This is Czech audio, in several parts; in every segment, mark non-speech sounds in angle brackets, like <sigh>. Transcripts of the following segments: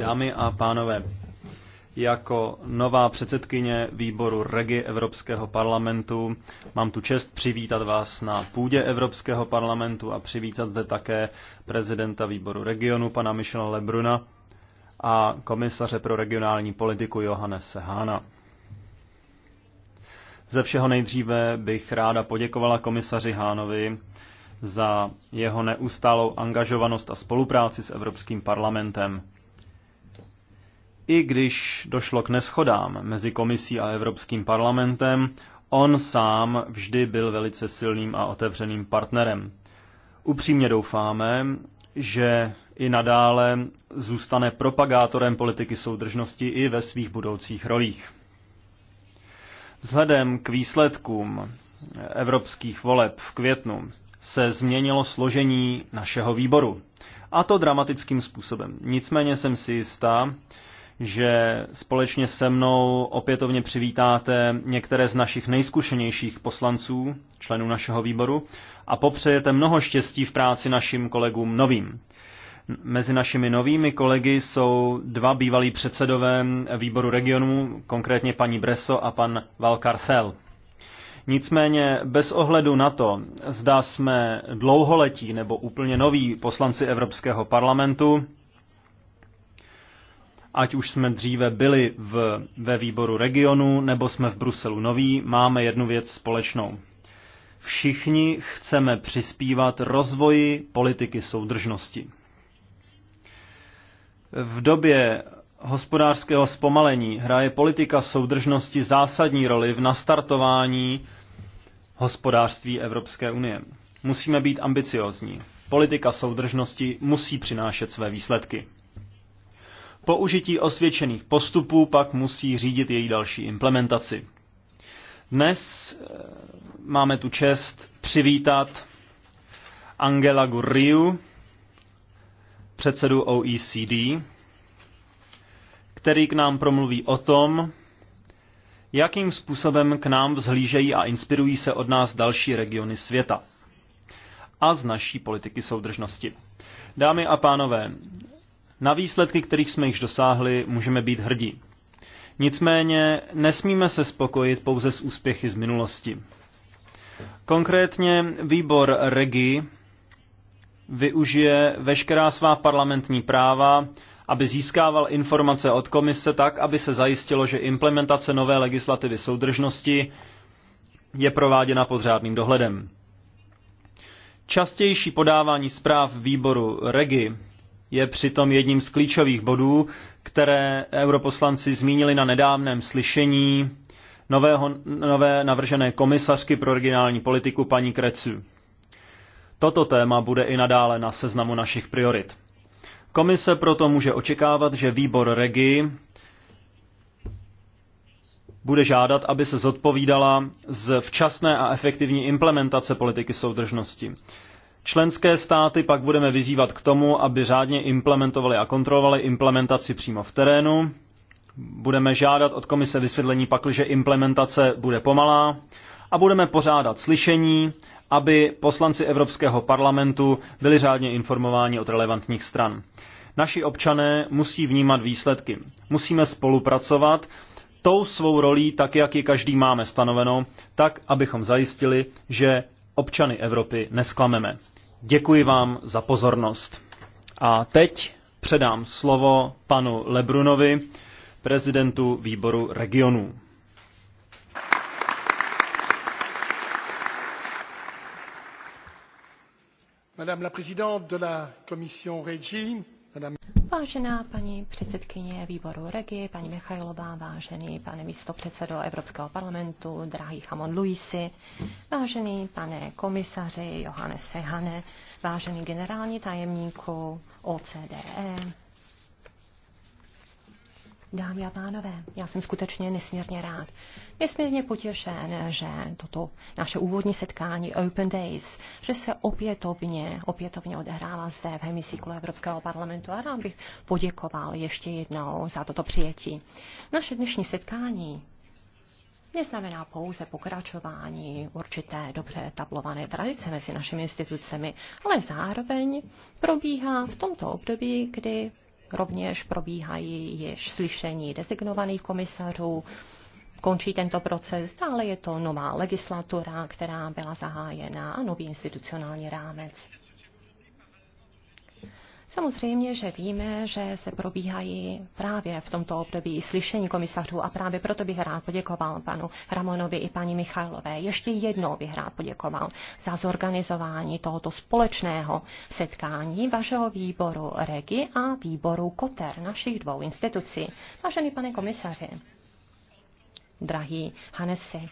Dámy a pánové, jako nová předsedkyně výboru Regi Evropského parlamentu mám tu čest přivítat vás na půdě Evropského parlamentu a přivítat zde také prezidenta výboru regionu, pana Michela Lebruna a komisaře pro regionální politiku Johannese Hána. Ze všeho nejdříve bych ráda poděkovala komisaři Hánovi za jeho neustálou angažovanost a spolupráci s Evropským parlamentem. I když došlo k neschodám mezi komisí a Evropským parlamentem, on sám vždy byl velice silným a otevřeným partnerem. Upřímně doufáme, že i nadále zůstane propagátorem politiky soudržnosti i ve svých budoucích rolích. Vzhledem k výsledkům evropských voleb v květnu se změnilo složení našeho výboru. A to dramatickým způsobem. Nicméně jsem si jistá, že společně se mnou opětovně přivítáte některé z našich nejzkušenějších poslanců, členů našeho výboru, a popřejete mnoho štěstí v práci našim kolegům novým. Mezi našimi novými kolegy jsou dva bývalí předsedové výboru regionu, konkrétně paní Breso a pan Valkarcel. Nicméně bez ohledu na to, zda jsme dlouholetí nebo úplně noví poslanci Evropského parlamentu, ať už jsme dříve byli v, ve výboru regionu nebo jsme v Bruselu noví, máme jednu věc společnou. Všichni chceme přispívat rozvoji politiky soudržnosti. V době hospodářského zpomalení hraje politika soudržnosti zásadní roli v nastartování hospodářství Evropské unie. Musíme být ambiciozní. Politika soudržnosti musí přinášet své výsledky. Použití osvědčených postupů pak musí řídit její další implementaci. Dnes eh, máme tu čest přivítat Angela Gurriu, předsedu OECD, který k nám promluví o tom, jakým způsobem k nám vzhlížejí a inspirují se od nás další regiony světa a z naší politiky soudržnosti. Dámy a pánové, na výsledky, kterých jsme již dosáhli, můžeme být hrdí. Nicméně nesmíme se spokojit pouze s úspěchy z minulosti. Konkrétně výbor REGI využije veškerá svá parlamentní práva aby získával informace od komise tak, aby se zajistilo, že implementace nové legislativy soudržnosti je prováděna pod řádným dohledem. Častější podávání zpráv výboru REGI je přitom jedním z klíčových bodů, které europoslanci zmínili na nedávném slyšení nového, nové navržené komisařky pro regionální politiku paní Krecu. Toto téma bude i nadále na seznamu našich priorit. Komise proto může očekávat, že výbor REGI bude žádat, aby se zodpovídala z včasné a efektivní implementace politiky soudržnosti. Členské státy pak budeme vyzývat k tomu, aby řádně implementovali a kontrolovali implementaci přímo v terénu. Budeme žádat od komise vysvětlení že implementace bude pomalá a budeme pořádat slyšení, aby poslanci Evropského parlamentu byli řádně informováni od relevantních stran. Naši občané musí vnímat výsledky. Musíme spolupracovat tou svou rolí, tak jak ji každý máme stanoveno, tak abychom zajistili, že občany Evropy nesklameme. Děkuji vám za pozornost. A teď předám slovo panu Lebrunovi, prezidentu výboru regionů. Madame la présidente de la commission Regi, Vážená paní předsedkyně výboru Regi, paní Michailová, vážený pane místopředsedo Evropského parlamentu, drahý Hamon Luisi, vážený pane komisaři Johane Sehane, vážený generální tajemníku OCDE, Dámy a pánové, já jsem skutečně nesmírně rád. Nesmírně potěšen, že toto naše úvodní setkání Open Days, že se opětovně, opětovně odehrává zde v hemisíklu Evropského parlamentu a rád bych poděkoval ještě jednou za toto přijetí. Naše dnešní setkání neznamená pouze pokračování určité dobře tablované tradice mezi našimi institucemi, ale zároveň probíhá v tomto období, kdy rovněž probíhají již slyšení designovaných komisařů, končí tento proces, dále je to nová legislatura, která byla zahájena a nový institucionální rámec. Samozřejmě, že víme, že se probíhají právě v tomto období slyšení komisařů a právě proto bych rád poděkoval panu Ramonovi i paní Michailové. Ještě jednou bych rád poděkoval za zorganizování tohoto společného setkání vašeho výboru Regi a výboru Koter, našich dvou institucí. Vážený pane komisaři, drahý Hanesi,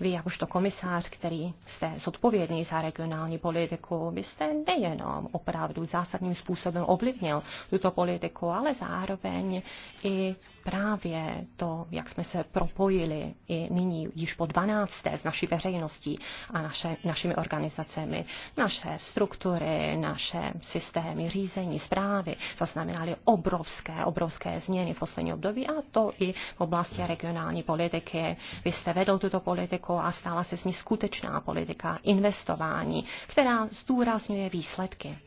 vy jakožto komisář, který jste zodpovědný za regionální politiku, byste nejenom opravdu zásadním způsobem ovlivnil tuto politiku, ale zároveň i právě to, jak jsme se propojili i nyní již po 12. s naší veřejností a naše, našimi organizacemi. Naše struktury, naše systémy řízení, zprávy zaznamenaly obrovské, obrovské změny v poslední období a to i v oblasti regionální politiky. Vy jste vedl tuto politiku politikou a stala se z ní skutečná politika investování, která zdůrazňuje výsledky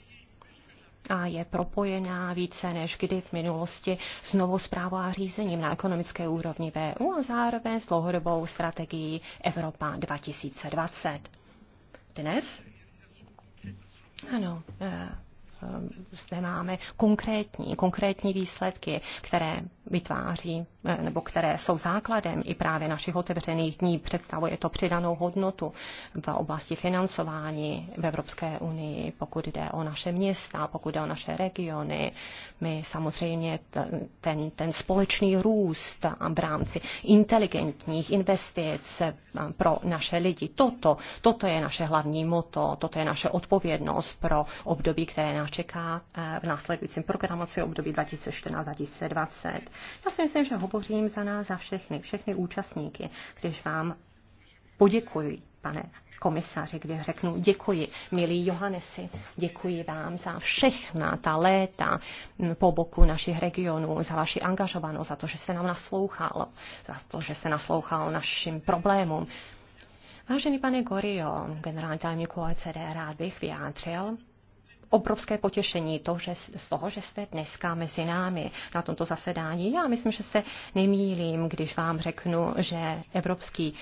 a je propojená více než kdy v minulosti s novou zprávou a řízením na ekonomické úrovni VU a zároveň s dlouhodobou strategií Evropa 2020. Dnes? Ano, eh, eh, zde máme konkrétní, konkrétní výsledky, které vytváří nebo které jsou základem i právě našich otevřených dní, představuje to přidanou hodnotu v oblasti financování v Evropské unii, pokud jde o naše města, pokud jde o naše regiony. My samozřejmě ten, ten společný růst v rámci inteligentních investic pro naše lidi, toto, toto je naše hlavní moto, toto je naše odpovědnost pro období, které nás čeká eh, v následujícím programaci období 2014-2020. Já si myslím, že hovořím za nás, za všechny, všechny účastníky, když vám poděkuji, pane komisaři, když řeknu děkuji, milí Johannesi, děkuji vám za všechna ta léta po boku našich regionů, za vaši angažovanost, za to, že se nám naslouchal, za to, že se naslouchal našim problémům. Vážený pane Gorio, generální tajemníku OECD, rád bych vyjádřil obrovské potěšení to, že, z toho, že jste dneska mezi námi na tomto zasedání. Já myslím, že se nemýlím, když vám řeknu, že Evropský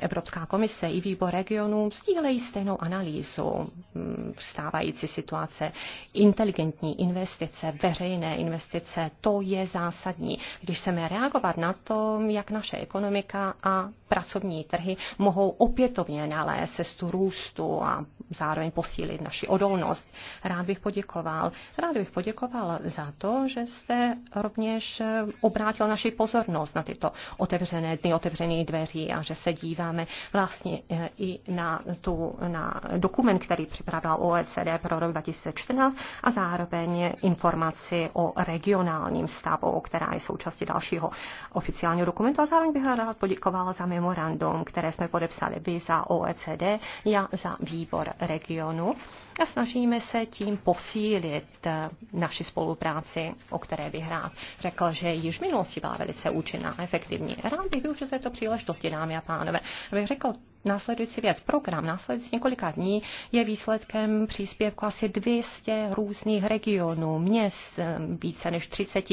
Evropská komise i výbor regionů sdílejí stejnou analýzu mm, stávající situace. Inteligentní investice, veřejné investice, to je zásadní. Když chceme reagovat na to, jak naše ekonomika a pracovní trhy mohou opětovně nalézt cestu růstu a zároveň posílit naši odolnost. Rád bych poděkoval. Rád bych poděkoval za to, že jste rovněž obrátil naši pozornost na tyto otevřené dny, otevřené dveří a že se podíváme vlastně e, i na, tu, na dokument, který připravila OECD pro rok 2014 a zároveň informaci o regionálním stavu, která je součástí dalšího oficiálního dokumentu a zároveň bych rád poděkovala za memorandum, které jsme podepsali vy za OECD, já za výbor regionu a snažíme se tím posílit eh, naši spolupráci, o které bych rád řekl, že již v minulosti byla velice účinná a efektivní. Rád bych využil této příležitosti, dámy a pánové, abych řekl následující věc. Program následující několika dní je výsledkem příspěvku asi 200 různých regionů, měst, eh, více než 30,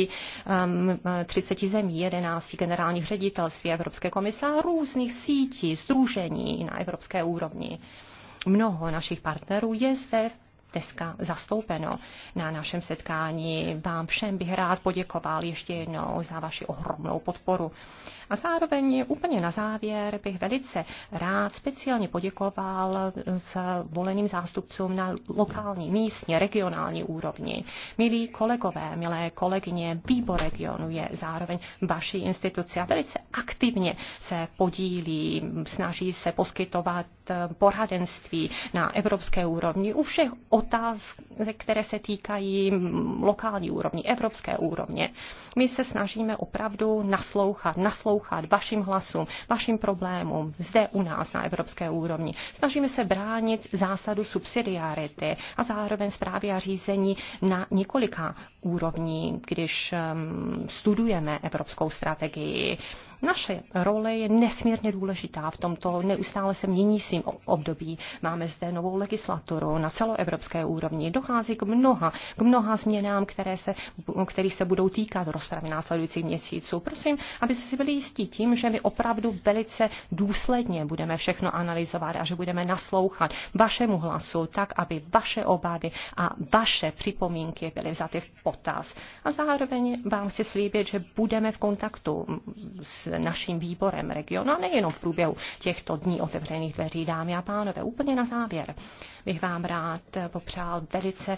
30 ehm, zemí, 11 generálních ředitelství Evropské komise a různých sítí, združení na evropské úrovni mnoho našich partnerů je zde v dneska zastoupeno na našem setkání. Vám všem bych rád poděkoval ještě jednou za vaši ohromnou podporu. A zároveň úplně na závěr bych velice rád speciálně poděkoval s voleným zástupcům na lokální, místní, regionální úrovni. Milí kolegové, milé kolegyně, výbor regionu je zároveň vaší instituce a velice aktivně se podílí, snaží se poskytovat poradenství na evropské úrovni u všech od otázky, které se týkají lokální úrovni, evropské úrovně. My se snažíme opravdu naslouchat, naslouchat vašim hlasům, vašim problémům zde u nás na evropské úrovni. Snažíme se bránit zásadu subsidiarity a zároveň zprávy a řízení na několika úrovní, když um, studujeme evropskou strategii naše role je nesmírně důležitá v tomto neustále se měnícím období. Máme zde novou legislaturu na celoevropské úrovni. Dochází k mnoha, k mnoha změnám, které se, kterých se budou týkat rozpravy následujících měsíců. Prosím, abyste si byli jistí tím, že my opravdu velice důsledně budeme všechno analyzovat a že budeme naslouchat vašemu hlasu tak, aby vaše obavy a vaše připomínky byly vzaty v potaz. A zároveň vám chci slíbit, že budeme v kontaktu s naším výborem regionu, a nejenom v průběhu těchto dní otevřených dveří, dámy a pánové. Úplně na závěr bych vám rád popřál velice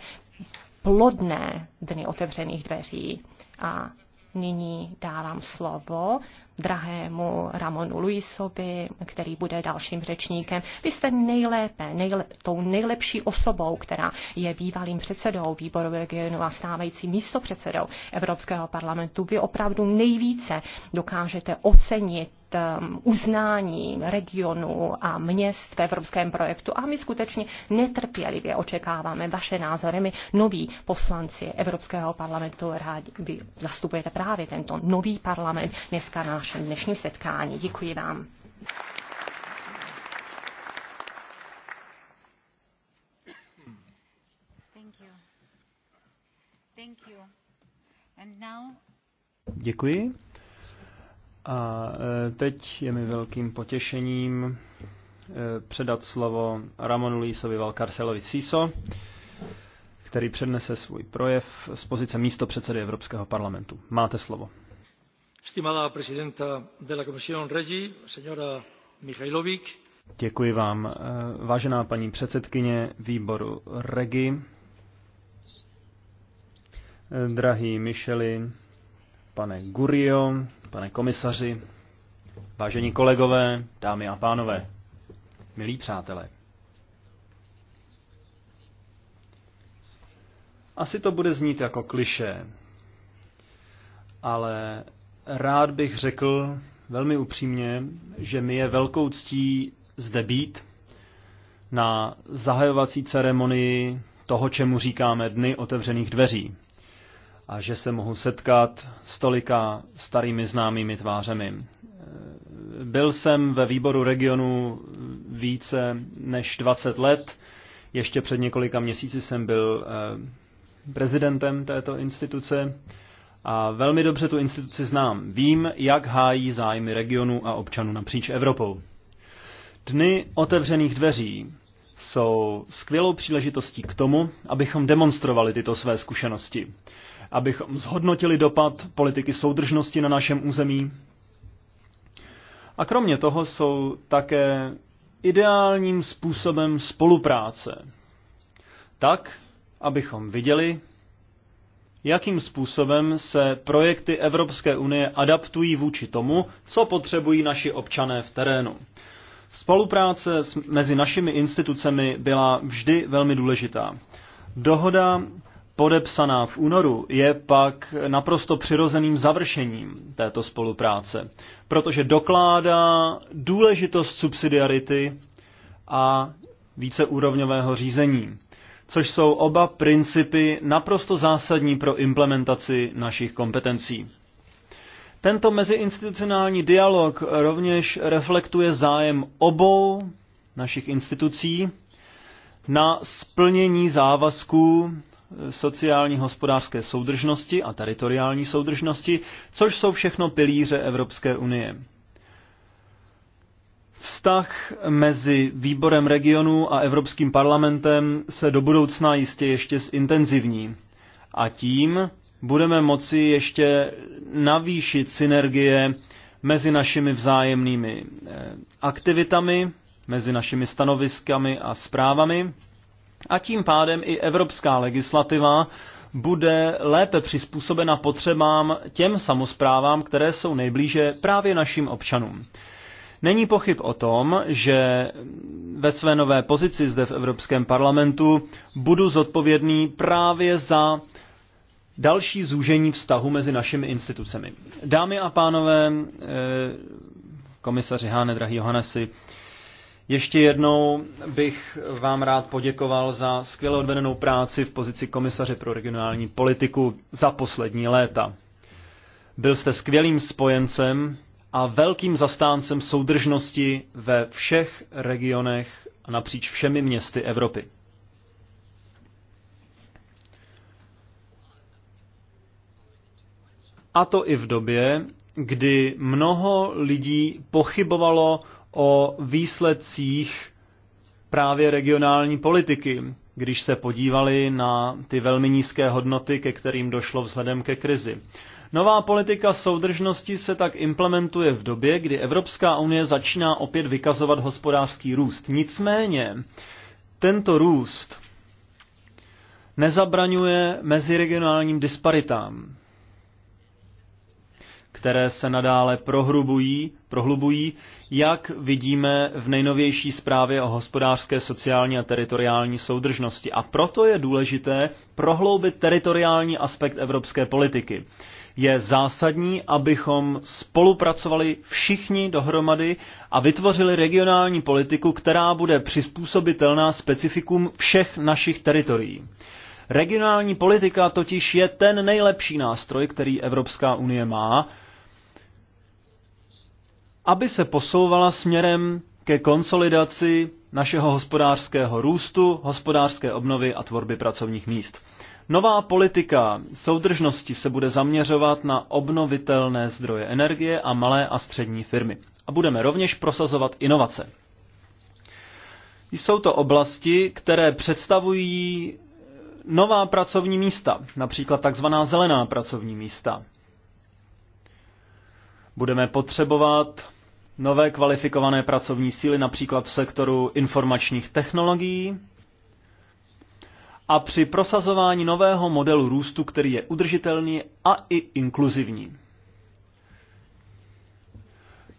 plodné dny otevřených dveří a Nyní dávám slovo drahému Ramonu Luisovi, který bude dalším řečníkem. Vy jste nejlépe, nejle, tou nejlepší osobou, která je bývalým předsedou výboru regionu a stávající místopředsedou Evropského parlamentu. Vy opravdu nejvíce dokážete ocenit Um, uznání regionu a měst v evropském projektu a my skutečně netrpělivě očekáváme vaše názory. My noví poslanci Evropského parlamentu rádi vy zastupujete právě tento nový parlament dneska na našem dnešním setkání. Děkuji vám. Děkuji. A e, teď je mi velkým potěšením e, předat slovo Ramonu Lísovi Valkarcelovi Siso, který přednese svůj projev z pozice místo předsedy Evropského parlamentu. Máte slovo. Stimala prezidenta de la Comisión Regi, señora Michailovic. Děkuji vám. E, vážená paní předsedkyně výboru Regi, drahý Micheli, pane Gurio, pane komisaři, vážení kolegové, dámy a pánové, milí přátelé. Asi to bude znít jako kliše, ale rád bych řekl velmi upřímně, že mi je velkou ctí zde být na zahajovací ceremonii toho, čemu říkáme Dny otevřených dveří – a že se mohu setkat s tolika starými známými tvářemi. Byl jsem ve výboru regionu více než 20 let. Ještě před několika měsíci jsem byl eh, prezidentem této instituce a velmi dobře tu instituci znám. Vím, jak hájí zájmy regionu a občanů napříč Evropou. Dny otevřených dveří jsou skvělou příležitostí k tomu, abychom demonstrovali tyto své zkušenosti abychom zhodnotili dopad politiky soudržnosti na našem území. A kromě toho jsou také ideálním způsobem spolupráce. Tak, abychom viděli, jakým způsobem se projekty Evropské unie adaptují vůči tomu, co potřebují naši občané v terénu. Spolupráce mezi našimi institucemi byla vždy velmi důležitá. Dohoda podepsaná v únoru, je pak naprosto přirozeným završením této spolupráce, protože dokládá důležitost subsidiarity a víceúrovňového řízení, což jsou oba principy naprosto zásadní pro implementaci našich kompetencí. Tento meziinstitucionální dialog rovněž reflektuje zájem obou našich institucí na splnění závazků sociální hospodářské soudržnosti a teritoriální soudržnosti, což jsou všechno pilíře Evropské unie. Vztah mezi výborem regionu a Evropským parlamentem se do budoucna jistě ještě zintenzivní. A tím budeme moci ještě navýšit synergie mezi našimi vzájemnými eh, aktivitami, mezi našimi stanoviskami a zprávami a tím pádem i evropská legislativa bude lépe přizpůsobena potřebám těm samozprávám, které jsou nejblíže právě našim občanům. Není pochyb o tom, že ve své nové pozici zde v Evropském parlamentu budu zodpovědný právě za další zúžení vztahu mezi našimi institucemi. Dámy a pánové, eh, komisaři Háne, drahý Johannesi, ještě jednou bych vám rád poděkoval za skvěle odvedenou práci v pozici komisaře pro regionální politiku za poslední léta. Byl jste skvělým spojencem a velkým zastáncem soudržnosti ve všech regionech a napříč všemi městy Evropy. A to i v době, kdy mnoho lidí pochybovalo o výsledcích právě regionální politiky, když se podívali na ty velmi nízké hodnoty, ke kterým došlo vzhledem ke krizi. Nová politika soudržnosti se tak implementuje v době, kdy Evropská unie začíná opět vykazovat hospodářský růst. Nicméně tento růst nezabraňuje meziregionálním disparitám které se nadále prohrubují, prohlubují, jak vidíme v nejnovější zprávě o hospodářské, sociální a teritoriální soudržnosti. A proto je důležité prohloubit teritoriální aspekt evropské politiky. Je zásadní, abychom spolupracovali všichni dohromady a vytvořili regionální politiku, která bude přizpůsobitelná specifikům všech našich teritorií. Regionální politika totiž je ten nejlepší nástroj, který Evropská unie má, aby se posouvala směrem ke konsolidaci našeho hospodářského růstu, hospodářské obnovy a tvorby pracovních míst. Nová politika soudržnosti se bude zaměřovat na obnovitelné zdroje energie a malé a střední firmy. A budeme rovněž prosazovat inovace. Jsou to oblasti, které představují nová pracovní místa, například takzvaná zelená pracovní místa. Budeme potřebovat nové kvalifikované pracovní síly, například v sektoru informačních technologií, a při prosazování nového modelu růstu, který je udržitelný a i inkluzivní.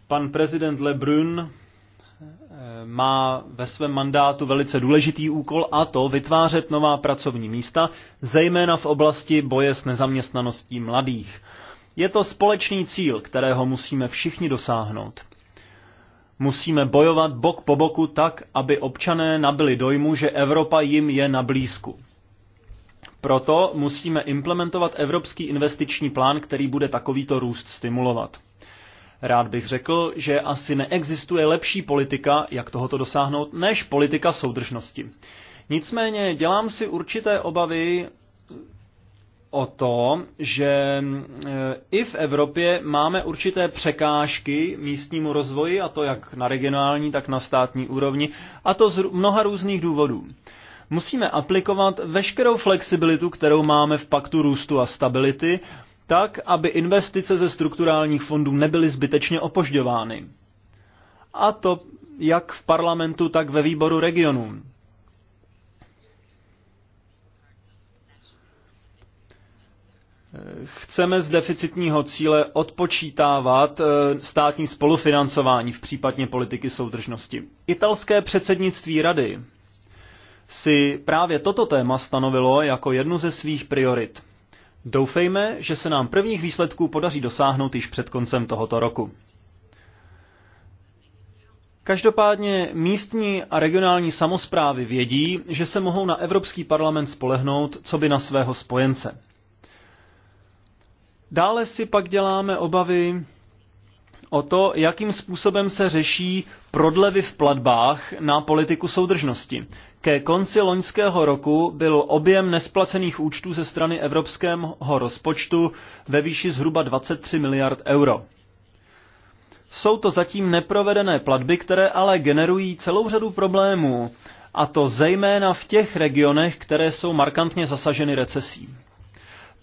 Pan prezident Lebrun eh, má ve svém mandátu velice důležitý úkol a to vytvářet nová pracovní místa, zejména v oblasti boje s nezaměstnaností mladých. Je to společný cíl, kterého musíme všichni dosáhnout. Musíme bojovat bok po boku tak, aby občané nabili dojmu, že Evropa jim je na blízku. Proto musíme implementovat evropský investiční plán, který bude takovýto růst stimulovat. Rád bych řekl, že asi neexistuje lepší politika, jak tohoto dosáhnout, než politika soudržnosti. Nicméně dělám si určité obavy o to, že eh, i v Evropě máme určité překážky místnímu rozvoji, a to jak na regionální, tak na státní úrovni, a to z mnoha různých důvodů. Musíme aplikovat veškerou flexibilitu, kterou máme v Paktu růstu a stability, tak, aby investice ze strukturálních fondů nebyly zbytečně opožďovány. A to jak v parlamentu, tak ve výboru regionů. Chceme z deficitního cíle odpočítávat eh, státní spolufinancování v případně politiky soudržnosti. Italské předsednictví rady si právě toto téma stanovilo jako jednu ze svých priorit. Doufejme, že se nám prvních výsledků podaří dosáhnout již před koncem tohoto roku. Každopádně místní a regionální samozprávy vědí, že se mohou na Evropský parlament spolehnout, co by na svého spojence. Dále si pak děláme obavy o to, jakým způsobem se řeší prodlevy v platbách na politiku soudržnosti. Ke konci loňského roku byl objem nesplacených účtů ze strany evropského rozpočtu ve výši zhruba 23 miliard euro. Jsou to zatím neprovedené platby, které ale generují celou řadu problémů, a to zejména v těch regionech, které jsou markantně zasaženy recesí.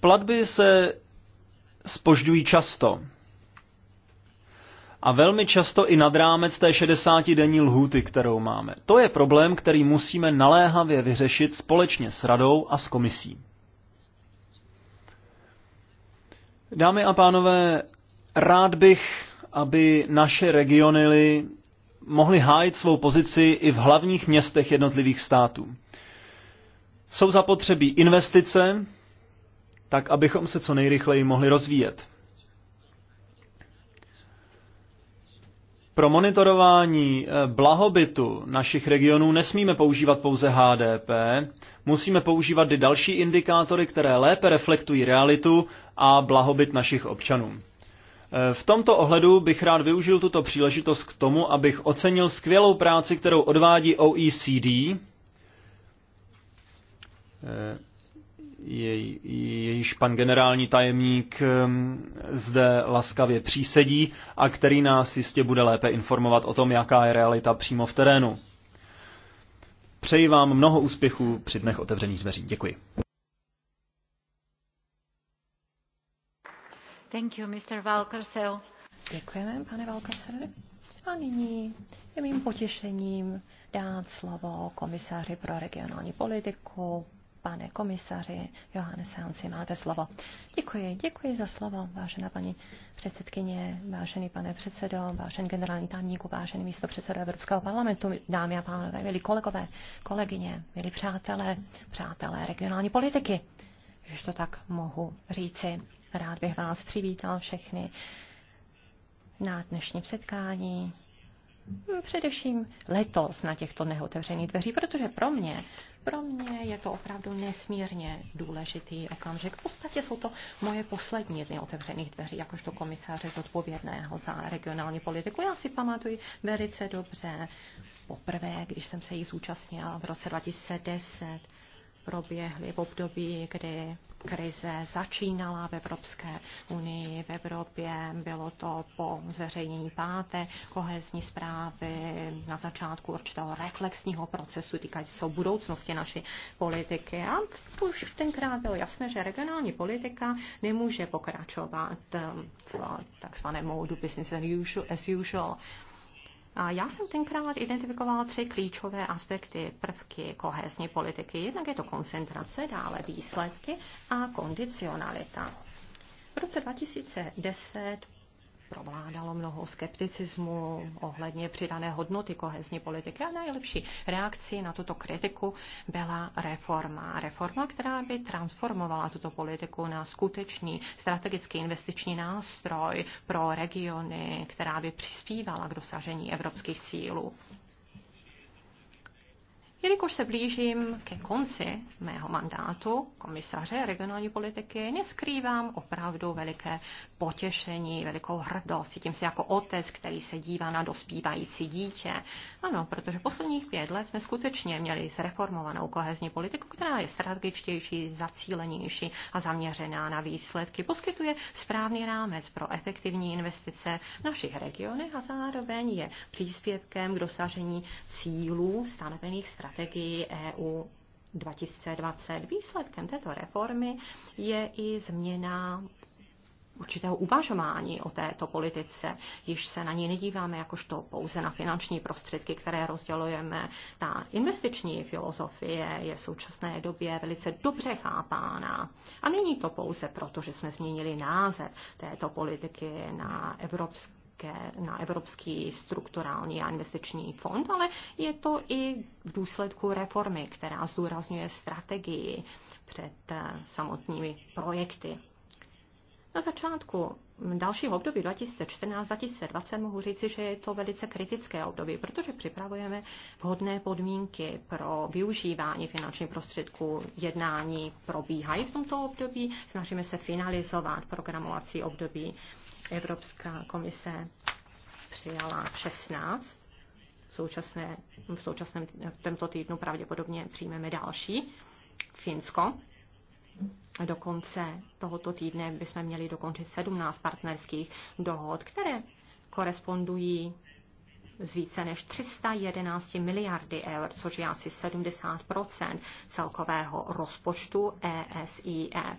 Platby se spožďují často. A velmi často i nad rámec té 60-denní lhůty, kterou máme. To je problém, který musíme naléhavě vyřešit společně s radou a s komisí. Dámy a pánové, rád bych, aby naše regiony mohly hájit svou pozici i v hlavních městech jednotlivých států. Jsou zapotřebí investice, tak abychom se co nejrychleji mohli rozvíjet. Pro monitorování eh, blahobytu našich regionů nesmíme používat pouze HDP, musíme používat i další indikátory, které lépe reflektují realitu a blahobyt našich občanů. Eh, v tomto ohledu bych rád využil tuto příležitost k tomu, abych ocenil skvělou práci, kterou odvádí OECD eh, jej, jejíž pan generální tajemník ehm, zde laskavě přísedí a který nás jistě bude lépe informovat o tom, jaká je realita přímo v terénu. Přeji vám mnoho úspěchů při dnech otevřených dveří. Děkuji. Thank you, Mr. Valkersel. Děkujeme, pane Valkersel. A nyní je mým potěšením dát slovo komisáři pro regionální politiku, Pane komisaři Johannes Hansi, máte slovo. Děkuji, děkuji za slovo, vážená paní předsedkyně, vážený pane předsedo, vážený generální tajemníku, vážený místo předsedo Evropského parlamentu, dámy a pánové, milí kolegové, kolegyně, milí přátelé, přátelé regionální politiky, že to tak mohu říci. Rád bych vás přivítal všechny na dnešním setkání, především letos na těchto neotevřených dveří, protože pro mě pro mě je to opravdu nesmírně důležitý okamžik. V podstatě jsou to moje poslední dny otevřených dveří, jakožto komisáře zodpovědného za regionální politiku. Já si pamatuju velice dobře poprvé, když jsem se jí zúčastnila v roce 2010 proběhly v období, kdy krize začínala v Evropské unii, v Evropě. Bylo to po zveřejnění páté kohezní zprávy na začátku určitého reflexního procesu týkající se budoucnosti naší politiky. A už tenkrát bylo jasné, že regionální politika nemůže pokračovat um, v takzvaném módu business as usual a já jsem tenkrát identifikovala tři klíčové aspekty, prvky kohezní politiky. Jednak je to koncentrace, dále výsledky a kondicionalita. V roce 2010 provládalo mnoho skepticismu ohledně přidané hodnoty kohezní politiky a nejlepší reakcí na tuto kritiku byla reforma. Reforma, která by transformovala tuto politiku na skutečný strategický investiční nástroj pro regiony, která by přispívala k dosažení evropských cílů. Jelikož se blížím ke konci mého mandátu komisaře regionální politiky, neskrývám opravdu veliké potěšení, velikou hrdost. Cítím se jako otec, který se dívá na dospívající dítě. Ano, protože posledních pět let jsme skutečně měli zreformovanou kohezní politiku, která je strategičtější, zacílenější a zaměřená na výsledky. Poskytuje správný rámec pro efektivní investice v našich regionech a zároveň je příspěvkem k dosažení cílů stanovených strategií strategii EU 2020. Výsledkem této reformy je i změna určitého uvažování o této politice. Již se na ní nedíváme jakožto pouze na finanční prostředky, které rozdělujeme. Ta investiční filozofie je v současné době velice dobře chápána. A není to pouze proto, že jsme změnili název této politiky na evropské také na Evropský strukturální a investiční fond, ale je to i v důsledku reformy, která zdůrazňuje strategii před eh, samotnými projekty. Na začátku dalšího období 2014-2020 mohu říci, že je to velice kritické období, protože připravujeme vhodné podmínky pro využívání finančních prostředků. Jednání probíhají v tomto období, snažíme se finalizovat programovací období Evropská komise přijala 16. V, současné, v současném v tomto týdnu pravděpodobně přijmeme další. Finsko. Do konce tohoto týdne bychom měli dokončit 17 partnerských dohod, které korespondují z více než 311 miliardy eur, což je asi 70 celkového rozpočtu ESIF.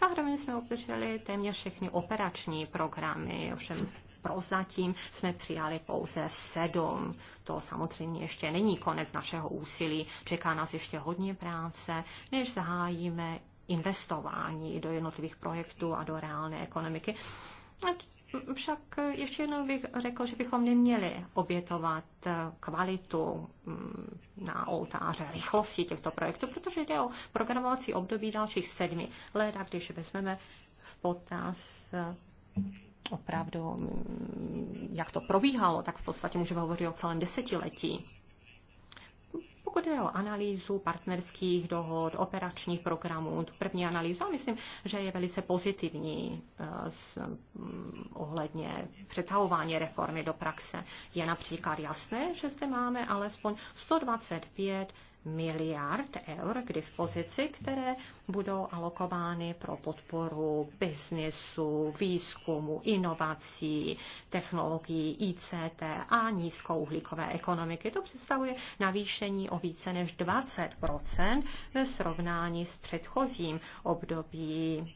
Zároveň jsme obdrželi téměř všechny operační programy, ovšem prozatím jsme přijali pouze sedm. To samozřejmě ještě není konec našeho úsilí, čeká nás ještě hodně práce, než zahájíme investování do jednotlivých projektů a do reálné ekonomiky. Však ještě jednou bych řekl, že bychom neměli obětovat kvalitu mm, na oltáře rychlosti těchto projektů, protože jde o programovací období dalších sedmi let a když vezmeme v potaz eh, opravdu, mm, jak to probíhalo, tak v podstatě můžeme hovořit o celém desetiletí. Pokud je o analýzu partnerských dohod, operačních programů, tu první analýzu, a myslím, že je velice pozitivní eh, s, mm, ohledně přetahování reformy do praxe, je například jasné, že zde máme alespoň 125 miliard eur k dispozici, které budou alokovány pro podporu biznesu, výzkumu, inovací, technologií, ICT a nízkouhlíkové ekonomiky. To představuje navýšení o více než 20 ve srovnání s předchozím období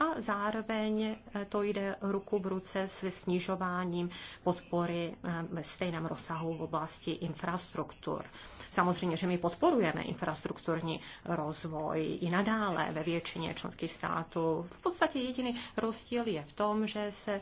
a zároveň eh, to jde ruku v ruce s snižováním podpory eh, ve stejném rozsahu v oblasti infrastruktur. Samozřejmě, že my podporujeme infrastrukturní rozvoj i nadále ve většině členských států. V podstatě jediný rozdíl je v tom, že, se,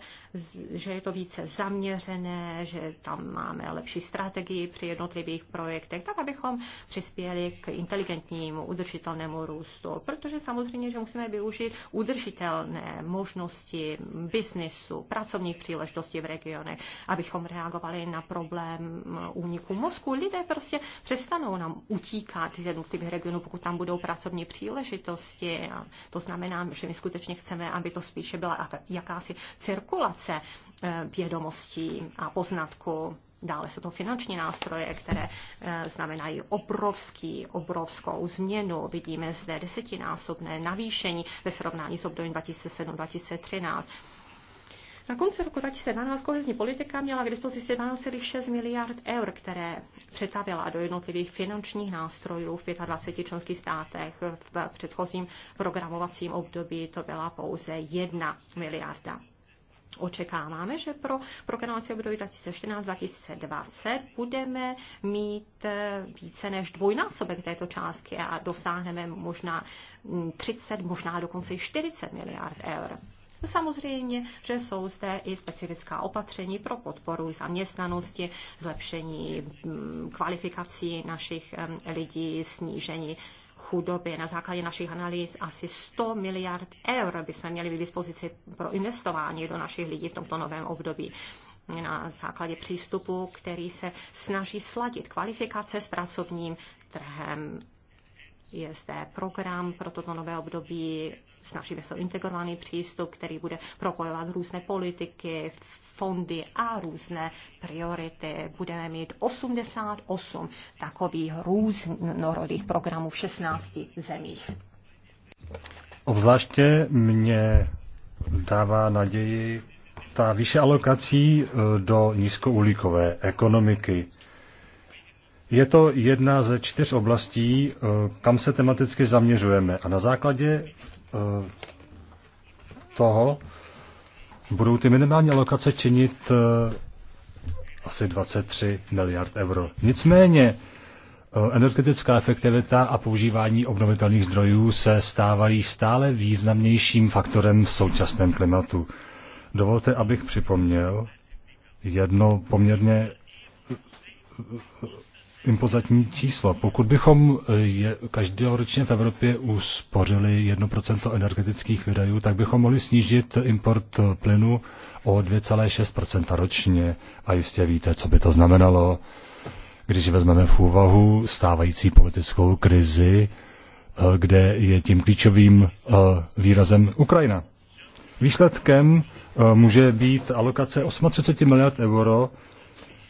že je to více zaměřené, že tam máme lepší strategii při jednotlivých projektech, tak abychom přispěli k inteligentnímu, udržitelnému růstu. Protože samozřejmě, že musíme využít udržitelné viditelné možnosti biznisu, pracovních příležitostí v regionech, abychom reagovali na problém úniku mozku. Lidé prostě přestanou nám utíkat z jednotlivých regionů, pokud tam budou pracovní příležitosti. A to znamená, že my skutečně chceme, aby to spíše byla jakási cirkulace eh, vědomostí a poznatků Dále jsou to finanční nástroje, které eh, znamenají obrovský, obrovskou změnu. Vidíme zde desetinásobné navýšení ve srovnání s obdobím 2007-2013. Na konci roku 2012 kohezní politika měla k dispozici 12,6 miliard eur, které přetavila do jednotlivých finančních nástrojů v 25 členských státech. V předchozím programovacím období to byla pouze 1 miliarda očekáváme, že pro programaci období 2014-2020 budeme mít eh, více než dvojnásobek této částky a dosáhneme možná 30, mm, možná dokonce i 40 miliard eur. Samozřejmě, že jsou zde i specifická opatření pro podporu zaměstnanosti, zlepšení mm, kvalifikací našich lidí, snížení chudoby. Na základě našich analýz asi 100 miliard eur bychom měli být dispozici pro investování do našich lidí v tomto novém období na základě přístupu, který se snaží sladit kvalifikace s pracovním trhem. Je zde program pro toto nové období, snažíme se o integrovaný přístup, který bude propojovat různé politiky, fondy a různé priority. Budeme mít 88 takových různorodých programů v 16 zemích. Obzvláště mě dává naději ta výše alokací e, do nízkouhlíkové ekonomiky. Je to jedna ze čtyř oblastí, e, kam se tematicky zaměřujeme. A na základě e, toho budou ty minimální alokace činit eh, asi 23 miliard euro. Nicméně eh, energetická efektivita a používání obnovitelných zdrojů se stávají stále významnějším faktorem v současném klimatu. Dovolte, abych připomněl jedno poměrně impozantní číslo. Pokud bychom e, je, ročně v Evropě uspořili 1% energetických výdajů, tak bychom mohli snížit import plynu o 2,6% ročně. A jistě víte, co by to znamenalo, když vezmeme v úvahu stávající politickou krizi, e, kde je tím klíčovým e, výrazem Ukrajina. Výsledkem může být alokace 38 miliard euro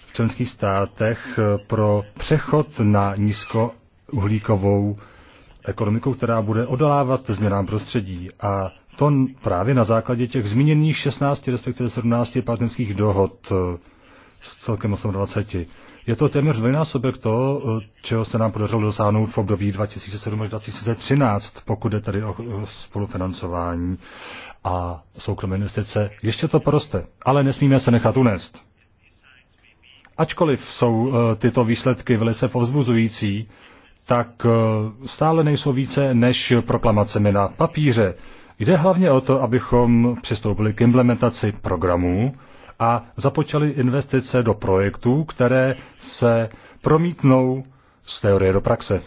v členských státech eh, pro přechod na nízkouhlíkovou ekonomiku, která bude odolávat změnám prostředí. A to právě na základě těch zmíněných 16, respektive 17 partnerských dohod eh, s celkem 28. Je to téměř dvojnásobek to, eh, čeho se nám podařilo dosáhnout v období 2007 až 2013, pokud je tady o spolufinancování a soukromé investice. Ještě to poroste, ale nesmíme se nechat unést. Ačkoliv jsou eh, tyto výsledky velice povzbuzující, tak eh, stále nejsou více než proklamacemi na papíře. Jde hlavně o to, abychom přistoupili k implementaci programů a započali investice do projektů, které se promítnou z teorie do praxe.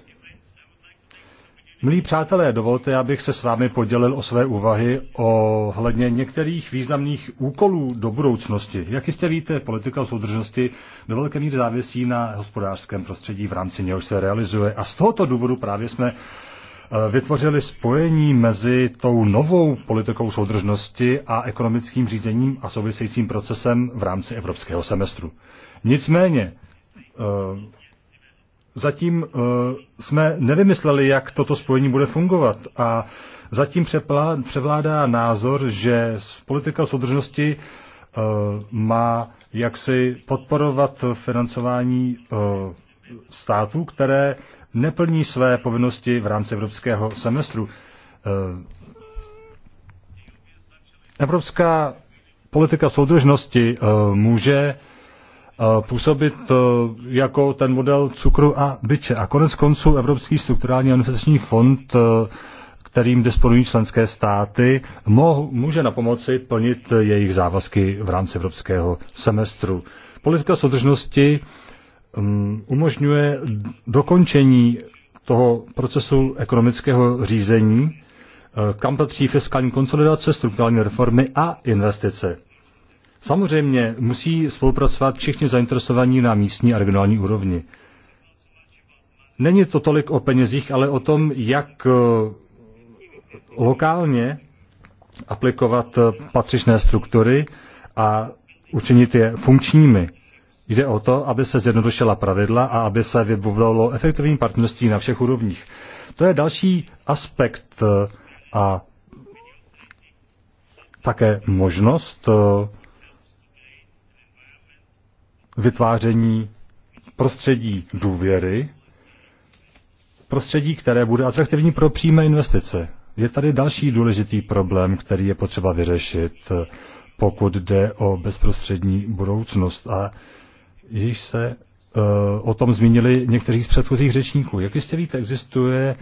Milí přátelé, dovolte, abych se s vámi podělil o své úvahy o hledně některých významných úkolů do budoucnosti. Jak jistě víte, politika soudržnosti do velké míry závisí na hospodářském prostředí, v rámci něhož se realizuje. A z tohoto důvodu právě jsme eh, vytvořili spojení mezi tou novou politikou soudržnosti a ekonomickým řízením a souvisejícím procesem v rámci evropského semestru. Nicméně, eh, zatím eh, jsme nevymysleli, jak toto spojení bude fungovat. A zatím převládá názor, že politika soudržnosti eh, má jaksi podporovat financování eh, států, které neplní své povinnosti v rámci evropského semestru. Evropská politika soudržnosti může Eh, působit eh, jako ten model cukru a byče. A konec konců Evropský strukturální investiční fond eh, kterým disponují členské státy, může na pomoci plnit jejich závazky v rámci evropského semestru. Politika soudržnosti mm, umožňuje dokončení toho procesu ekonomického řízení, kam patří fiskální konsolidace, strukturální reformy a investice. Samozřejmě musí spolupracovat všichni zainteresovaní na místní a regionální úrovni. Není to tolik o penězích, ale o tom, jak eh, lokálně aplikovat eh, patřičné struktury a učinit je funkčními. Jde o to, aby se zjednodušila pravidla a aby se vybudovalo efektivní partnerství na všech úrovních. To je další aspekt eh, a také možnost vytváření prostředí důvěry, prostředí, které bude atraktivní pro přímé investice. Je tady další důležitý problém, který je potřeba vyřešit, pokud jde o bezprostřední budoucnost. A již se uh, o tom zmínili někteří z předchozích řečníků. Jak jistě víte, existuje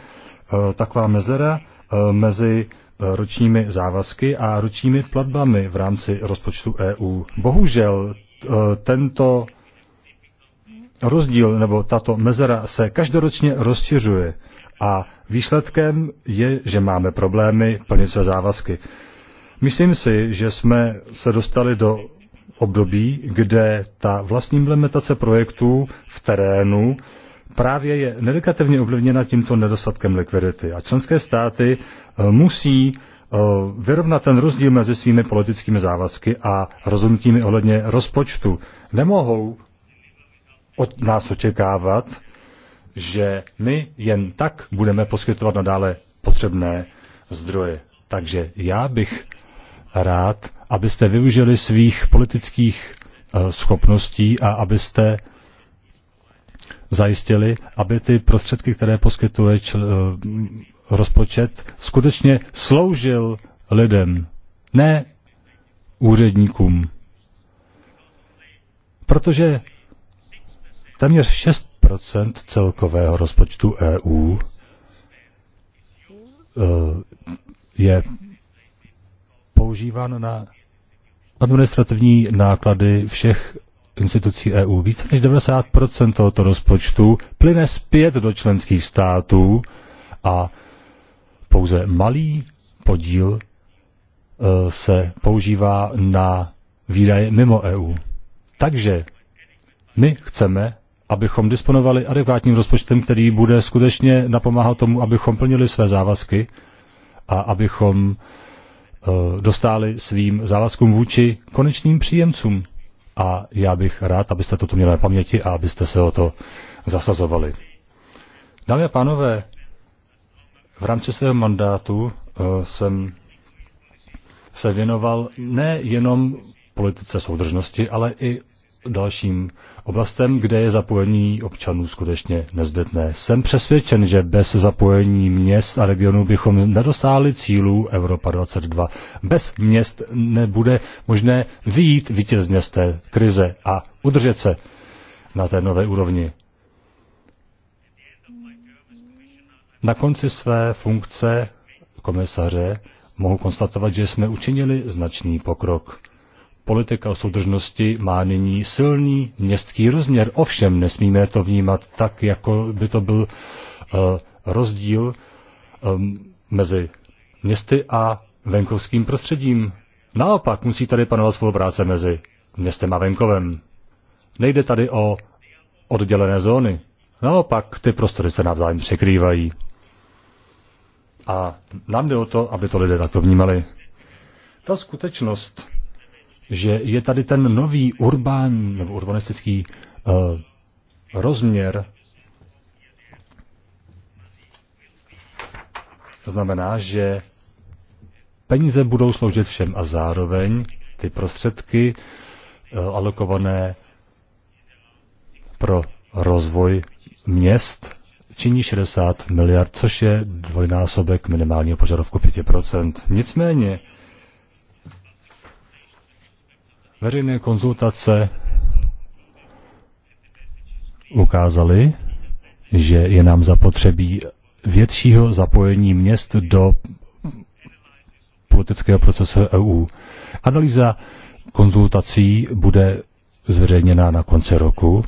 uh, taková mezera uh, mezi ročními závazky a ročními platbami v rámci rozpočtu EU. Bohužel Eh, tento rozdíl nebo tato mezera se každoročně rozšiřuje a výsledkem je, že máme problémy plnit své závazky. Myslím si, že jsme se dostali do období, kde ta vlastní implementace projektů v terénu právě je negativně ovlivněna tímto nedostatkem likvidity. A členské státy eh, musí Eh, vyrovnat ten rozdíl mezi svými politickými závazky a rozhodnutími ohledně rozpočtu. Nemohou od nás očekávat, že my jen tak budeme poskytovat nadále potřebné zdroje. Takže já bych rád, abyste využili svých politických eh, schopností a abyste zajistili, aby ty prostředky, které poskytuje čl- eh, rozpočet skutečně sloužil lidem, ne úředníkům. Protože téměř 6% celkového rozpočtu EU eh, je používán na administrativní náklady všech institucí EU. Více než 90% tohoto rozpočtu plyne zpět do členských států a pouze malý podíl eh, se používá na výdaje mimo EU. Takže my chceme, abychom disponovali adekvátním rozpočtem, který bude skutečně napomáhat tomu, abychom plnili své závazky a abychom eh, dostali svým závazkům vůči konečným příjemcům. A já bych rád, abyste toto měli na paměti a abyste se o to zasazovali. Dámy a pánové, v rámci svého mandátu eh, jsem se věnoval nejenom politice soudržnosti, ale i dalším oblastem, kde je zapojení občanů skutečně nezbytné. Jsem přesvědčen, že bez zapojení měst a regionů bychom nedosáhli cílů Evropa 22. Bez měst nebude možné vyjít vítězně z té krize a udržet se na té nové úrovni. Na konci své funkce komisaře mohu konstatovat, že jsme učinili značný pokrok. Politika soudržnosti má nyní silný městský rozměr, ovšem nesmíme to vnímat tak, jako by to byl uh, rozdíl um, mezi městy a venkovským prostředím. Naopak musí tady panovat spolupráce mezi městem a venkovem. Nejde tady o oddělené zóny. Naopak ty prostory se navzájem překrývají. A nám jde o to, aby to lidé takto vnímali. Ta skutečnost, že je tady ten nový urbán nebo urbanistický uh, rozměr, znamená, že peníze budou sloužit všem a zároveň ty prostředky uh, alokované pro rozvoj měst činí 60 miliard, což je dvojnásobek minimálního požadavku 5%. Nicméně veřejné konzultace ukázaly, že je nám zapotřebí většího zapojení měst do politického procesu EU. Analýza konzultací bude zveřejněná na konci roku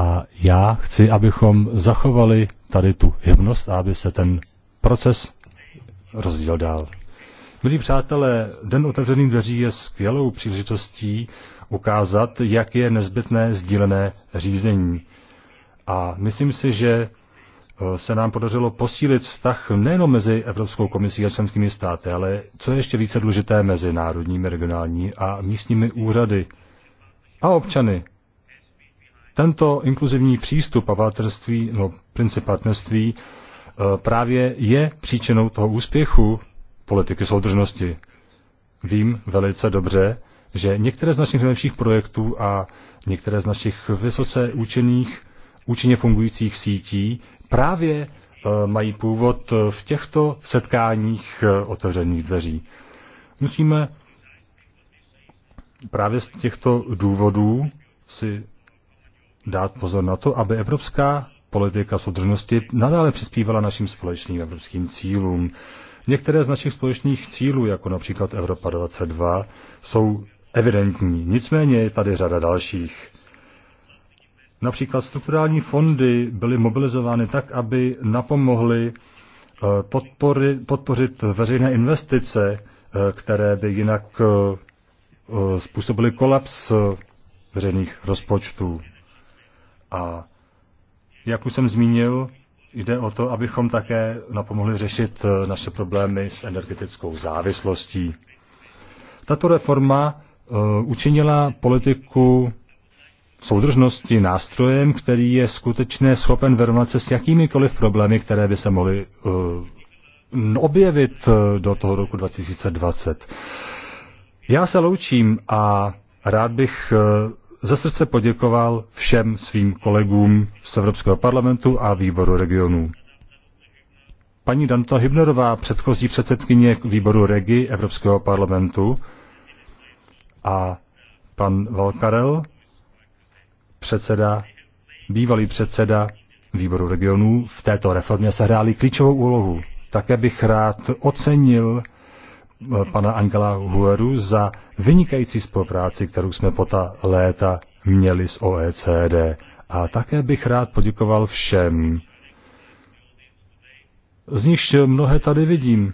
a já chci, abychom zachovali tady tu hybnost a aby se ten proces rozvíjel dál. Milí přátelé, Den otevřených dveří je skvělou příležitostí ukázat, jak je nezbytné sdílené řízení. A myslím si, že eh, se nám podařilo posílit vztah nejen mezi Evropskou komisí a členskými státy, ale co je ještě více důležité mezi národními, regionální a místními úřady a občany, tento inkluzivní přístup a partnerství, no, princip partnerství e, právě je příčinou toho úspěchu politiky soudržnosti. Vím velice dobře, že některé z našich nejlepších projektů a některé z našich vysoce účinných, účinně fungujících sítí právě e, mají původ v těchto setkáních e, otevřených dveří. Musíme právě z těchto důvodů si dát pozor na to, aby evropská politika soudržnosti nadále přispívala našim společným evropským cílům. Některé z našich společných cílů, jako například Evropa 22, jsou evidentní, nicméně je tady řada dalších. Například strukturální fondy byly mobilizovány tak, aby napomohly eh, podpory, podpořit veřejné investice, eh, které by jinak eh, způsobily kolaps veřejných rozpočtů. A jak už jsem zmínil, jde o to, abychom také napomohli řešit eh, naše problémy s energetickou závislostí. Tato reforma eh, učinila politiku soudržnosti nástrojem, který je skutečně schopen vyrovnat se s jakýmikoliv problémy, které by se mohly eh, objevit do toho roku 2020. Já se loučím a rád bych ze srdce poděkoval všem svým kolegům z Evropského parlamentu a výboru regionů. Paní Danta Hybnerová, předchozí předsedkyně výboru Regi Evropského parlamentu a pan Valkarel, předseda, bývalý předseda výboru regionů, v této reformě sehráli klíčovou úlohu. Také bych rád ocenil pana Angela Hueru za vynikající spolupráci, kterou jsme po ta léta měli s OECD. A také bych rád poděkoval všem, z nich mnohé tady vidím.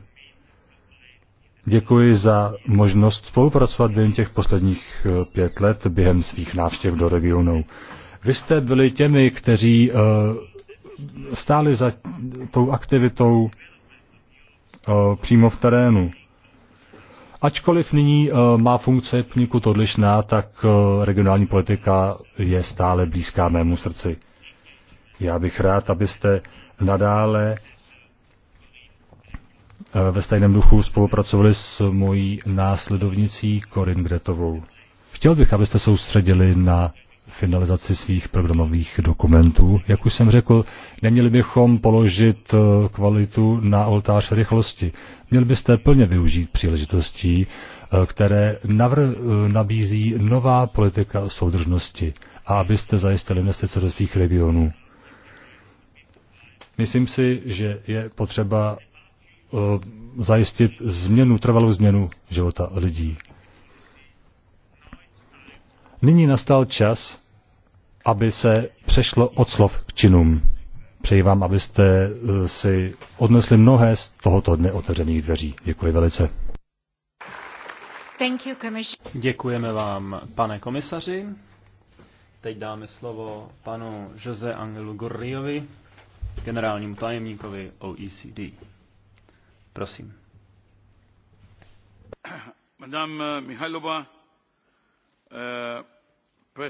Děkuji za možnost spolupracovat během těch posledních eh, pět let během svých návštěv do regionu. Vy jste byli těmi, kteří eh, stáli za tou aktivitou eh, přímo v terénu. Ačkoliv nyní eh, má funkce poněkud odlišná, tak eh, regionální politika je stále blízká mému srdci. Já bych rád, abyste nadále eh, ve stejném duchu spolupracovali s mojí následovnicí Korin Gretovou. Chtěl bych, abyste soustředili na finalizaci svých programových dokumentů. Jak už jsem řekl, neměli bychom položit eh, kvalitu na oltář rychlosti. Měli byste plně využít příležitostí, eh, které navr- eh, nabízí nová politika soudržnosti a abyste zajistili investice do svých regionů. Myslím si, že je potřeba zajistit změnu, trvalou změnu života lidí. Nyní nastal čas, aby se přešlo od slov k činům. Přeji vám, abyste eh, si odnesli mnohé z tohoto dne otevřených dveří. Děkuji velice. You, Děkujeme vám, pane komisaři. Teď dáme slovo panu Jose Angelu Gurriovi, generálnímu tajemníkovi OECD. Prosím. Madame Mihailova, eh, Uh,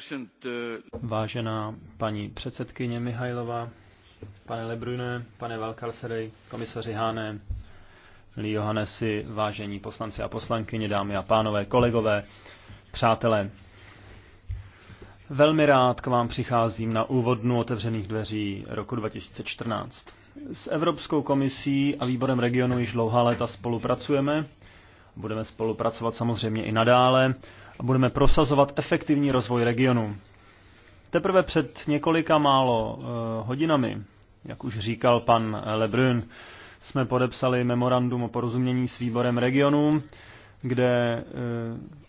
Vážená paní předsedkyně Mihajlova, pane Lebrune, pane Valkalsedej, komisaři Háne, milí Johannesi, vážení poslanci a poslankyně, dámy a pánové, kolegové, přátelé. Velmi rád k vám přicházím na úvodnu otevřených dveří roku 2014. S Evropskou komisí a výborem regionu již dlouhá léta spolupracujeme. Budeme spolupracovat samozřejmě i nadále a budeme prosazovat efektivní rozvoj regionu. Teprve před několika málo eh, hodinami, jak už říkal pan Lebrun, jsme podepsali memorandum o porozumění s výborem regionů, kde eh,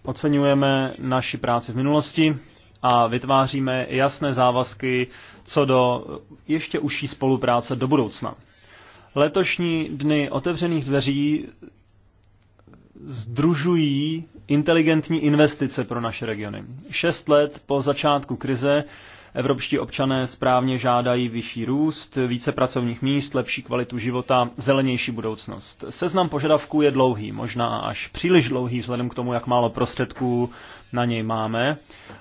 oceňujeme naši práci v minulosti a vytváříme jasné závazky co do eh, ještě užší spolupráce do budoucna. Letošní dny otevřených dveří združují inteligentní investice pro naše regiony. Šest let po začátku krize evropští občané správně žádají vyšší růst, více pracovních míst, lepší kvalitu života, zelenější budoucnost. Seznam požadavků je dlouhý, možná až příliš dlouhý vzhledem k tomu, jak málo prostředků na něj máme.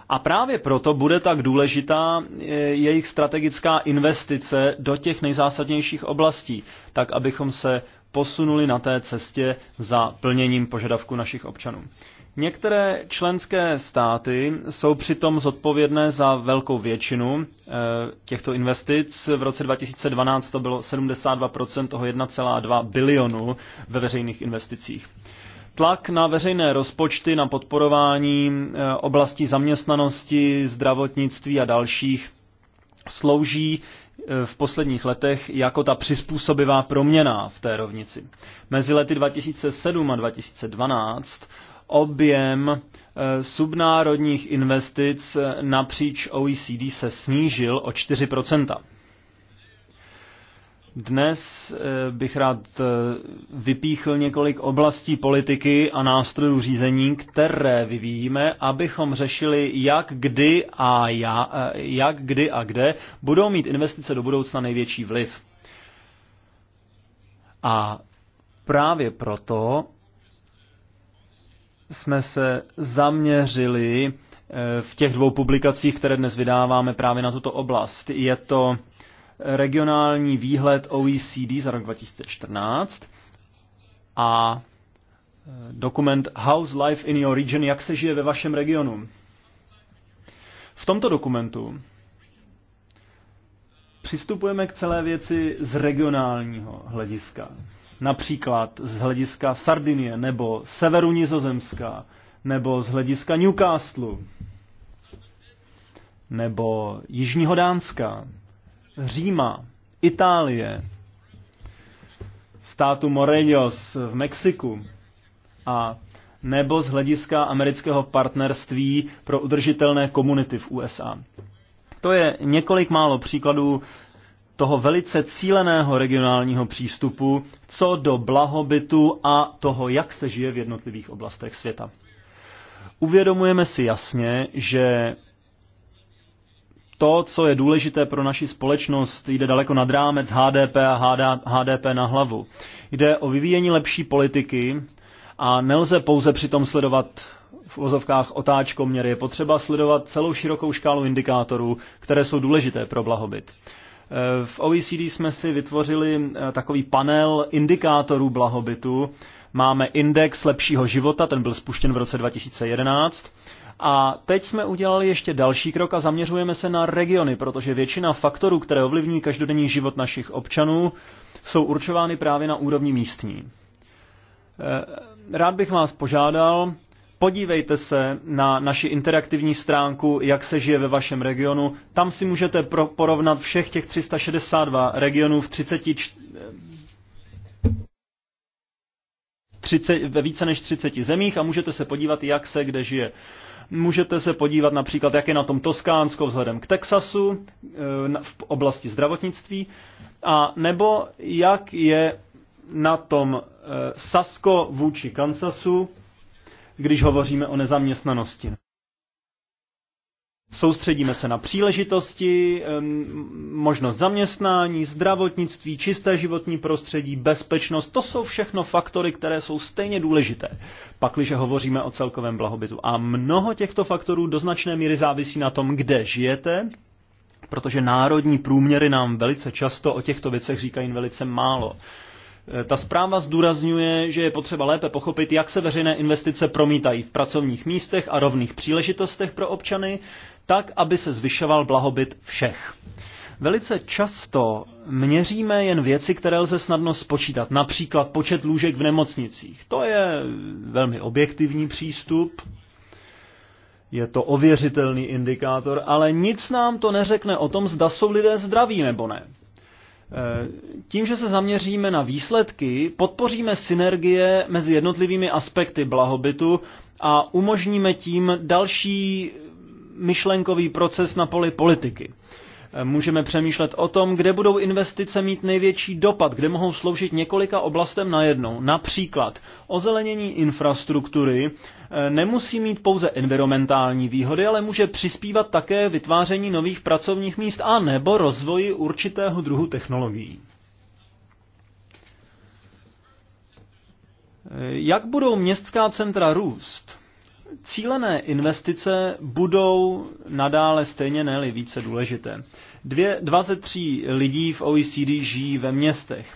A právě proto bude tak důležitá eh, jejich strategická investice do těch nejzásadnějších oblastí, tak abychom se posunuli na té cestě za plněním požadavku našich občanů. Některé členské státy jsou přitom zodpovědné za velkou většinu eh, těchto investic. V roce 2012 to bylo 72% toho 1,2 bilionu ve veřejných investicích. Tlak na veřejné rozpočty, na podporování eh, oblasti zaměstnanosti, zdravotnictví a dalších slouží Eh, v posledních letech jako ta přizpůsobivá proměna v té rovnici. Mezi lety 2007 a 2012 objem eh, subnárodních investic eh, napříč OECD se snížil o 4 dnes eh, bych rád eh, vypíchl několik oblastí politiky a nástrojů řízení, které vyvíjíme, abychom řešili, jak kdy a, já, eh, jak kdy a kde budou mít investice do budoucna největší vliv. A právě proto jsme se zaměřili v těch dvou publikacích, které dnes vydáváme právě na tuto oblast. Je to regionální výhled OECD za rok 2014 a e, dokument How's Life in Your Region, jak se žije ve vašem regionu. V tomto dokumentu přistupujeme k celé věci z regionálního hlediska. Například z hlediska Sardinie nebo severu Nizozemska nebo z hlediska Newcastle nebo Jižního Dánska Říma, Itálie, státu Morelos v Mexiku a nebo z hlediska amerického partnerství pro udržitelné komunity v USA. To je několik málo příkladů toho velice cíleného regionálního přístupu co do blahobytu a toho, jak se žije v jednotlivých oblastech světa. Uvědomujeme si jasně, že to, co je důležité pro naši společnost, jde daleko nad rámec HDP a HDP na hlavu. Jde o vyvíjení lepší politiky a nelze pouze přitom sledovat v vozovkách otáčkoměr. Je potřeba sledovat celou širokou škálu indikátorů, které jsou důležité pro blahobyt. Eh, v OECD jsme si vytvořili eh, takový panel indikátorů blahobytu. Máme index lepšího života, ten byl spuštěn v roce 2011 a teď jsme udělali ještě další krok a zaměřujeme se na regiony, protože většina faktorů, které ovlivní každodenní život našich občanů, jsou určovány právě na úrovni místní. E, rád bych vás požádal, podívejte se na naši interaktivní stránku, jak se žije ve vašem regionu. Tam si můžete porovnat všech těch 362 regionů v 34 30, ve více než 30 zemích a můžete se podívat, jak se kde žije. Můžete se podívat například, jak je na tom Toskánsko vzhledem k Texasu eh, v oblasti zdravotnictví, a nebo jak je na tom eh, Sasko vůči Kansasu, když hovoříme o nezaměstnanosti. Soustředíme se na příležitosti, možnost zaměstnání, zdravotnictví, čisté životní prostředí, bezpečnost. To jsou všechno faktory, které jsou stejně důležité, pakliže hovoříme o celkovém blahobytu. A mnoho těchto faktorů do značné míry závisí na tom, kde žijete, protože národní průměry nám velice často o těchto věcech říkají velice málo. Eh, ta zpráva zdůrazňuje, že je potřeba lépe pochopit, jak se veřejné investice promítají v pracovních místech a rovných příležitostech pro občany, tak, aby se zvyšoval blahobyt všech. Velice často měříme jen věci, které lze snadno spočítat, například počet lůžek v nemocnicích. To je velmi objektivní přístup, je to ověřitelný indikátor, ale nic nám to neřekne o tom, zda jsou lidé zdraví nebo ne. Eh, tím, že se zaměříme na výsledky, podpoříme synergie mezi jednotlivými aspekty blahobytu a umožníme tím další myšlenkový proces na poli politiky můžeme přemýšlet o tom, kde budou investice mít největší dopad, kde mohou sloužit několika oblastem najednou. Například ozelenění infrastruktury eh, nemusí mít pouze environmentální výhody, ale může přispívat také vytváření nových pracovních míst a nebo rozvoji určitého druhu technologií. Eh, jak budou městská centra růst? Cílené investice budou nadále stejně ne více důležité. Dvě, 23 lidí v OECD žijí ve městech.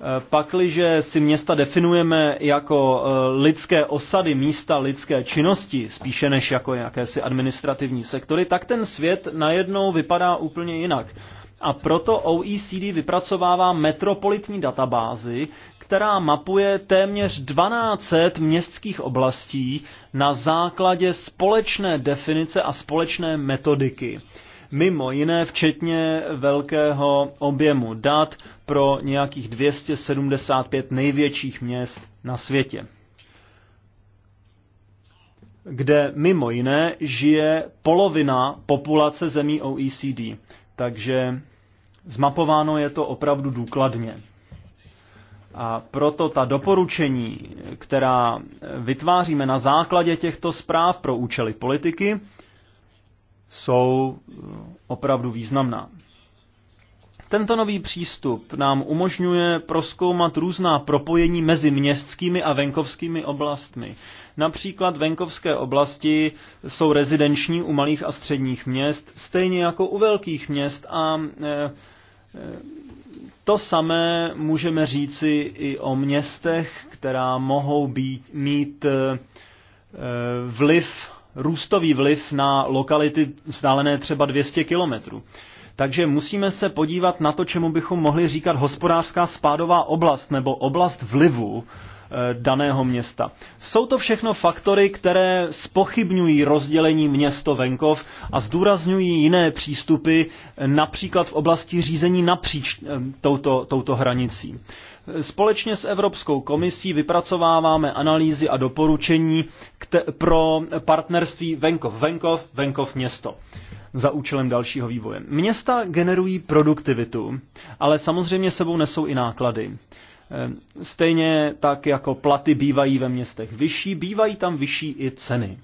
Eh, pakliže si města definujeme jako eh, lidské osady, místa lidské činnosti, spíše než jako jakési administrativní sektory, tak ten svět najednou vypadá úplně jinak. A proto OECD vypracovává metropolitní databázi, která mapuje téměř 12 městských oblastí na základě společné definice a společné metodiky mimo jiné včetně velkého objemu dat pro nějakých 275 největších měst na světě kde mimo jiné žije polovina populace zemí OECD. Takže zmapováno je to opravdu důkladně. A proto ta doporučení, která vytváříme na základě těchto zpráv pro účely politiky, jsou eh, opravdu významná. Tento nový přístup nám umožňuje proskoumat různá propojení mezi městskými a venkovskými oblastmi. Například venkovské oblasti jsou rezidenční u malých a středních měst, stejně jako u velkých měst a e, to samé můžeme říci i o městech, která mohou být, mít e, vliv růstový vliv na lokality vzdálené třeba 200 kilometrů. Takže musíme se podívat na to, čemu bychom mohli říkat hospodářská spádová oblast nebo oblast vlivu eh, daného města. Jsou to všechno faktory, které spochybňují rozdělení město-venkov a zdůrazňují jiné přístupy, například v oblasti řízení napříč eh, touto, touto hranicí. Společně s Evropskou komisí vypracováváme analýzy a doporučení pro partnerství venkov-venkov, venkov-město za účelem dalšího vývoje. Města generují produktivitu, ale samozřejmě sebou nesou i náklady. Ehm, stejně tak jako platy bývají ve městech vyšší, bývají tam vyšší i ceny.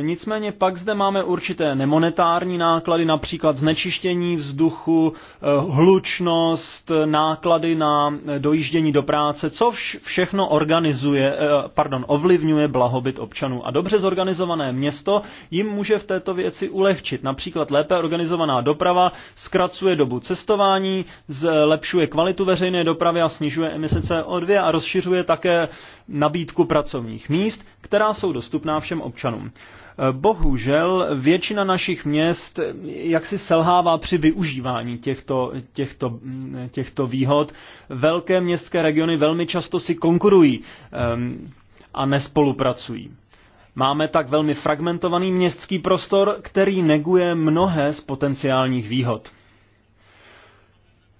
Nicméně pak zde máme určité nemonetární náklady, například znečištění vzduchu, eh, hlučnost, eh, náklady na eh, dojíždění do práce, co všechno organizuje, pardon, ovlivňuje blahobyt občanů. A dobře zorganizované město jim může v této věci ulehčit. Například lépe organizovaná doprava zkracuje dobu cestování, zlepšuje kvalitu veřejné dopravy a snižuje emise CO2 a rozšiřuje také nabídku pracovních míst, která jsou dostupná všem občanům. E, bohužel většina našich měst e, jaksi selhává při využívání těchto, těchto, těchto výhod. Velké městské regiony velmi často si konkurují a nespolupracují. Máme tak velmi fragmentovaný městský prostor, který neguje mnohé z potenciálních výhod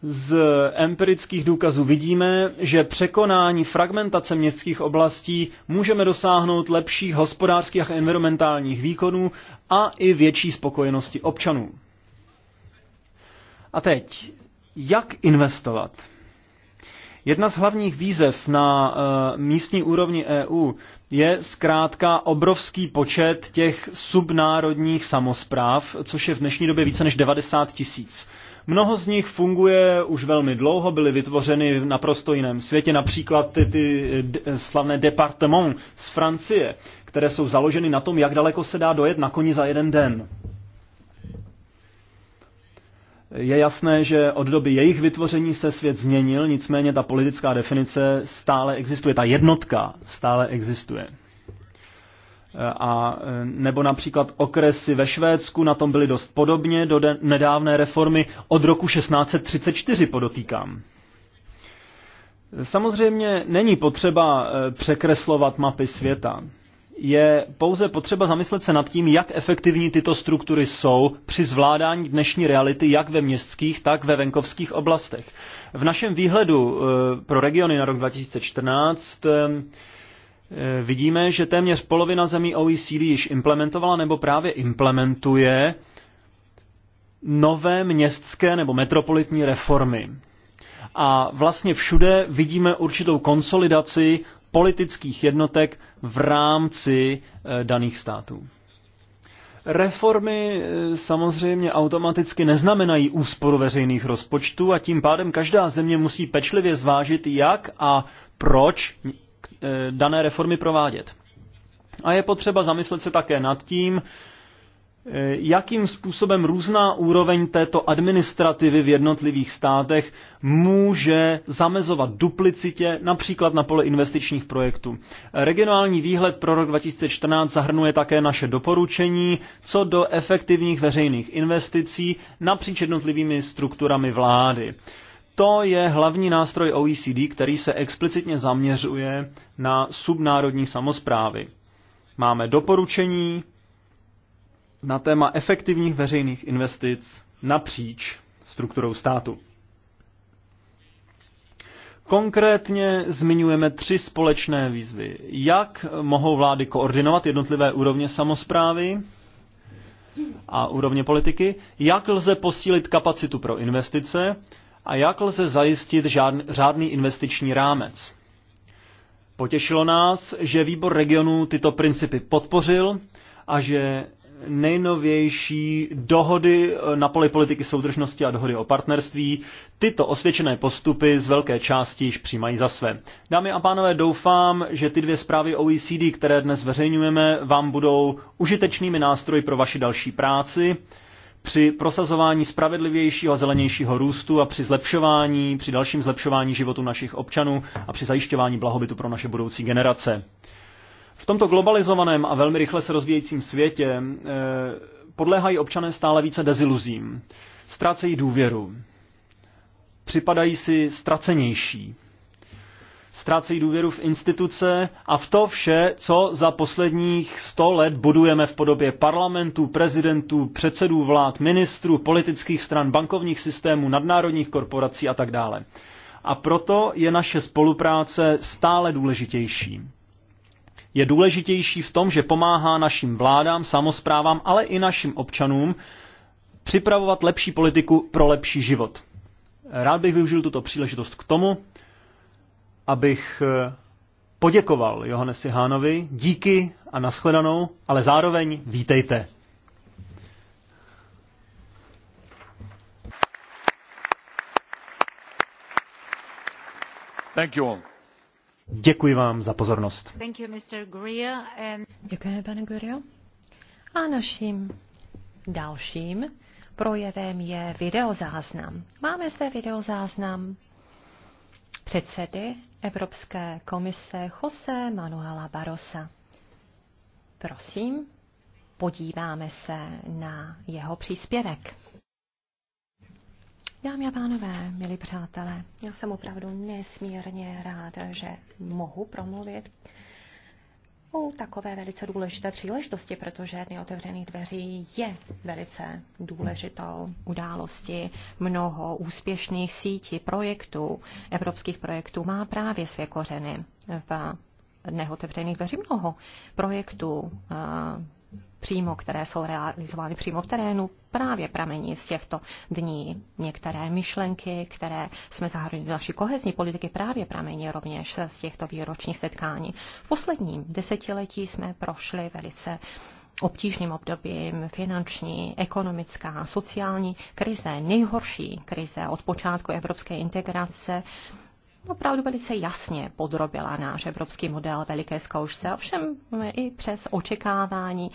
z empirických důkazů vidíme, že překonání fragmentace městských oblastí můžeme dosáhnout lepších hospodářských a environmentálních výkonů a i větší spokojenosti občanů. A teď, jak investovat? Jedna z hlavních výzev na uh, místní úrovni EU je zkrátka obrovský počet těch subnárodních samozpráv, což je v dnešní době více než 90 tisíc. Mnoho z nich funguje už velmi dlouho, byly vytvořeny v naprosto jiném světě, například ty, ty slavné departement z Francie, které jsou založeny na tom, jak daleko se dá dojet na koni za jeden den. Je jasné, že od doby jejich vytvoření se svět změnil, nicméně ta politická definice stále existuje, ta jednotka stále existuje a e, nebo například okresy ve Švédsku na tom byly dost podobně do nedávné reformy od roku 1634 podotýkám. Samozřejmě není potřeba e, překreslovat mapy světa. Je pouze potřeba zamyslet se nad tím, jak efektivní tyto struktury jsou při zvládání dnešní reality jak ve městských, tak ve venkovských oblastech. V našem výhledu e, pro regiony na rok 2014 Eh, vidíme, že téměř polovina zemí OECD již implementovala nebo právě implementuje nové městské nebo metropolitní reformy. A vlastně všude vidíme určitou konsolidaci politických jednotek v rámci eh, daných států. Reformy eh, samozřejmě automaticky neznamenají úsporu veřejných rozpočtů a tím pádem každá země musí pečlivě zvážit, jak a proč Eh, dané reformy provádět. A je potřeba zamyslet se také nad tím, eh, jakým způsobem různá úroveň této administrativy v jednotlivých státech může zamezovat duplicitě, například na pole investičních projektů. Regionální výhled pro rok 2014 zahrnuje také naše doporučení co do efektivních veřejných investicí napříč jednotlivými strukturami vlády. To je hlavní nástroj OECD, který se explicitně zaměřuje na subnárodní samozprávy. Máme doporučení na téma efektivních veřejných investic napříč strukturou státu. Konkrétně zmiňujeme tři společné výzvy. Jak mohou vlády koordinovat jednotlivé úrovně samozprávy a úrovně politiky? Jak lze posílit kapacitu pro investice? a jak lze zajistit žádný, řádný investiční rámec. Potěšilo nás, že výbor regionů tyto principy podpořil a že nejnovější dohody eh, na poli politiky soudržnosti a dohody o partnerství. Tyto osvědčené postupy z velké části již přijímají za své. Dámy a pánové, doufám, že ty dvě zprávy OECD, které dnes veřejňujeme, vám budou užitečnými nástroji pro vaši další práci při prosazování spravedlivějšího a zelenějšího růstu a při zlepšování, při dalším zlepšování životu našich občanů a při zajišťování blahobytu pro naše budoucí generace. V tomto globalizovaném a velmi rychle se rozvíjejícím světě eh, podléhají občané stále více deziluzím, ztrácejí důvěru, připadají si ztracenější, ztrácejí důvěru v instituce a v to vše, co za posledních sto let budujeme v podobě parlamentů, prezidentů, předsedů vlád, ministrů, politických stran, bankovních systémů, nadnárodních korporací a tak dále. A proto je naše spolupráce stále důležitější. Je důležitější v tom, že pomáhá našim vládám, samozprávám, ale i našim občanům připravovat lepší politiku pro lepší život. Rád bych využil tuto příležitost k tomu, abych eh, poděkoval Johannesi Hánovi, díky a nashledanou, ale zároveň vítejte. Thank you all. Děkuji vám za pozornost. Thank you, Mr. Guria, and... Děkujeme, pane Guria. A naším dalším projevem je videozáznam. Máme zde videozáznam předsedy Evropské komise Jose Manuela Barosa. Prosím, podíváme se na jeho příspěvek. Dámy a pánové, milí přátelé, já jsem opravdu nesmírně rád, že mohu promluvit u takové velice důležité příležitosti, protože Dny otevřených dveří je velice důležitou události Mnoho úspěšných sítí projektů, evropských projektů má právě své kořeny v dnech otevřených dveří. Mnoho projektů přímo, které jsou realizovány přímo v terénu, právě pramení z těchto dní. Některé myšlenky, které jsme zahrnuli do naší kohezní politiky, právě pramení rovněž z těchto výročních setkání. V posledním desetiletí jsme prošli velice obtížným obdobím finanční, ekonomická, sociální krize, nejhorší krize od počátku evropské integrace opravdu velice jasně podrobila náš evropský model veliké zkoušce, ovšem i přes očekávání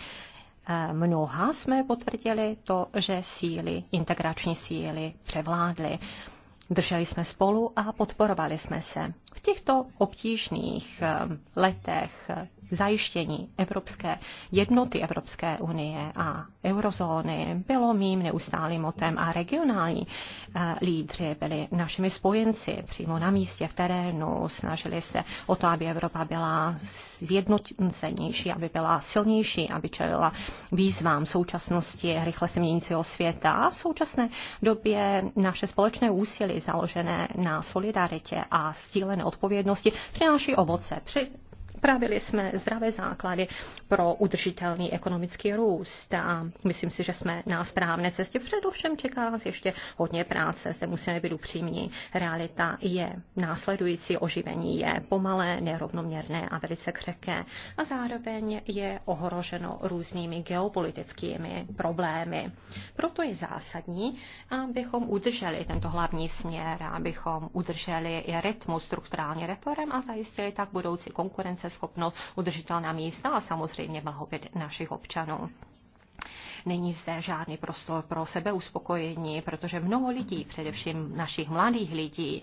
eh, mnoha jsme potvrdili to, že síly, integrační síly převládly. Drželi jsme spolu a podporovali jsme se. V těchto obtížných eh, letech zajištění evropské jednoty Evropské unie a eurozóny bylo mým neustálým motem a regionální eh, lídři byli našimi spojenci přímo na místě v terénu, snažili se o to, aby Evropa byla zjednocenější, aby byla silnější, aby čelila výzvám současnosti rychle se měnícího světa a v současné době naše společné úsilí založené na solidaritě a stílené odpovědnosti přináší ovoce. Při Spravili jsme zdravé základy pro udržitelný ekonomický růst a myslím si, že jsme na správné cestě. Předovšem čeká nás ještě hodně práce, zde musíme být upřímní. Realita je následující oživení je pomalé, nerovnoměrné a velice křehké a zároveň je ohroženo různými geopolitickými problémy. Proto je zásadní, abychom udrželi tento hlavní směr, abychom udrželi i rytmu strukturální reform a zajistili tak budoucí konkurence konkurenceschopnost, udržitelná místa a samozřejmě blahobyt našich občanů. Není zde žádný prostor pro sebeuspokojení, protože mnoho lidí, především našich mladých lidí,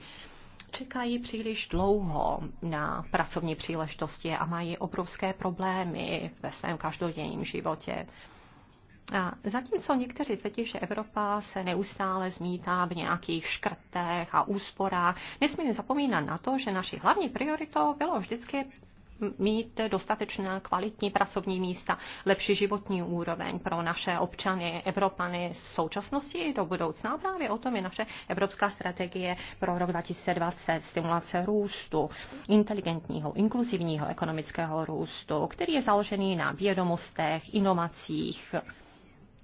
čekají příliš dlouho na pracovní příležitosti a mají obrovské problémy ve svém každodenním životě. A zatímco někteří tvrdí, že Evropa se neustále zmítá v nějakých škrtech a úsporách, nesmíme zapomínat na to, že naší hlavní prioritou bylo vždycky mít dostatečná kvalitní pracovní místa, lepší životní úroveň pro naše občany, Evropany v současnosti i do budoucna. Právě o tom je naše evropská strategie pro rok 2020, stimulace růstu, inteligentního, inkluzivního ekonomického růstu, který je založený na vědomostech, inovacích,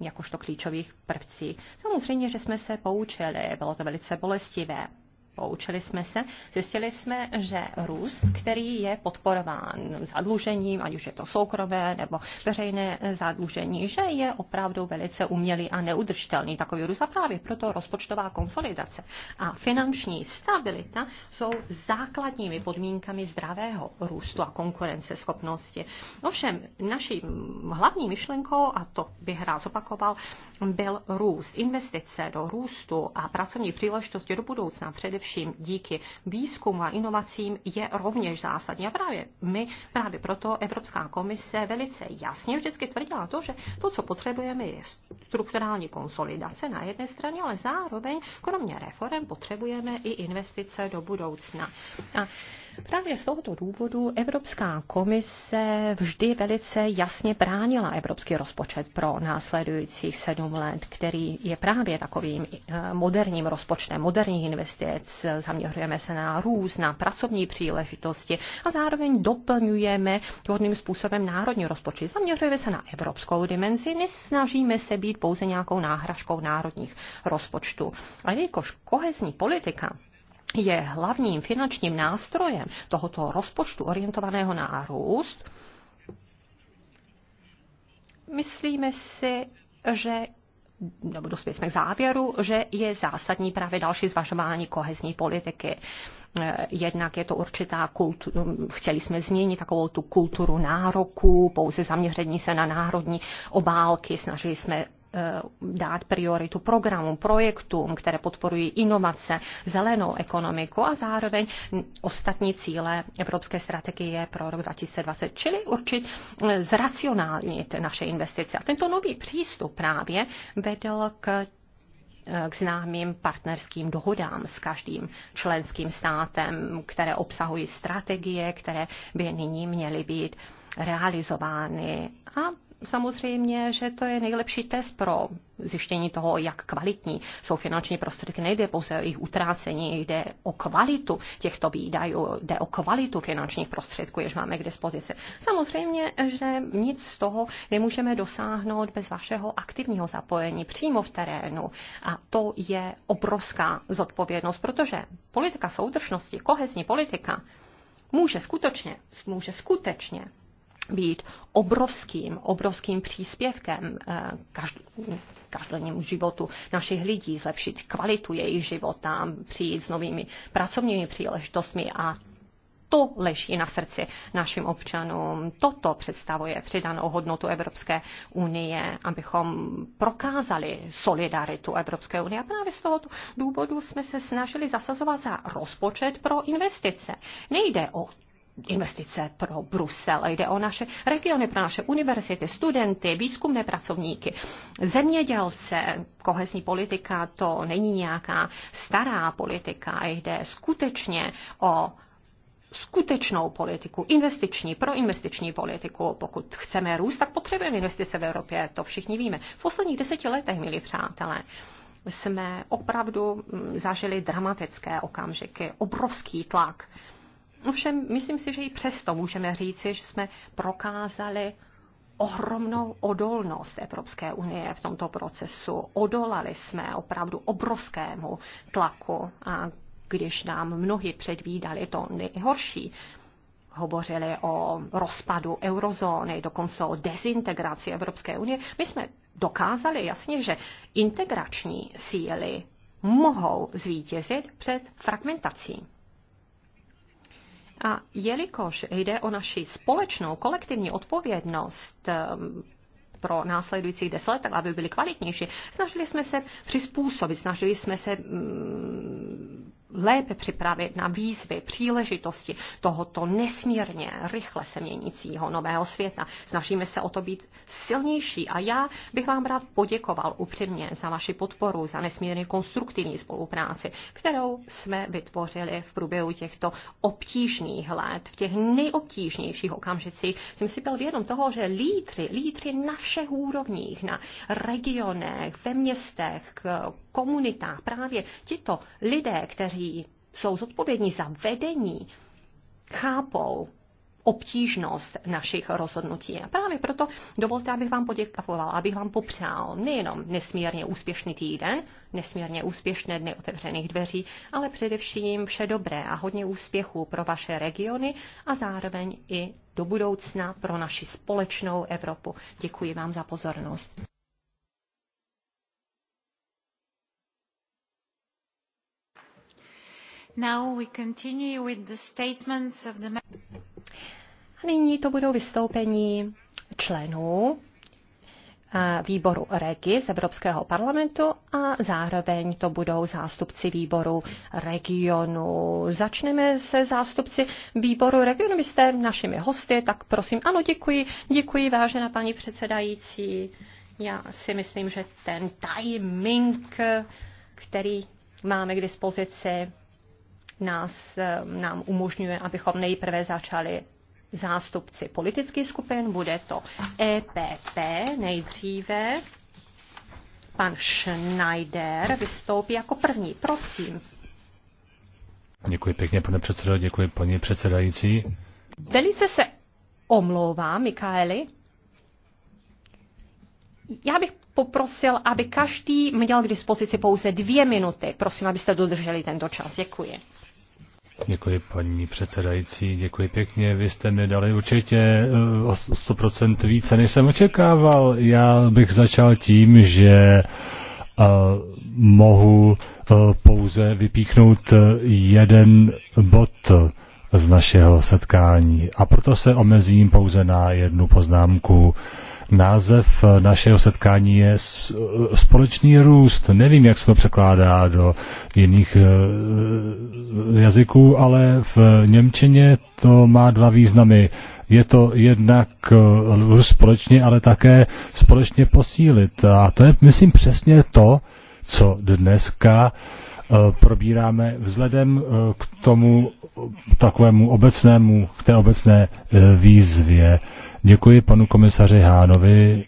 jakožto klíčových prvcích. Samozřejmě, že jsme se poučili, bylo to velice bolestivé poučili jsme se, zjistili jsme, že růst, který je podporován zadlužením, ať už je to soukromé nebo veřejné zadlužení, že je opravdu velice umělý a neudržitelný takový růst. A právě proto rozpočtová konsolidace a finanční stabilita jsou základními podmínkami zdravého růstu a konkurenceschopnosti. Ovšem, naší hlavní myšlenkou, a to bych rád zopakoval, byl růst, investice do růstu a pracovní příležitosti do budoucna, především především díky výzkumu a inovacím je rovněž zásadní. A právě my, právě proto Evropská komise velice jasně vždycky tvrdila to, že to, co potřebujeme, je strukturální konsolidace na jedné straně, ale zároveň kromě reform potřebujeme i investice do budoucna. A Právě z tohoto důvodu Evropská komise vždy velice jasně bránila evropský rozpočet pro následujících sedm let, který je právě takovým eh, moderním rozpočtem, moderních investic. Zaměřujeme se na růst, na pracovní příležitosti a zároveň doplňujeme vhodným způsobem národní rozpočet. Zaměřujeme se na evropskou dimenzi, nesnažíme se být pouze nějakou náhražkou národních rozpočtů. ale jakož kohezní politika je hlavním finančním nástrojem tohoto rozpočtu orientovaného na růst, myslíme si, že nebo dospěli jsme k závěru, že je zásadní právě další zvažování kohezní politiky. Eh, jednak je to určitá kultura, chtěli jsme změnit takovou tu kulturu nároků, pouze zaměření se na národní obálky, snažili jsme Eh, dát prioritu programům, projektům, které podporují inovace, zelenou ekonomiku a zároveň ostatní cíle Evropské strategie pro rok 2020, čili určit eh, zracionálnit naše investice. A tento nový přístup právě vedl k eh, k známým partnerským dohodám s každým členským státem, které obsahují strategie, které by nyní měly být realizovány. A samozřejmě, že to je nejlepší test pro zjištění toho, jak kvalitní jsou finanční prostředky. Nejde pouze o jejich utrácení, jde o kvalitu těchto výdajů, jde o kvalitu finančních prostředků, jež máme k dispozici. Samozřejmě, že nic z toho nemůžeme dosáhnout bez vašeho aktivního zapojení přímo v terénu. A to je obrovská zodpovědnost, protože politika soudržnosti, kohezní politika, může skutečně, může skutečně být obrovským, obrovským příspěvkem eh, každodennímu životu našich lidí, zlepšit kvalitu jejich života, přijít s novými pracovními příležitostmi a to leží na srdci našim občanům. Toto představuje přidanou hodnotu Evropské unie, abychom prokázali solidaritu Evropské unie. A právě z tohoto důvodu jsme se snažili zasazovat za rozpočet pro investice. Nejde o investice pro Brusel. Jde o naše regiony, pro naše univerzity, studenty, výzkumné pracovníky, zemědělce. Kohezní politika to není nějaká stará politika, jde skutečně o skutečnou politiku, investiční, proinvestiční politiku. Pokud chceme růst, tak potřebujeme investice v Evropě, to všichni víme. V posledních deseti letech, milí přátelé, jsme opravdu mm, zažili dramatické okamžiky, obrovský tlak Ovšem, myslím si, že i přesto můžeme říci, že jsme prokázali ohromnou odolnost Evropské unie v tomto procesu. Odolali jsme opravdu obrovskému tlaku a když nám mnohy předvídali to nejhorší, hovořili o rozpadu eurozóny, dokonce o dezintegraci Evropské unie, my jsme dokázali jasně, že integrační síly mohou zvítězit před fragmentací. A jelikož jde o naši společnou kolektivní odpovědnost ehm, pro následujících deset let, aby byly kvalitnější, snažili jsme se přizpůsobit, snažili jsme se mm, lépe připravit na výzvy, příležitosti tohoto nesmírně rychle se měnícího nového světa. Snažíme se o to být silnější a já bych vám rád poděkoval upřímně za vaši podporu, za nesmírně konstruktivní spolupráci, kterou jsme vytvořili v průběhu těchto obtížných let, v těch nejobtížnějších okamžicích. Jsem si byl vědom toho, že lídři, lídři na všech úrovních, na regionech, ve městech, Komunita právě tito lidé, kteří jsou zodpovědní za vedení, chápou obtížnost našich rozhodnutí. A právě proto dovolte, abych vám poděkoval, abych vám popřál nejenom nesmírně úspěšný týden, nesmírně úspěšné dny otevřených dveří, ale především vše dobré a hodně úspěchů pro vaše regiony a zároveň i do budoucna pro naši společnou Evropu. Děkuji vám za pozornost. A nyní to budou vystoupení členů výboru REGI z Evropského parlamentu a zároveň to budou zástupci výboru regionu. Začneme se zástupci výboru regionu. Vy jste našimi hosty, tak prosím, ano, děkuji, děkuji, vážená paní předsedající. Já si myslím, že ten timing, který máme k dispozici, nás, eh, nám umožňuje, abychom nejprve začali zástupci politických skupin. Bude to EPP nejdříve. Pan Schneider vystoupí jako první. Prosím. Děkuji pěkně, pane předsedo, děkuji paní předsedající. Velice se omlouvám, Mikaeli. Já bych poprosil, aby každý měl k dispozici pouze dvě minuty. Prosím, abyste dodrželi tento čas. Děkuji. Děkuji, paní předsedající, děkuji pěkně. Vy jste mi dali určitě eh, o 100% více, než jsem očekával. Já bych začal tím, že eh, mohu eh, pouze vypíchnout jeden bod z našeho setkání. A proto se omezím pouze na jednu poznámku. Název našeho setkání je společný růst. Nevím, jak se to překládá do jiných eh, jazyků, ale v Němčině to má dva významy. Je to jednak eh, růst společně, ale také společně posílit. A to je, myslím, přesně to, co dneska uh, Eh, probíráme vzhledem eh, k tomu takovému obecnému, k té obecné eh, výzvě. Děkuji panu komisaři Hánovi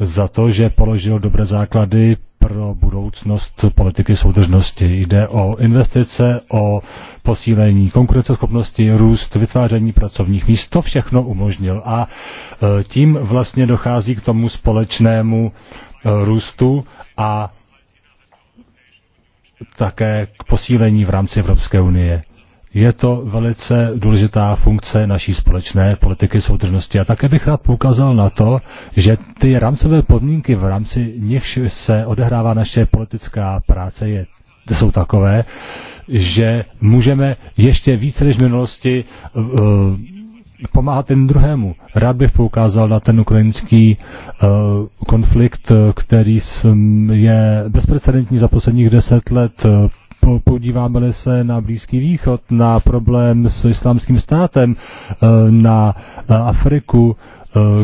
za to, že položil dobré základy pro budoucnost politiky soudržnosti. Jde o investice, o posílení konkurenceschopnosti, růst, vytváření pracovních míst. To všechno umožnil a tím vlastně dochází k tomu společnému růstu a také k posílení v rámci Evropské unie. Je to velice důležitá funkce naší společné politiky soudržnosti. A také bych rád poukázal na to, že ty rámcové podmínky, v rámci nichž se odehrává naše politická práce, je, jsou takové, že můžeme ještě více než v minulosti uh, pomáhat ten druhému. Rád bych poukázal na ten ukrajinský uh, konflikt, eh, který je bezprecedentní za posledních deset let. Eh, podíváme-li se na Blízký východ, na problém s islámským státem, na Afriku,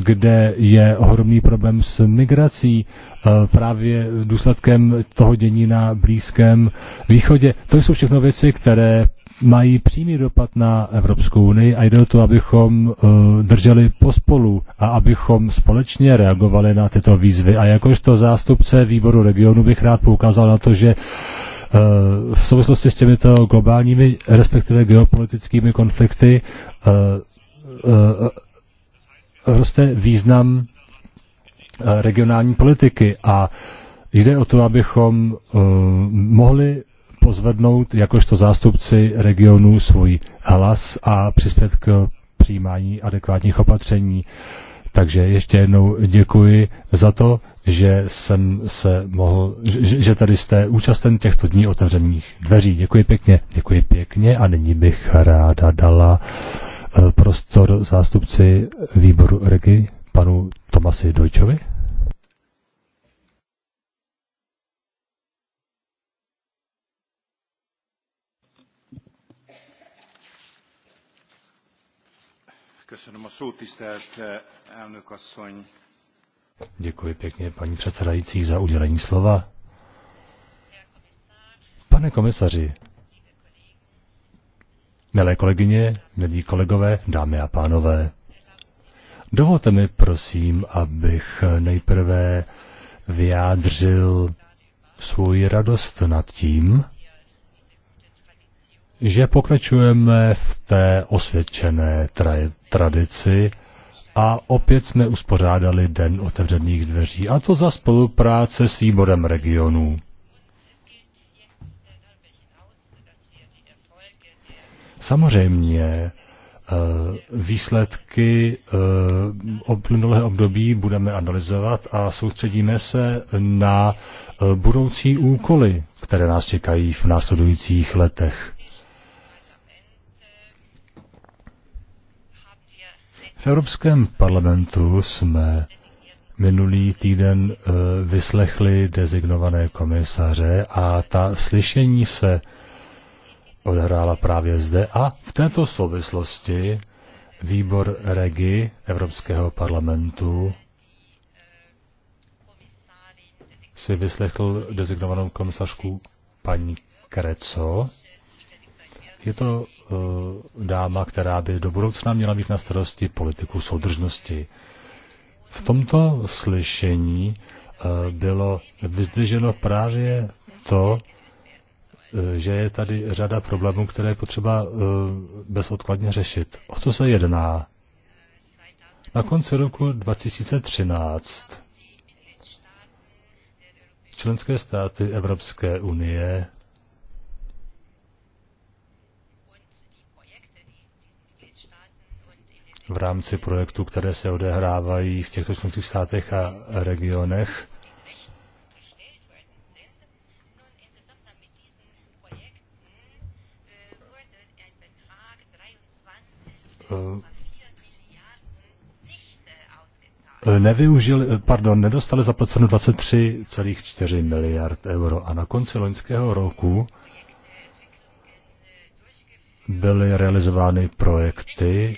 kde je ohromný problém s migrací právě důsledkem toho dění na Blízkém východě. To jsou všechno věci, které mají přímý dopad na Evropskou unii a jde o to, abychom eh, drželi pospolu a abychom společně reagovali na tyto výzvy. A jakožto zástupce výboru regionu bych rád poukázal na to, že eh, v souvislosti s těmito globálními, respektive geopolitickými konflikty eh, roste význam regionální politiky a jde o to, abychom mohli pozvednout jakožto zástupci regionů svůj hlas a přispět k přijímání adekvátních opatření. Takže ještě jednou děkuji za to, že jsem se mohl, že, že tady jste účasten těchto dní otevřených dveří. Děkuji pěkně, děkuji pěkně a nyní bych ráda dala eh, prostor zástupci výboru Regi, panu Tomasi Dojčovi. Eh, Děkuji pěkně paní předsedající za udělení slova. Pane komisaři, milé kolegyně, milí kolegové, dámy a pánové, dovolte mi prosím, abych nejprve vyjádřil svou radost nad tím, že pokračujeme v té osvědčené tra- tradici a opět jsme uspořádali Den otevřených dveří, a to za spolupráce s výborem regionů. Samozřejmě e, výsledky uplynulé e, období budeme analyzovat a soustředíme se na e, budoucí úkoly, které nás čekají v následujících letech. V Evropském parlamentu jsme minulý týden eh, vyslechli dezignované komisaře a ta slyšení se odehrála právě zde a v této souvislosti výbor REGI Evropského parlamentu si vyslechl dezignovanou komisařku paní Kreco. Je to Eh, dáma, která by do budoucna měla mít na starosti politiku soudržnosti. V tomto slyšení eh, bylo vyzdrženo právě to, eh, že je tady řada problémů, které je potřeba bezodkladně řešit. O co se jedná? Na konci roku 2013 členské státy Evropské unie v rámci projektů, které se odehrávají v těchto členských státech a regionech. Eh, nevyužili, pardon, nedostali zaplaceno 23,4 miliard euro a na konci loňského roku byly realizovány projekty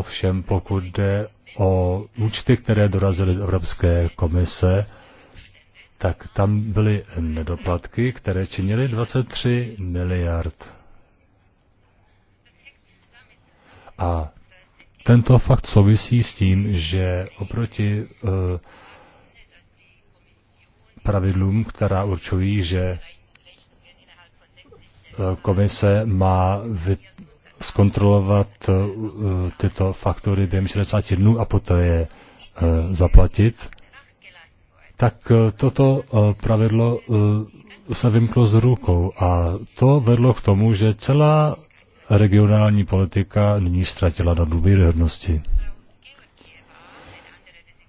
Ovšem, pokud jde o účty, které dorazily do Evropské komise, tak tam byly nedoplatky, které činily 23 miliard. A tento fakt souvisí s tím, že oproti uh, pravidlům, která určují, že eh, komise má zkontrolovat eh, tyto faktory během 60 dnů a poté je eh, zaplatit, tak eh, toto pravidlo se vymklo z rukou a to vedlo k tomu, že celá regionální politika nyní ztratila na důvěryhodnosti.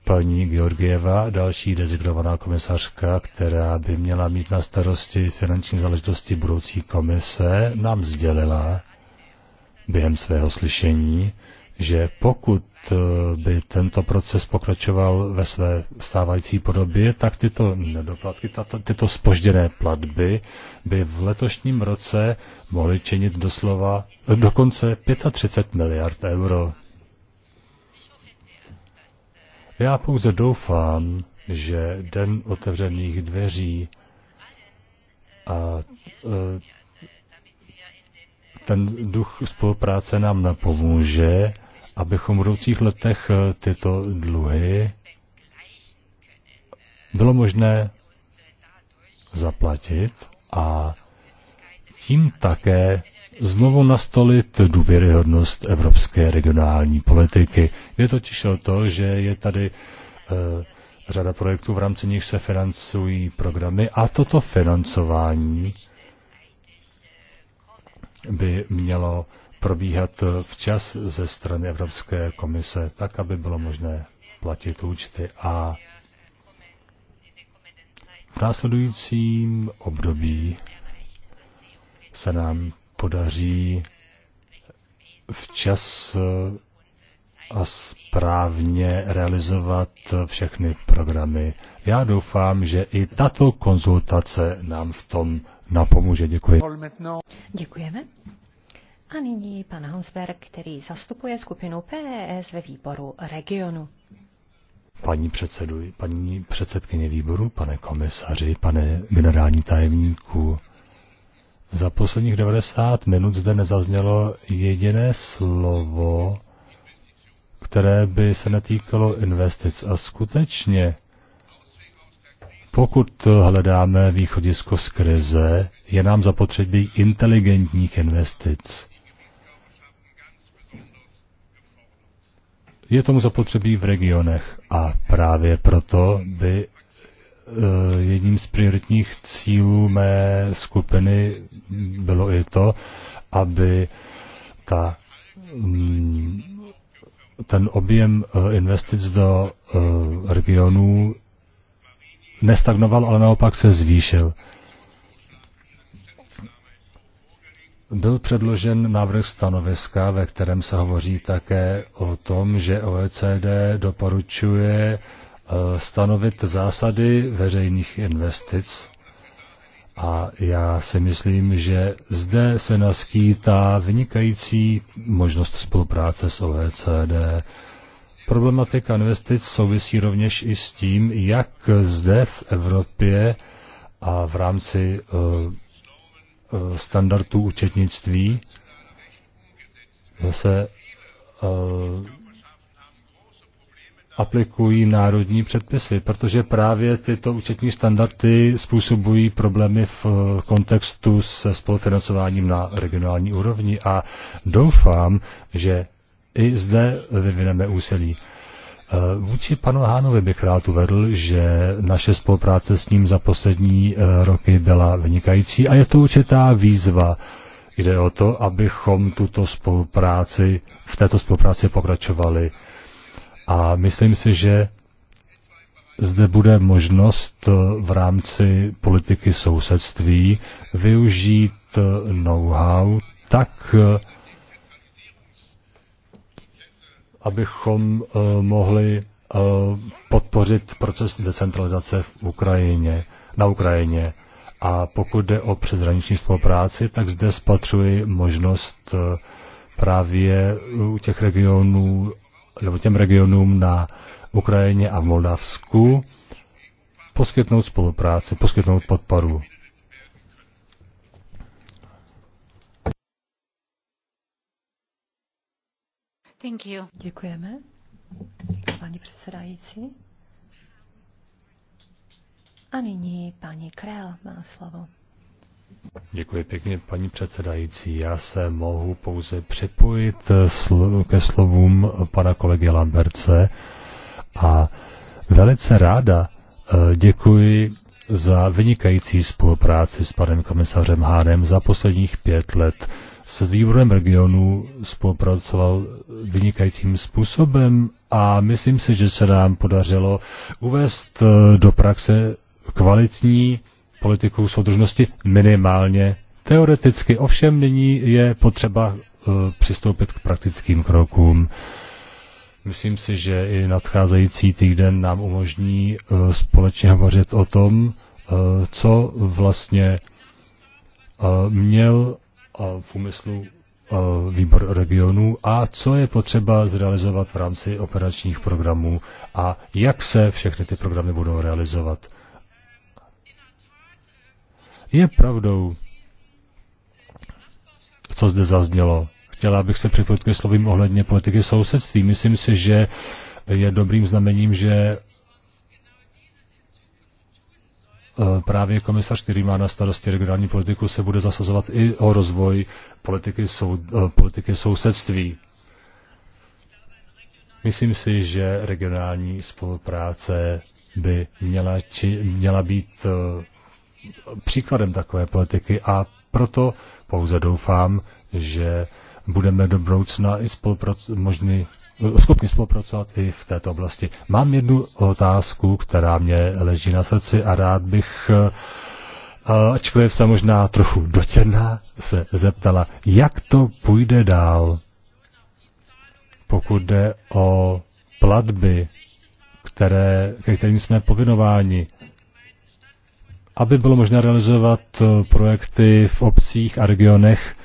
Paní Georgieva, další dezignovaná komisařka, která by měla mít na starosti finanční záležitosti budoucí komise, nám sdělila, během svého slyšení, že pokud eh, by tento proces pokračoval ve své stávající podobě, tak tyto nedoplatky, tato, tyto spožděné platby by v letošním roce mohly činit doslova eh, dokonce 35 miliard euro. Já pouze doufám, že den otevřených dveří a eh, ten duch spolupráce nám napomůže, abychom v budoucích letech eh, tyto dluhy bylo možné zaplatit a tím také znovu nastolit důvěryhodnost evropské regionální politiky. Je totiž o to, že je tady uh, řada projektů, v rámci nich se financují programy a toto financování by mělo probíhat včas ze strany Evropské komise, tak, aby bylo možné platit účty. A v následujícím období se nám podaří včas a správně realizovat všechny programy. Já doufám, že i tato konzultace nám v tom napomůže. Děkuji. Děkujeme. A nyní pan Hansberg, který zastupuje skupinu PES ve výboru regionu. Paní, předsedu, paní předsedkyně výboru, pane komisaři, pane generální tajemníku, za posledních 90 minut zde nezaznělo jediné slovo, které by se netýkalo investic. A skutečně pokud hledáme východisko z krize, je nám zapotřebí inteligentních investic. Je tomu zapotřebí v regionech a právě proto by e, jedním z prioritních cílů mé skupiny bylo i to, aby ta, mm, ten objem e, investic do e, regionů nestagnoval, ale naopak se zvýšil. Byl předložen návrh stanoviska, ve kterém se hovoří také o tom, že OECD doporučuje eh, stanovit zásady veřejných investic. A já si myslím, že zde se naskýtá vynikající možnost spolupráce s OECD. Problematika investic souvisí rovněž i s tím, jak zde v Evropě a v rámci eh, eh, standardů účetnictví se eh, aplikují národní předpisy, protože právě tyto účetní standardy způsobují problémy v kontextu se spolufinancováním na regionální úrovni a doufám, že i zde vyvineme úsilí. Eh, vůči panu Hánovi bych rád uvedl, že naše spolupráce s ním za poslední eh, roky byla vynikající a je to určitá výzva. Jde o to, abychom tuto spolupráci, v této spolupráci pokračovali. A myslím si, že zde bude možnost eh, v rámci politiky sousedství využít know-how tak, abychom eh, mohli eh, podpořit proces decentralizace v Ukrajině, na Ukrajině. A pokud jde o přeshraniční spolupráci, tak zde spatřuji možnost eh, právě u těch regionů, nebo těm regionům na Ukrajině a v Moldavsku poskytnout spolupráci, poskytnout podporu. Thank you. Děkujeme, paní předsedající. A nyní paní Král má slovo. Děkuji pěkně, paní předsedající. Já se mohu pouze připojit ke slovům pana kolegy Lamberce a velice ráda eh, děkuji za vynikající spolupráci s panem komisařem Hánem za posledních pět let s výborem regionu spolupracoval vynikajícím způsobem a myslím si, že se nám podařilo uvést eh, do praxe kvalitní politiku soudržnosti minimálně teoreticky. Ovšem nyní je potřeba eh, přistoupit k praktickým krokům. Myslím si, že i nadcházející týden nám umožní eh, společně hovořit o tom, co vlastně měl v úmyslu výbor regionů a co je potřeba zrealizovat v rámci operačních programů a jak se všechny ty programy budou realizovat. Je pravdou, co zde zaznělo. Chtěla bych se připojit ke slovím ohledně politiky sousedství. Myslím si, že je dobrým znamením, že Eh, právě komisař, který má na starosti regionální politiku, se bude zasazovat i o rozvoj politiky, sou, eh, politiky sousedství. Myslím si, že regionální spolupráce by měla, či, měla být eh, příkladem takové politiky a proto pouze doufám, že budeme do budoucna i spolupracovat, možný schopni spolupracovat i v této oblasti. Mám jednu otázku, která mě leží na srdci a rád bych, eh, ačkoliv se možná trochu dotěrná, se zeptala, jak to půjde dál, pokud jde o platby, které, kterým jsme povinováni, aby bylo možné realizovat eh, projekty v obcích a regionech,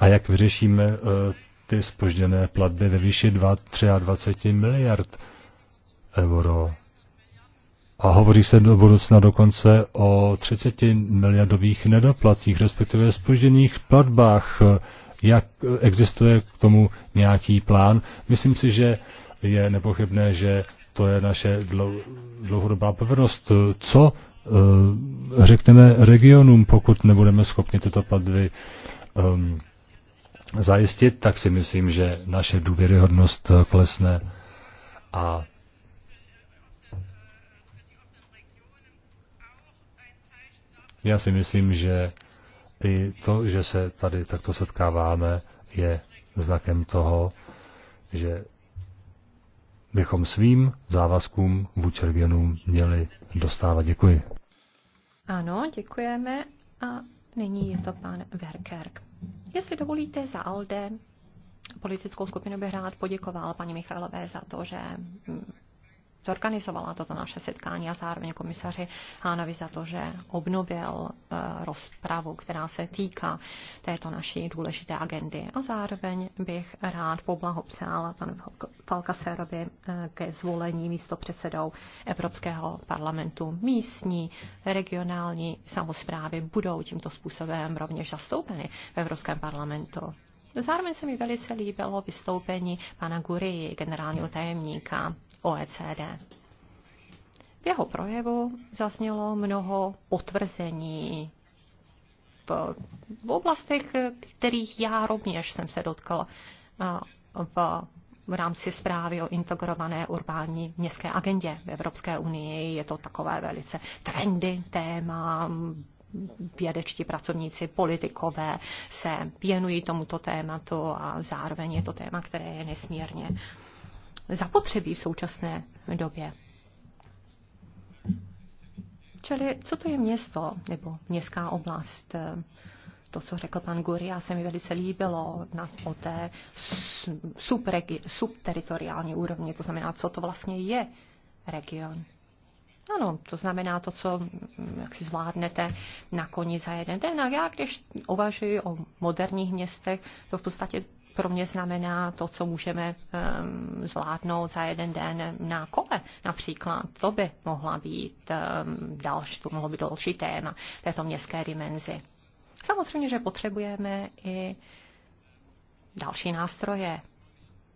a jak vyřešíme eh, ty spožděné platby ve výši 23 miliard euro. A hovoří se do budoucna dokonce o 30 miliardových nedoplacích, respektive spožděných platbách. Jak existuje k tomu nějaký plán? Myslím si, že je nepochybné, že to je naše dlouhodobá povinnost. Co eh, řekneme regionům, pokud nebudeme schopni tyto platby um, zajistit, tak si myslím, že naše důvěryhodnost eh, klesne a já si myslím, že i to, že se tady takto setkáváme, je znakem toho, že bychom svým závazkům vůči regionům měli dostávat. Děkuji. Ano, děkujeme. A nyní je to pan Verkerk. Jestli dovolíte za ALDE, politickou skupinu bych rád poděkoval paní Michalové za to, že mm, zorganizovala toto naše setkání a zároveň komisaři Hánovi za to, že obnovil eh, rozpravu, která se týká této naší důležité agendy. A zároveň bych rád poblahopřála panu Falkaserovi eh, ke zvolení místo předsedou Evropského parlamentu. Místní, regionální samozprávy budou tímto způsobem rovněž zastoupeny v Evropském parlamentu. Zároveň se mi velice líbilo vystoupení pana Gury, generálního tajemníka OECD. V jeho projevu zaznělo mnoho potvrzení v, oblastech, kterých já rovněž jsem se dotkl v, v rámci zprávy o integrované urbání městské agendě v Evropské unii. Je to takové velice trendy téma, vědečtí pracovníci, politikové se věnují tomuto tématu a zároveň je to téma, které je nesmírně uh, zapotřebí v současné době. Čili co to je město nebo městská oblast? To, co řekl pan Guria, se mi velice líbilo na, o té subteritoriální úrovni, to znamená, co to vlastně je region. Ano, to znamená to, co jak si zvládnete na koni za jeden den. A já, když uvažuji o moderních městech, to v podstatě pro mě znamená to, co můžeme um, zvládnout za jeden den na kole. Například to by mohla být um, další, to mohlo být další téma této městské dimenzi. Samozřejmě, že potřebujeme i další nástroje.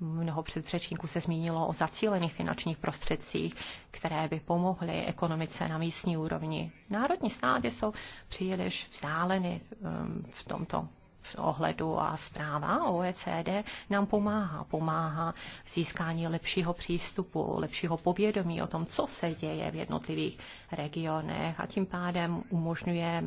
Mnoho předřečníků se zmínilo o zacílených finančních prostředcích, které by pomohly ekonomice na místní úrovni. Národní státy jsou příliš vzdáleny um, v tomto ohledu a zpráva OECD nám pomáhá. Pomáhá v získání lepšího přístupu, lepšího povědomí o tom, co se děje v jednotlivých regionech a tím pádem umožňuje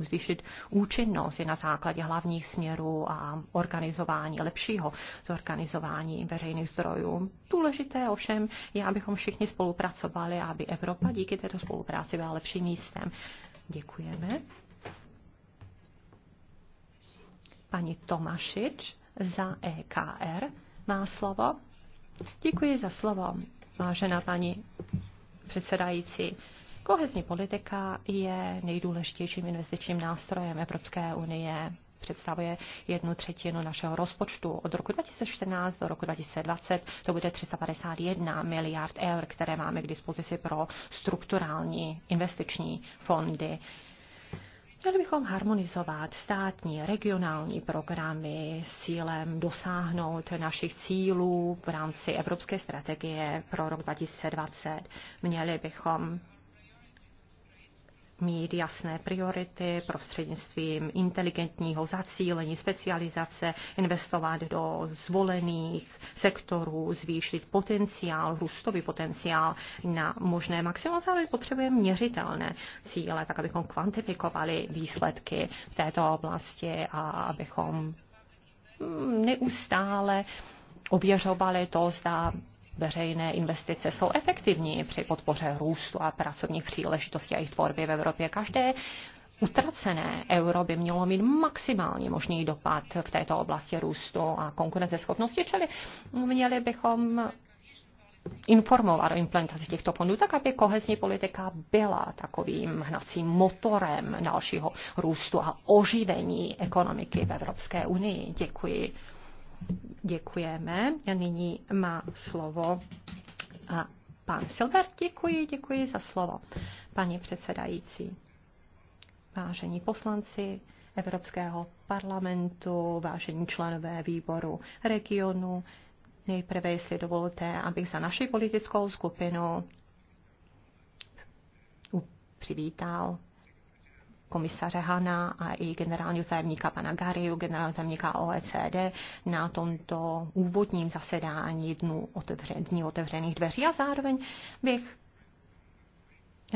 zvýšit účinnost i na základě hlavních směrů a organizování, lepšího zorganizování veřejných zdrojů. Důležité ovšem je, abychom všichni spolupracovali aby Evropa díky této spolupráci byla lepším místem. Děkujeme. Paní Tomašič za EKR má slovo. Děkuji za slovo, vážená paní předsedající. Kohezní politika je nejdůležitějším investičním nástrojem Evropské unie. Představuje jednu třetinu našeho rozpočtu. Od roku 2014 do roku 2020 to bude 351 miliard eur, které máme k dispozici pro strukturální investiční fondy. Měli bychom harmonizovat státní, regionální programy s cílem dosáhnout našich cílů v rámci Evropské strategie pro rok 2020. Měli bychom mít jasné priority prostřednictvím inteligentního zacílení, specializace, investovat do zvolených sektorů, zvýšit potenciál, růstový potenciál na možné maximum. Zároveň potřebujeme měřitelné cíle, tak abychom kvantifikovali výsledky v této oblasti a abychom neustále ověřovali to, zda veřejné investice jsou efektivní při podpoře růstu a pracovních příležitostí a jejich tvorby v Evropě. Každé utracené euro by mělo mít maximální možný dopad v této oblasti růstu a konkurenceschopnosti, čili měli bychom informovat o implementaci těchto fondů, tak aby kohezní politika byla takovým hnacím motorem dalšího růstu a oživení ekonomiky v Evropské unii. Děkuji. Děkujeme. A nyní má slovo a pan Silver. Děkuji, děkuji za slovo, paní předsedající. Vážení poslanci Evropského parlamentu, vážení členové výboru regionu, nejprve, jestli dovolte, abych za naši politickou skupinu přivítal komisaře Hana a i generálního tajemníka pana Gariu, generálního tajemníka OECD na tomto úvodním zasedání dnu otevře, dní otevřených dveří a zároveň bych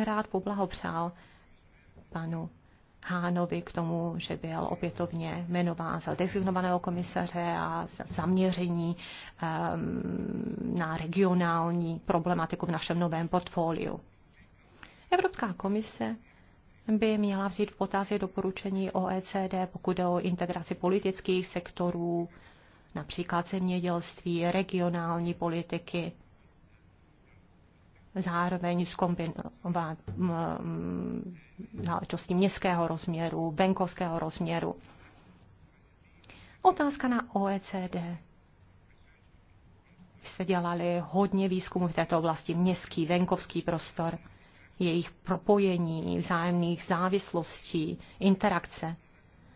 rád poblahopřál panu Hánovi k tomu, že byl opětovně jmenován za designovaného komisaře a za zaměření um, na regionální problematiku v našem novém portfoliu. Evropská komise by měla vzít v potaz doporučení OECD, pokud jde o integraci politických sektorů, například zemědělství, regionální politiky, zároveň zkombinovat záležitosti městského rozměru, venkovského rozměru. Otázka na OECD. Vy jste dělali hodně výzkumu v této oblasti, městský, venkovský prostor jejich propojení, vzájemných závislostí, interakce.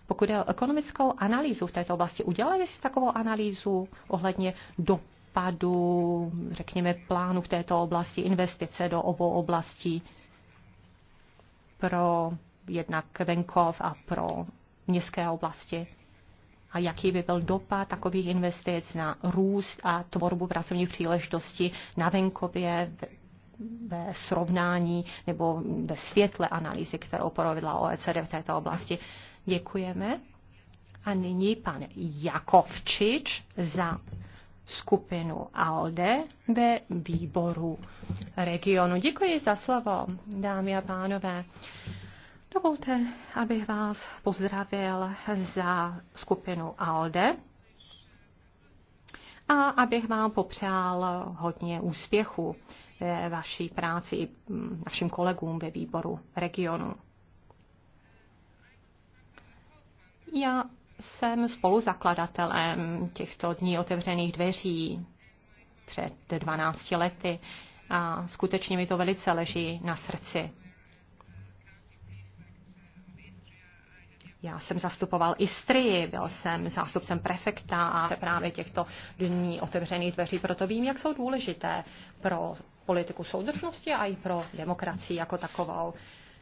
Pokud je o ekonomickou analýzu v této oblasti, udělali si takovou analýzu ohledně dopadu, řekněme, plánu v této oblasti, investice do obou oblastí pro jednak venkov a pro městské oblasti? A jaký by byl dopad takových investic na růst a tvorbu pracovních příležitostí na venkově, ve srovnání nebo ve světle analýzy, kterou provedla OECD v této oblasti. Děkujeme. A nyní pan Jakovčič za skupinu ALDE ve výboru regionu. Děkuji za slovo, dámy a pánové. Dovolte, abych vás pozdravil za skupinu ALDE a abych vám popřál hodně úspěchu vaší práci i našim kolegům ve výboru regionu. Já jsem spoluzakladatelem těchto dní otevřených dveří před 12 lety a skutečně mi to velice leží na srdci. Já jsem zastupoval Istrii, byl jsem zástupcem prefekta a právě těchto dní otevřených dveří, proto vím, jak jsou důležité pro politiku soudržnosti a i pro demokracii jako takovou.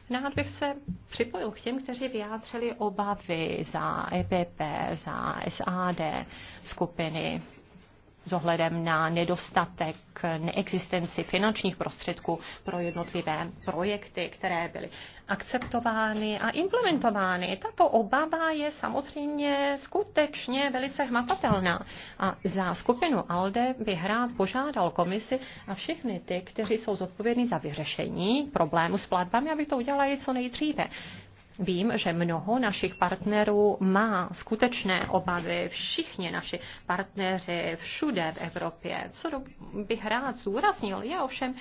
Rád bych se připojil k těm, kteří vyjádřili obavy za EPP, za SAD skupiny s ohledem na nedostatek, neexistenci finančních prostředků pro jednotlivé projekty, které byly akceptovány a implementovány. Tato obava je samozřejmě skutečně velice hmatatelná. A za skupinu ALDE bych rád požádal komisi a všechny ty, kteří jsou zodpovědní za vyřešení problému s platbami, aby to udělali co nejdříve. Vím, že mnoho našich partnerů má skutečné obavy, všichni naši partneři všude v Evropě. Co bych rád zúraznil, je ovšem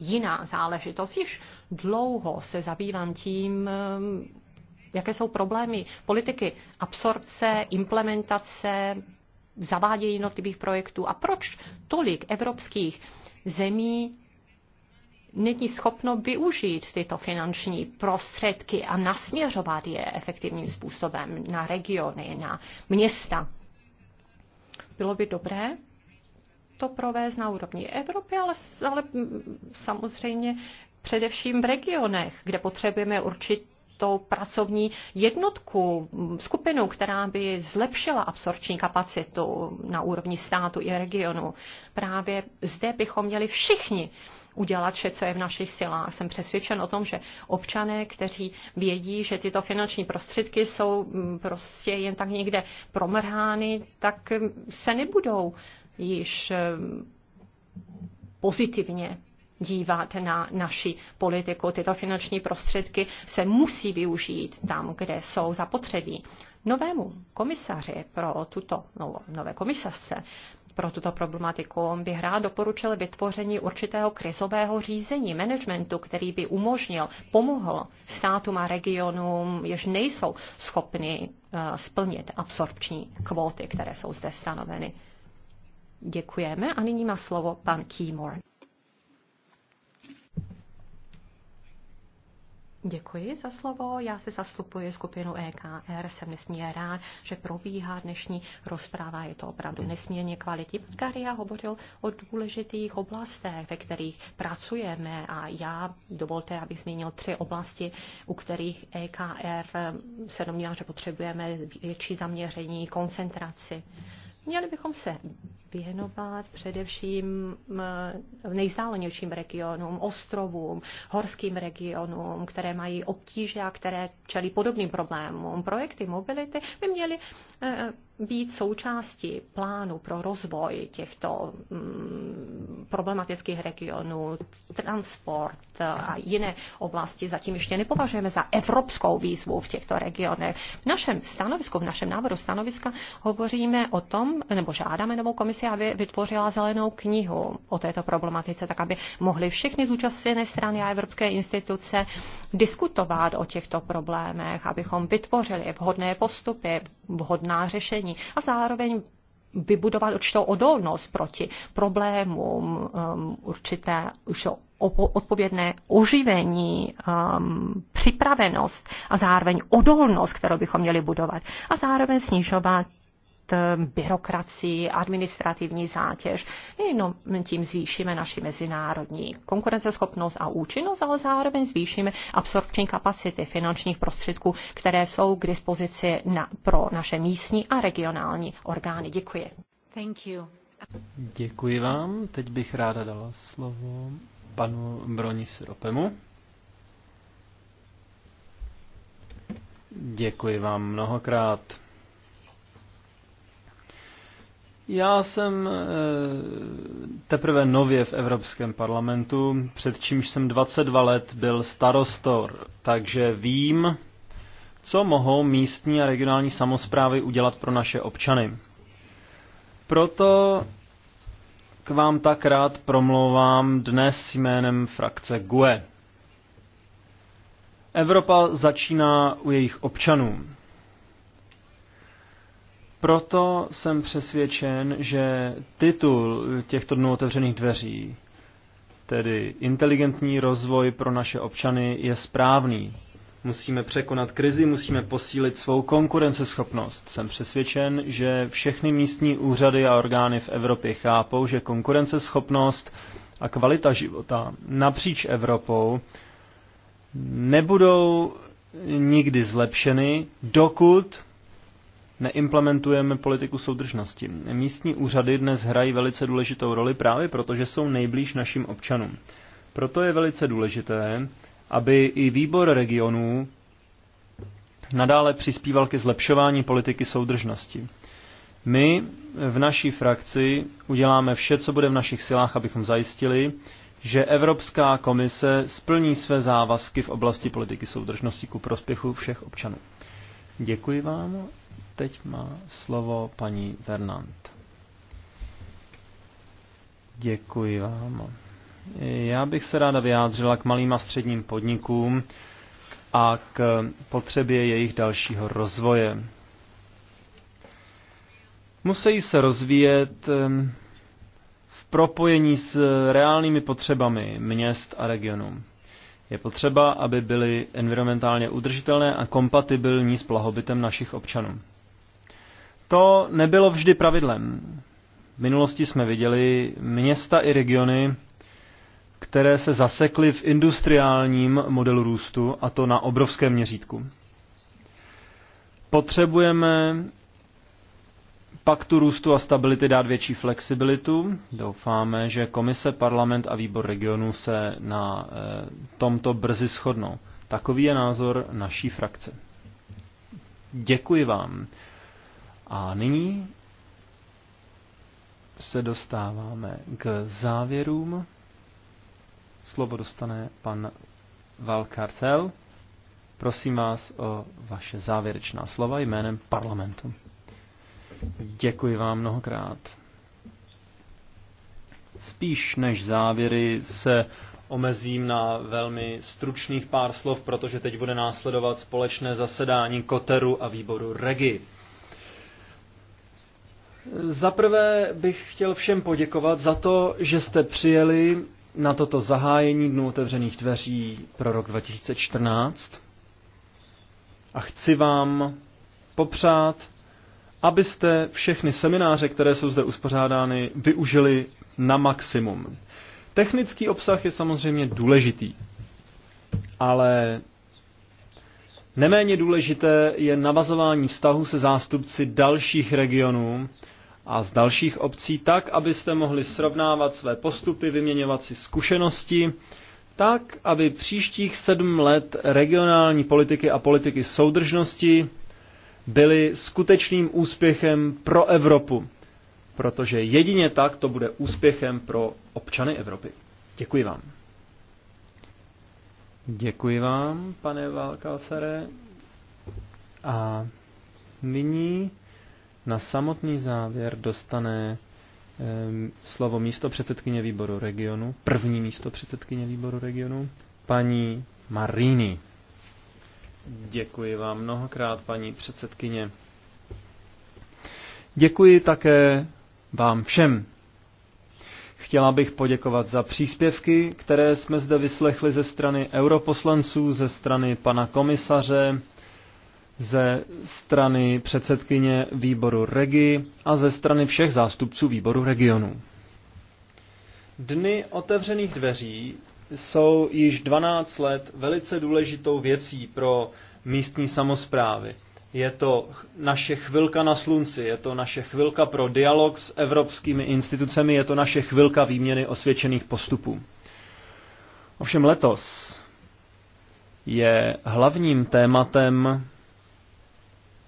jiná záležitost. Již dlouho se zabývám tím, eh, jaké jsou problémy politiky absorpce, implementace, zavádění jednotlivých projektů a proč tolik evropských zemí není schopno využít tyto finanční prostředky a nasměřovat je efektivním způsobem na regiony, na města. Bylo by dobré to provést na úrovni Evropy, ale, ale samozřejmě především v regionech, kde potřebujeme určit tou pracovní jednotku, skupinu, která by zlepšila absorpční kapacitu na úrovni státu i regionu. Právě zde bychom měli všichni udělat vše, co je v našich silách. Jsem přesvědčen o tom, že občané, kteří vědí, že tyto finanční prostředky jsou mm, prostě jen tak někde promrhány, tak mm, se nebudou již mm, pozitivně dívat na naši politiku. Tyto finanční prostředky se musí využít tam, kde jsou zapotřebí. Novému komisaři pro tuto, no, nové komisařce pro tuto problematiku. by rád doporučil vytvoření určitého krizového řízení, managementu, který by umožnil, pomohl státům a regionům, jež nejsou schopni eh, splnit absorpční kvóty, které jsou zde stanoveny. Děkujeme a nyní má slovo pan Keymore. Děkuji za slovo. Já se zastupuji skupinu EKR. Jsem nesmírně rád, že probíhá dnešní rozpráva. Je to opravdu nesmírně kvalitní. Karia hovořil o důležitých oblastech, ve kterých pracujeme a já dovolte, abych zmínil tři oblasti, u kterých EKR se domnívá, že potřebujeme větší zaměření, koncentraci. Měli bychom se věnovat především eh, nejzdálenějším regionům, ostrovům, horským regionům, které mají obtíže a které čelí podobným problémům. Projekty mobility by měly eh, být součástí plánu pro rozvoj těchto mm, problematických regionů, transport a jiné oblasti zatím ještě nepovažujeme za evropskou výzvu v těchto regionech. V našem stanovisku, v našem návrhu stanoviska hovoříme o tom, nebo žádáme novou komisi, aby vytvořila zelenou knihu o této problematice, tak aby mohly všechny zúčastněné strany a evropské instituce diskutovat o těchto problémech, abychom vytvořili vhodné postupy, vhodná řešení řešení a zároveň vybudovat určitou odolnost proti problémům, um, určité už odpovědné oživení, um, připravenost a zároveň odolnost, kterou bychom měli budovat a zároveň snižovat Eh, byrokracii, administrativní zátěž. Jenom tím zvýšíme naši mezinárodní konkurenceschopnost a účinnost, ale zároveň zvýšíme absorpční kapacity finančních prostředků, které jsou k dispozici na, pro naše místní a regionální orgány. Děkuji. Thank you. Děkuji vám. Teď bych ráda dala slovo panu Bronis Ropemu. Děkuji vám mnohokrát. Já jsem eh, teprve nově v Evropském parlamentu, před čímž jsem 22 let byl starostor, takže vím, co mohou místní a regionální samozprávy udělat pro naše občany. Proto k vám tak rád promlouvám dnes jménem frakce GUE. Evropa začíná u jejich občanů. Proto jsem přesvědčen, že titul těchto dnů otevřených dveří, tedy inteligentní rozvoj pro naše občany, je správný. Musíme překonat krizi, musíme posílit svou konkurenceschopnost. Jsem přesvědčen, že všechny místní úřady a orgány v Evropě chápou, že konkurenceschopnost a kvalita života napříč Evropou nebudou nikdy zlepšeny, dokud neimplementujeme politiku soudržnosti. Místní úřady dnes hrají velice důležitou roli právě proto, že jsou nejblíž našim občanům. Proto je velice důležité, aby i výbor regionů nadále přispíval ke zlepšování politiky soudržnosti. My v naší frakci uděláme vše, co bude v našich silách, abychom zajistili, že Evropská komise splní své závazky v oblasti politiky soudržnosti ku prospěchu všech občanů. Děkuji vám teď má slovo paní Vernant. Děkuji vám. Já bych se ráda vyjádřila k malým a středním podnikům a k potřebě jejich dalšího rozvoje. Musí se rozvíjet v propojení s reálnými potřebami měst a regionů. Je potřeba, aby byly environmentálně udržitelné a kompatibilní s blahobytem našich občanů. To nebylo vždy pravidlem. V minulosti jsme viděli města i regiony, které se zasekly v industriálním modelu růstu, a to na obrovském měřítku. Potřebujeme paktu růstu a stability dát větší flexibilitu. Doufáme, že komise, parlament a výbor regionů se na eh, tomto brzy shodnou. Takový je názor naší frakce. Děkuji vám. A nyní se dostáváme k závěrům. Slovo dostane pan Valkartel. Prosím vás o vaše závěrečná slova jménem parlamentu. Děkuji vám mnohokrát. Spíš než závěry se omezím na velmi stručných pár slov, protože teď bude následovat společné zasedání Koteru a výboru Regi. Zaprvé bych chtěl všem poděkovat za to, že jste přijeli na toto zahájení Dnu otevřených dveří pro rok 2014 a chci vám popřát, abyste všechny semináře, které jsou zde uspořádány, využili na maximum. Technický obsah je samozřejmě důležitý, ale Neméně důležité je navazování vztahu se zástupci dalších regionů a z dalších obcí tak, abyste mohli srovnávat své postupy, vyměňovat si zkušenosti, tak, aby příštích sedm let regionální politiky a politiky soudržnosti byly skutečným úspěchem pro Evropu, protože jedině tak to bude úspěchem pro občany Evropy. Děkuji vám. Děkuji vám, pane Valkalsare. A nyní na samotný závěr dostane slovo místo předsedkyně výboru regionu, první místo předsedkyně výboru regionu, paní Marini. Děkuji vám mnohokrát, paní předsedkyně. Děkuji také vám všem, Chtěla bych poděkovat za příspěvky, které jsme zde vyslechli ze strany europoslanců, ze strany pana komisaře, ze strany předsedkyně výboru Regi a ze strany všech zástupců výboru regionu. Dny otevřených dveří jsou již 12 let velice důležitou věcí pro místní samozprávy. Je to naše chvilka na slunci, je to naše chvilka pro dialog s evropskými institucemi, je to naše chvilka výměny osvědčených postupů. Ovšem letos je hlavním tématem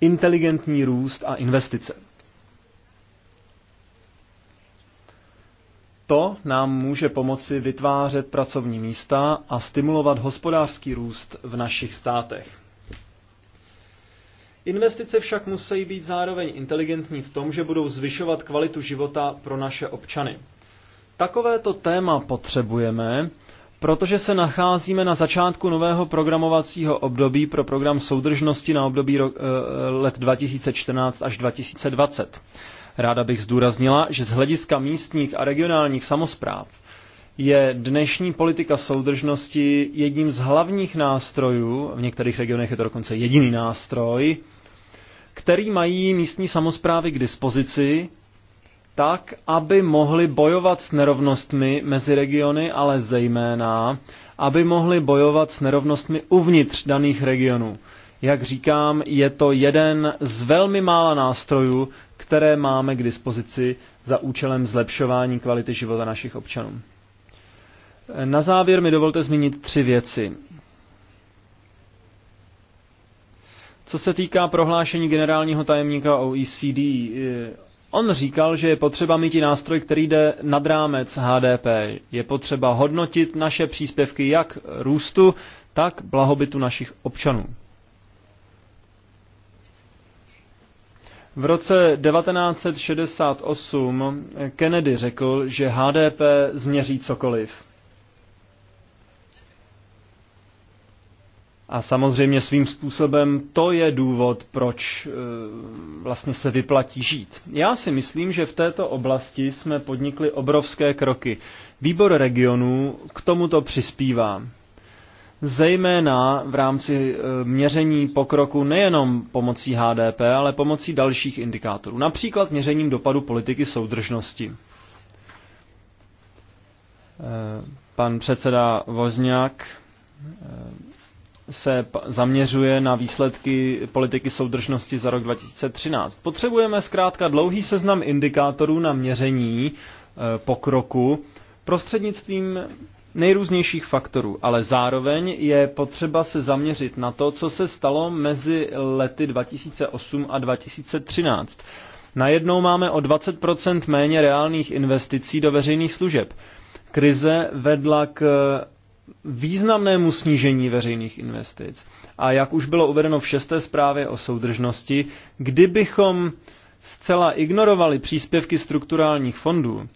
inteligentní růst a investice. To nám může pomoci vytvářet pracovní místa a stimulovat hospodářský růst v našich státech. Investice však musí být zároveň inteligentní v tom, že budou zvyšovat kvalitu života pro naše občany. Takovéto téma potřebujeme, protože se nacházíme na začátku nového programovacího období pro program soudržnosti na období eh, let 2014 až 2020. Ráda bych zdůraznila, že z hlediska místních a regionálních samozpráv je dnešní politika soudržnosti jedním z hlavních nástrojů, v některých regionech je to dokonce jediný nástroj, který mají místní samozprávy k dispozici, tak, aby mohli bojovat s nerovnostmi mezi regiony, ale zejména, aby mohli bojovat s nerovnostmi uvnitř daných regionů. Jak říkám, je to jeden z velmi mála nástrojů, které máme k dispozici za účelem zlepšování kvality života našich občanů. Na závěr mi dovolte zmínit tři věci. Co se týká prohlášení generálního tajemníka OECD, eh, on říkal, že je potřeba mít i nástroj, který jde nad rámec HDP. Je potřeba hodnotit naše příspěvky jak růstu, tak blahobytu našich občanů. V roce 1968 Kennedy řekl, že HDP změří cokoliv. A samozřejmě svým způsobem to je důvod, proč eh, vlastně se vyplatí žít. Já si myslím, že v této oblasti jsme podnikli obrovské kroky. Výbor regionů k tomuto přispívá. Zejména v rámci eh, měření pokroku nejenom pomocí HDP, ale pomocí dalších indikátorů. Například měřením dopadu politiky soudržnosti. Eh, pan předseda Vozňák se zaměřuje na výsledky politiky soudržnosti za rok 2013. Potřebujeme zkrátka dlouhý seznam indikátorů na měření e, pokroku prostřednictvím nejrůznějších faktorů, ale zároveň je potřeba se zaměřit na to, co se stalo mezi lety 2008 a 2013. Najednou máme o 20% méně reálných investicí do veřejných služeb. Krize vedla k významnému snížení veřejných investic. A jak už bylo uvedeno v šesté zprávě o soudržnosti, kdybychom zcela ignorovali příspěvky strukturálních fondů,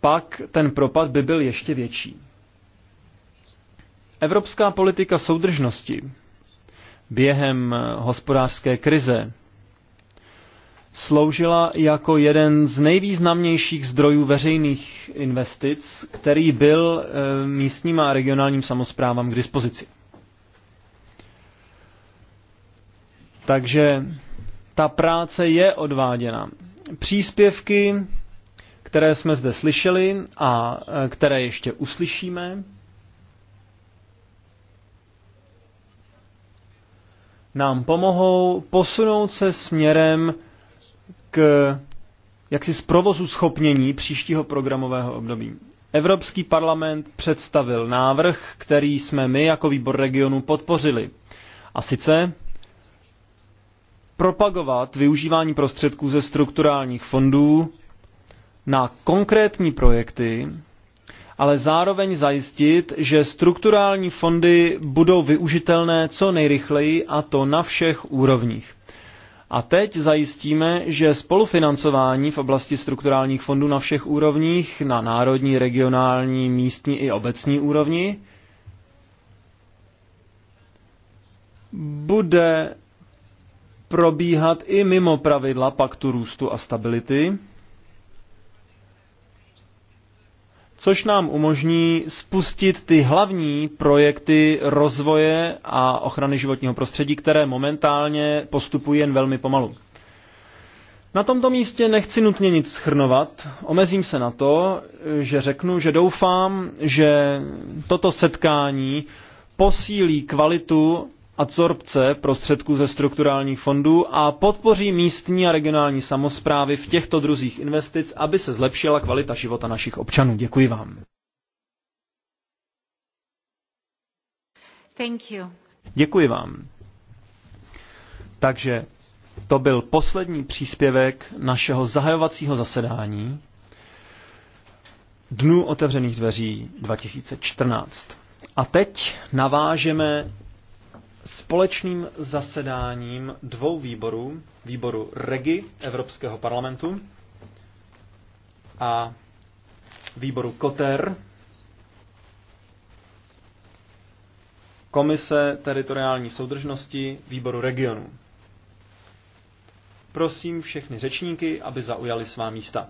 pak ten propad by byl ještě větší. Evropská politika soudržnosti během hospodářské krize sloužila jako jeden z nejvýznamnějších zdrojů veřejných investic, který byl eh, místním a regionálním samozprávám k dispozici. Takže ta práce je odváděna. Příspěvky, které jsme zde slyšeli a eh, které ještě uslyšíme, nám pomohou posunout se směrem k jaksi zprovozu schopnění příštího programového období. Evropský parlament představil návrh, který jsme my jako výbor regionu podpořili. A sice propagovat využívání prostředků ze strukturálních fondů na konkrétní projekty, ale zároveň zajistit, že strukturální fondy budou využitelné co nejrychleji a to na všech úrovních. A teď zajistíme, že spolufinancování v oblasti strukturálních fondů na všech úrovních, na národní, regionální, místní i obecní úrovni, bude probíhat i mimo pravidla paktu růstu a stability, což nám umožní spustit ty hlavní projekty rozvoje a ochrany životního prostředí, které momentálně postupují jen velmi pomalu. Na tomto místě nechci nutně nic schrnovat, omezím se na to, že řeknu, že doufám, že toto setkání posílí kvalitu adsorpce prostředků ze strukturálních fondů a podpoří místní a regionální samozprávy v těchto druzích investic, aby se zlepšila kvalita života našich občanů. Děkuji vám. Thank you. Děkuji vám. Takže to byl poslední příspěvek našeho zahajovacího zasedání Dnu otevřených dveří 2014. A teď navážeme společným zasedáním dvou výborů, výboru REGI Evropského parlamentu a výboru KOTER, Komise teritoriální soudržnosti výboru regionu. Prosím všechny řečníky, aby zaujali svá místa.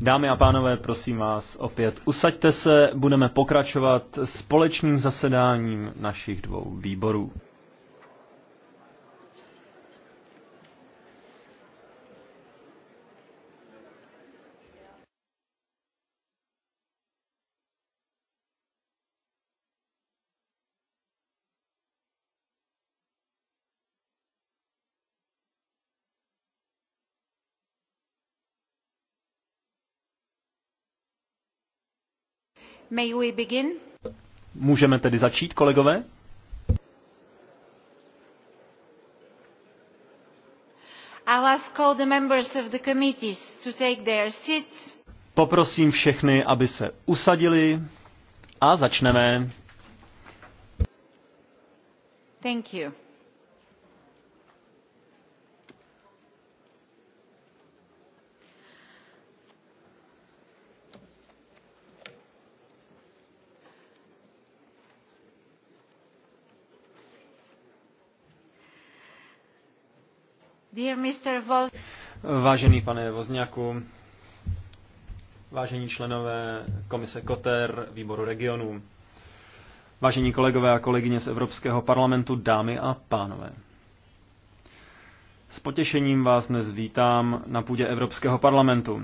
Dámy a pánové, prosím vás opět, usaďte se, budeme pokračovat společným zasedáním našich dvou výborů. May we begin? Můžeme tedy začít, kolegové? I'll ask all the members of the committees to take their seats. Poprosím všechny, aby se usadili a začneme. Thank you. Vážený pane Vozňaku, vážení členové komise Koter, výboru regionů, vážení kolegové a kolegyně z Evropského parlamentu, dámy a pánové. S potěšením vás dnes vítám na půdě Evropského parlamentu.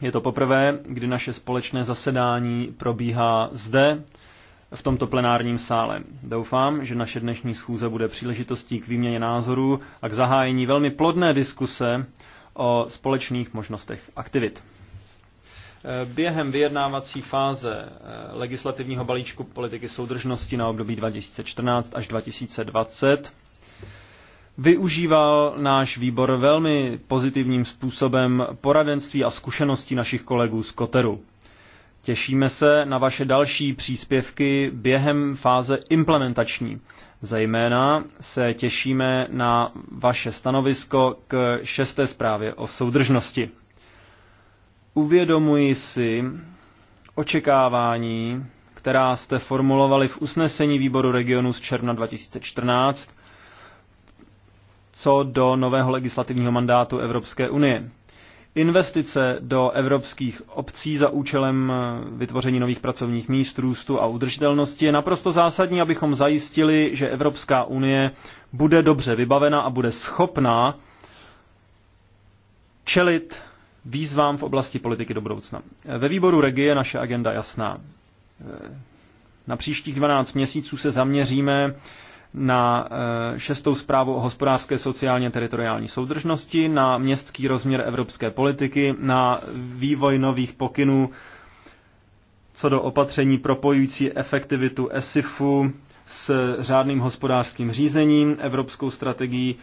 Je to poprvé, kdy naše společné zasedání probíhá zde, v tomto plenárním sále. Doufám, že naše dnešní schůze bude příležitostí k výměně názorů a k zahájení velmi plodné diskuse o společných možnostech aktivit. Během vyjednávací fáze eh, legislativního balíčku politiky soudržnosti na období 2014 až 2020 využíval náš výbor velmi pozitivním způsobem poradenství a zkušeností našich kolegů z Koteru. Těšíme se na vaše další příspěvky během fáze implementační. Zejména se těšíme na vaše stanovisko k šesté zprávě o soudržnosti. Uvědomuji si očekávání, která jste formulovali v usnesení výboru regionu z června 2014 co do nového legislativního mandátu Evropské unie. Investice do evropských obcí za účelem eh, vytvoření nových pracovních míst, růstu a udržitelnosti je naprosto zásadní, abychom zajistili, že Evropská unie bude dobře vybavena a bude schopná čelit výzvám v oblasti politiky do budoucna. Eh, ve výboru Regi je naše agenda jasná. Eh, na příštích 12 měsíců se zaměříme na eh, šestou zprávu o hospodářské, sociálně, teritoriální soudržnosti, na městský rozměr evropské politiky, na vývoj nových pokynů co do opatření propojující efektivitu ESIFu s řádným hospodářským řízením, evropskou strategií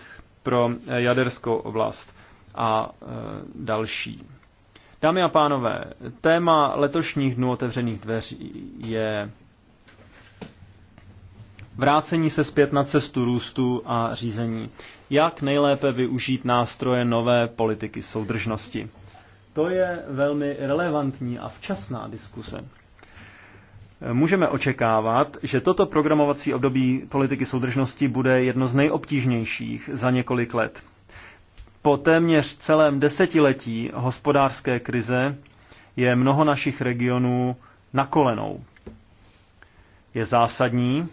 pro eh, jaderskou oblast a eh, další. Dámy a pánové, téma letošních dnů otevřených dveří je vrácení se zpět na cestu růstu a řízení. Jak nejlépe využít nástroje nové politiky soudržnosti. To je velmi relevantní a včasná diskuse. Můžeme očekávat, že toto programovací období politiky soudržnosti bude jedno z nejobtížnějších za několik let. Po téměř celém desetiletí hospodářské krize je mnoho našich regionů na Je zásadní,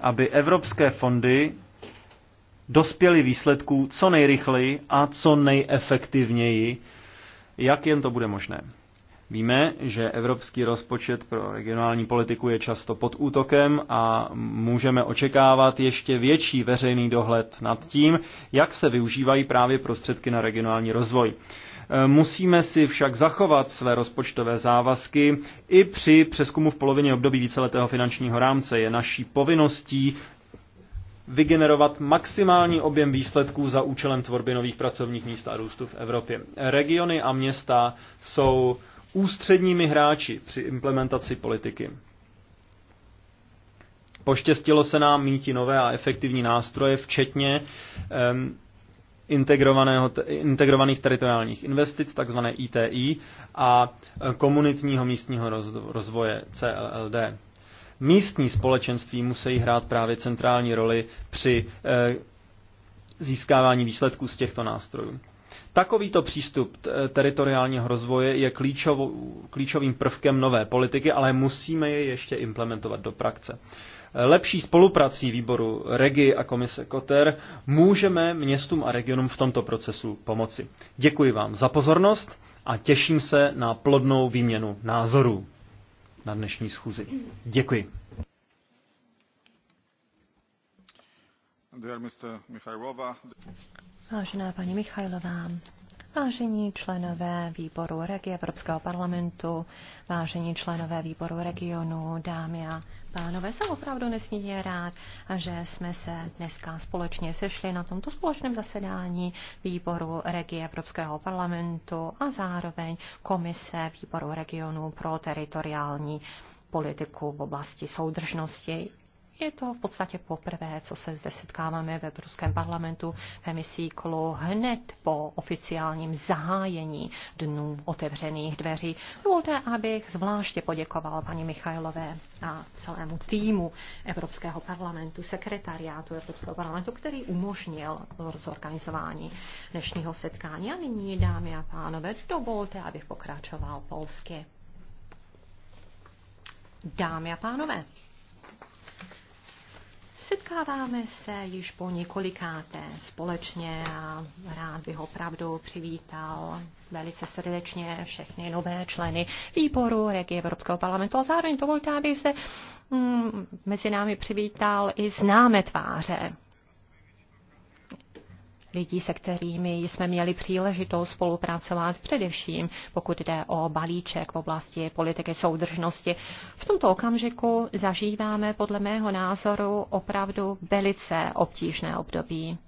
aby evropské fondy dospěly výsledků co nejrychleji a co nejefektivněji, jak jen to bude možné. Víme, že evropský rozpočet pro regionální politiku je často pod útokem a můžeme očekávat ještě větší veřejný dohled nad tím, jak se využívají právě prostředky na regionální rozvoj. Musíme si však zachovat své rozpočtové závazky i při přeskumu v polovině období víceletého finančního rámce. Je naší povinností vygenerovat maximální objem výsledků za účelem tvorby nových pracovních míst a růstu v Evropě. Regiony a města jsou ústředními hráči při implementaci politiky. Poštěstilo se nám míti nové a efektivní nástroje, včetně um, integrovaného, integrovaných teritoriálních investic, takzvané ITI, a e, komunitního místního rozvoje CLLD. Místní společenství musí hrát právě centrální roli při e, získávání výsledků z těchto nástrojů. Takovýto přístup e, teritoriálního rozvoje je klíčovou, klíčovým prvkem nové politiky, ale musíme je ještě implementovat do praxe lepší spoluprací výboru Regi a komise Koter můžeme městům a regionům v tomto procesu pomoci. Děkuji vám za pozornost a těším se na plodnou výměnu názorů na dnešní schůzi. Děkuji. Vážená paní Michajlová, Vážení členové výboru Regi Evropského parlamentu, vážení členové výboru regionu, dámy a pánové, jsem opravdu nesmírně rád, že jsme se dneska společně sešli na tomto společném zasedání výboru Regi Evropského parlamentu a zároveň komise výboru regionu pro teritoriální politiku v oblasti soudržnosti. Je to v podstatě poprvé, co se zde setkáváme ve Evropském parlamentu v emisí kolo hned po oficiálním zahájení dnů otevřených dveří. Dovolte, abych zvláště poděkoval paní Michailové a celému týmu Evropského parlamentu, sekretariátu Evropského parlamentu, který umožnil zorganizování dnešního setkání. A nyní, dámy a pánové, dovolte, abych pokračoval polsky. Dámy a pánové, Setkáváme se již po několikáté společně a rád bych opravdu přivítal velice srdečně všechny nové členy výboru Regie Evropského parlamentu a zároveň dovolte, abych se mm, mezi námi přivítal i známé tváře lidí, se kterými jsme měli příležitost spolupracovat, především pokud jde o balíček v oblasti politiky soudržnosti. V tomto okamžiku zažíváme podle mého názoru opravdu velice obtížné období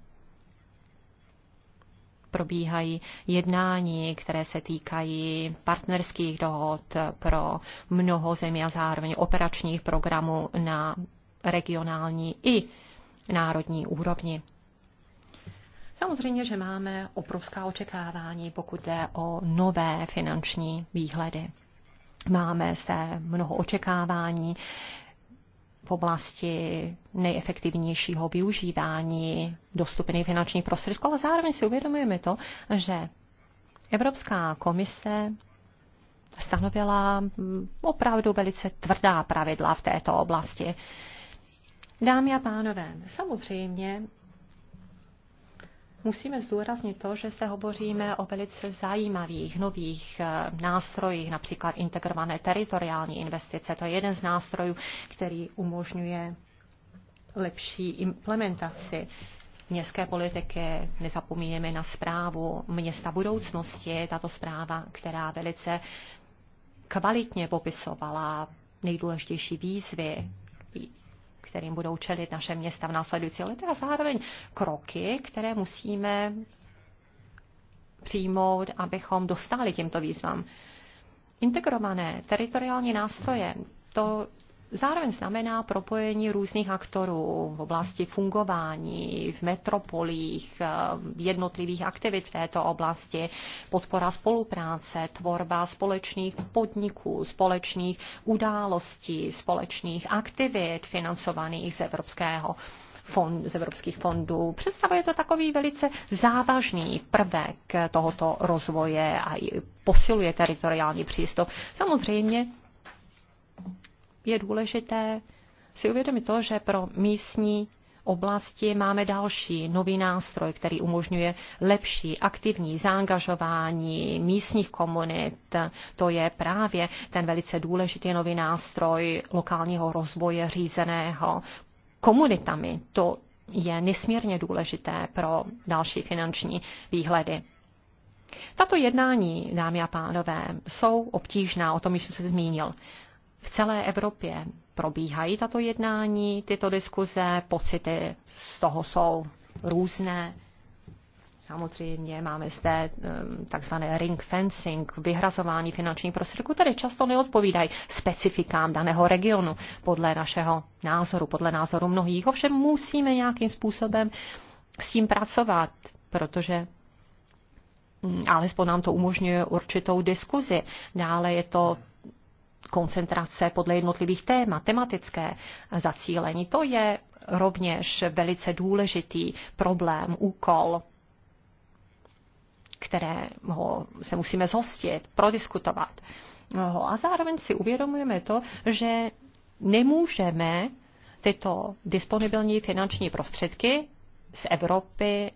probíhají jednání, které se týkají partnerských dohod pro mnoho zemí a zároveň operačních programů na regionální i národní úrovni. Samozřejmě, že máme obrovská očekávání, pokud jde o nové finanční výhledy. Máme se mnoho očekávání v oblasti nejefektivnějšího využívání dostupných finančních prostředků, ale zároveň si uvědomujeme to, že Evropská komise stanovila opravdu velice tvrdá pravidla v této oblasti. Dámy a pánové, samozřejmě, Musíme zdůraznit to, že se hovoříme o velice zajímavých nových eh, nástrojích, například integrované teritoriální investice. To je jeden z nástrojů, který umožňuje lepší implementaci městské politiky. Nezapomínáme na zprávu města budoucnosti, tato zpráva, která velice kvalitně popisovala nejdůležitější výzvy kterým budou čelit naše města v následující lety a zároveň kroky, které musíme přijmout, abychom dostali těmto výzvám. Integrované teritoriální nástroje, to zároveň znamená propojení různých aktorů v oblasti fungování, v metropolích, eh, jednotlivých aktivit v této oblasti, podpora spolupráce, tvorba společných podniků, společných událostí, společných aktivit financovaných z Evropského fond, z evropských fondů. Představuje to takový velice závažný prvek tohoto rozvoje a posiluje teritoriální přístup. Samozřejmě je důležité si uvědomit to, že pro místní oblasti máme další nový nástroj, který umožňuje lepší aktivní zaangažování místních komunit. To je právě ten velice důležitý nový nástroj lokálního rozvoje řízeného komunitami. To je nesmírně důležité pro další finanční výhledy. Tato jednání, dámy a pánové, jsou obtížná, o tom jsem se zmínil v celé Evropě probíhají tato jednání, tyto diskuze, pocity z toho jsou různé. Samozřejmě máme zde ehm, takzvané ring fencing, vyhrazování finančních prostředků, které často neodpovídají specifikám daného regionu podle našeho názoru, podle názoru mnohých. Ovšem musíme nějakým způsobem s tím pracovat, protože hm, alespoň nám to umožňuje určitou diskuzi. Dále je to koncentrace podle jednotlivých témat, tematické zacílení. To je rovněž velice důležitý problém, úkol, kterého se musíme zhostit, prodiskutovat. No a zároveň si uvědomujeme to, že nemůžeme tyto disponibilní finanční prostředky z Evropy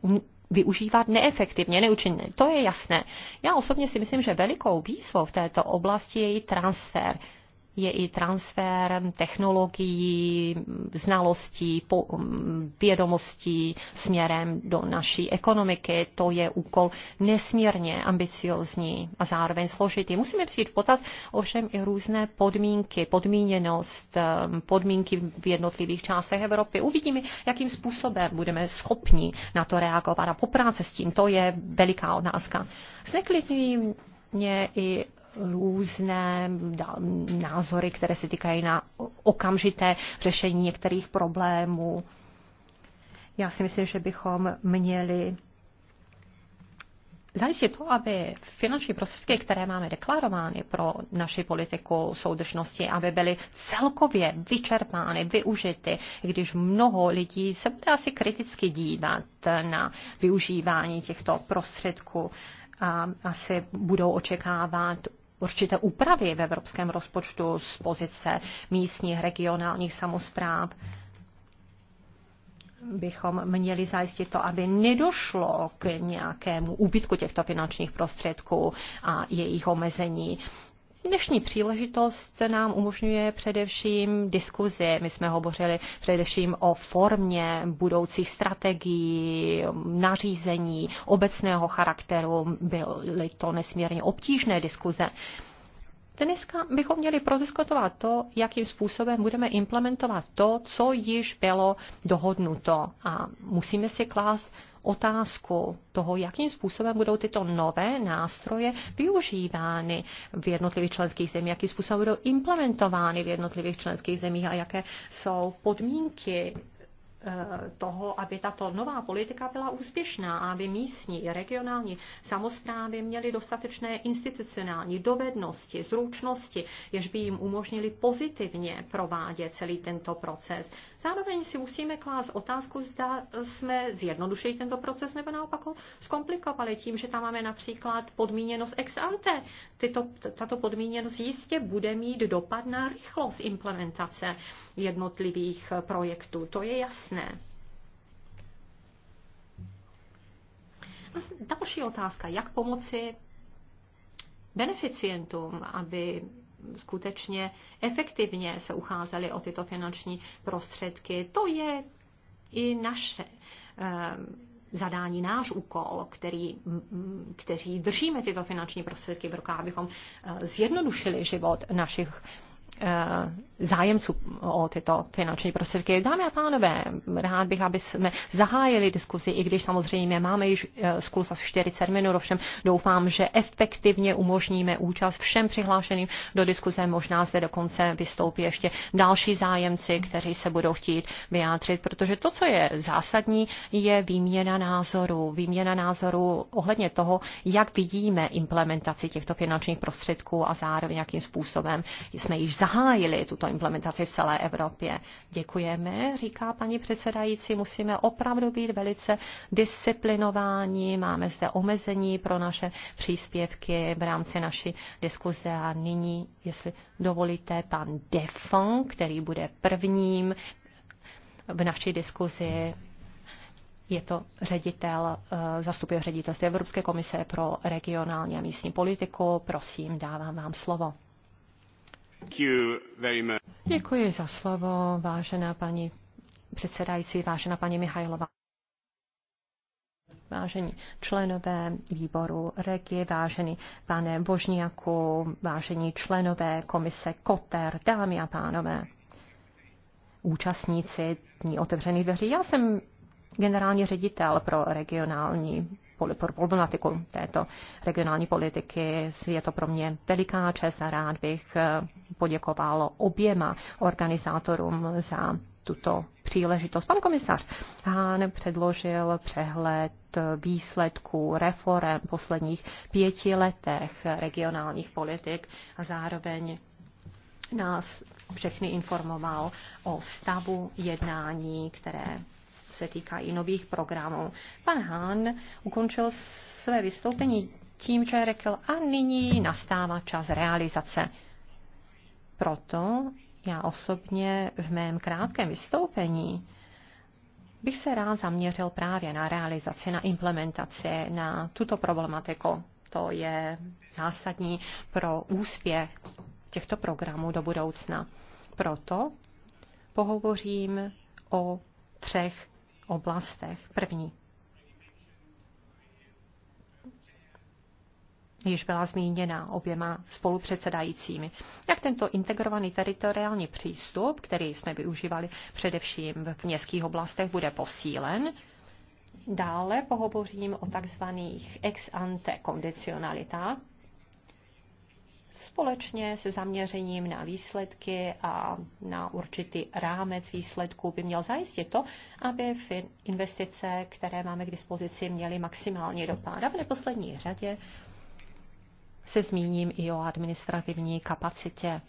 využívat neefektivně, neúčinně. To je jasné. Já osobně si myslím, že velikou výzvou v této oblasti je její transfer je i transfer technologií, znalostí, mm, vědomostí směrem do naší ekonomiky. To je úkol nesmírně ambiciozní a zároveň složitý. Musíme přijít v potaz ovšem i různé podmínky, podmíněnost, mm, podmínky v jednotlivých částech Evropy. Uvidíme, jakým způsobem budeme schopni na to reagovat a popráce s tím. To je veliká otázka. Zneklidňují mě i různé názory, které se týkají na okamžité řešení některých problémů. Já si myslím, že bychom měli zajistit to, aby finanční prostředky, které máme deklarovány pro naši politiku soudržnosti, aby byly celkově vyčerpány, využity, když mnoho lidí se bude asi kriticky dívat na využívání těchto prostředků a asi budou očekávat určité úpravy v evropském rozpočtu z pozice místních, regionálních samozpráv bychom měli zajistit to, aby nedošlo k nějakému úbytku těchto finančních prostředků a jejich omezení. Dnešní příležitost nám umožňuje především diskuzi. My jsme hovořili především o formě budoucích strategií, nařízení, obecného charakteru. Byly to nesmírně obtížné diskuze. Dneska bychom měli prodiskutovat to, jakým způsobem budeme implementovat to, co již bylo dohodnuto. A musíme si klást otázku toho, jakým způsobem budou tyto nové nástroje využívány v jednotlivých členských zemích, jakým způsobem budou implementovány v jednotlivých členských zemích a jaké jsou podmínky eh, toho, aby tato nová politika byla úspěšná a aby místní i regionální samozprávy měly dostatečné institucionální dovednosti, zručnosti, jež by jim umožnili pozitivně provádět celý tento proces. Zároveň si musíme klást otázku, zda jsme zjednodušili tento proces nebo naopak ho zkomplikovali tím, že tam máme například podmíněnost ex ante. Tyto, tato podmíněnost jistě bude mít dopad na rychlost implementace jednotlivých projektů. To je jasné. A další otázka, jak pomoci beneficientům, aby skutečně efektivně se ucházeli o tyto finanční prostředky. To je i naše ehm, zadání, náš úkol, který, kteří držíme tyto finanční prostředky v rukách, abychom eh, zjednodušili život našich Eh, zájemců o tyto finanční prostředky. Dámy a pánové, rád bych, aby jsme zahájili diskuzi, i když samozřejmě máme již eh, skluz asi 40 minut, ovšem doufám, že efektivně umožníme účast všem přihlášeným do diskuze Možná zde dokonce vystoupí ještě další zájemci, kteří se budou chtít vyjádřit, protože to, co je zásadní, je výměna názoru. Výměna názoru ohledně toho, jak vidíme implementaci těchto finančních prostředků a zároveň, jakým způsobem jsme již zahájili zahájili tuto implementaci v celé Evropě. Děkujeme, říká paní předsedající, musíme opravdu být velice disciplinováni, máme zde omezení pro naše příspěvky v rámci naší diskuze a nyní, jestli dovolíte, pan Defon, který bude prvním v naší diskuzi je to ředitel, eh, zastupuje ředitelství Evropské komise pro regionální a místní politiku. Prosím, dávám vám slovo. Děkuji za slovo, vážená paní předsedající, vážená paní Mihajlova. Vážení členové výboru Regi, vážený pane Božňáku, vážení členové komise Koter, dámy a pánové, účastníci Dní otevřených dveří. Já jsem generální ředitel pro regionální problematiku této regionální politiky. Je to pro mě veliká čest a rád bych eh, poděkoval oběma organizátorům za tuto příležitost. Pan komisař Hán předložil přehled výsledků reform posledních pěti letech regionálních politik a zároveň nás všechny informoval o stavu jednání, které se týká i nových programů. Pan Hahn ukončil své vystoupení tím, že řekl, a nyní nastává čas realizace. Proto já osobně v mém krátkém vystoupení bych se rád zaměřil právě na realizaci, na implementaci, na tuto problematiku. To je zásadní pro úspěch těchto programů do budoucna. Proto pohovořím o třech oblastech. První. již byla zmíněna oběma spolupředsedajícími. Jak tento integrovaný teritoriální přístup, který jsme využívali především v městských oblastech, bude posílen. Dále pohovořím o takzvaných ex ante kondicionalitách, společně se zaměřením na výsledky a na určitý rámec výsledků by měl zajistit to, aby investice, které máme k dispozici, měly maximální dopad. A v neposlední řadě se zmíním i o administrativní kapacitě.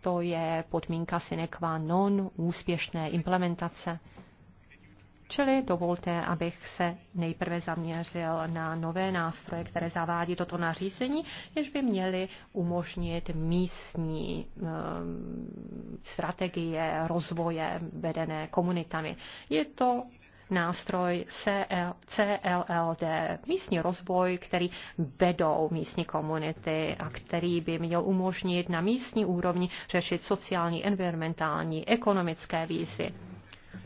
To je podmínka sine qua non úspěšné implementace Čili dovolte, abych se nejprve zaměřil na nové nástroje, které zavádí toto nařízení, jež by měly umožnit místní eh, strategie rozvoje vedené komunitami. Je to nástroj CL, CLLD, místní rozvoj, který vedou místní komunity a který by měl umožnit na místní úrovni řešit sociální, environmentální, ekonomické výzvy.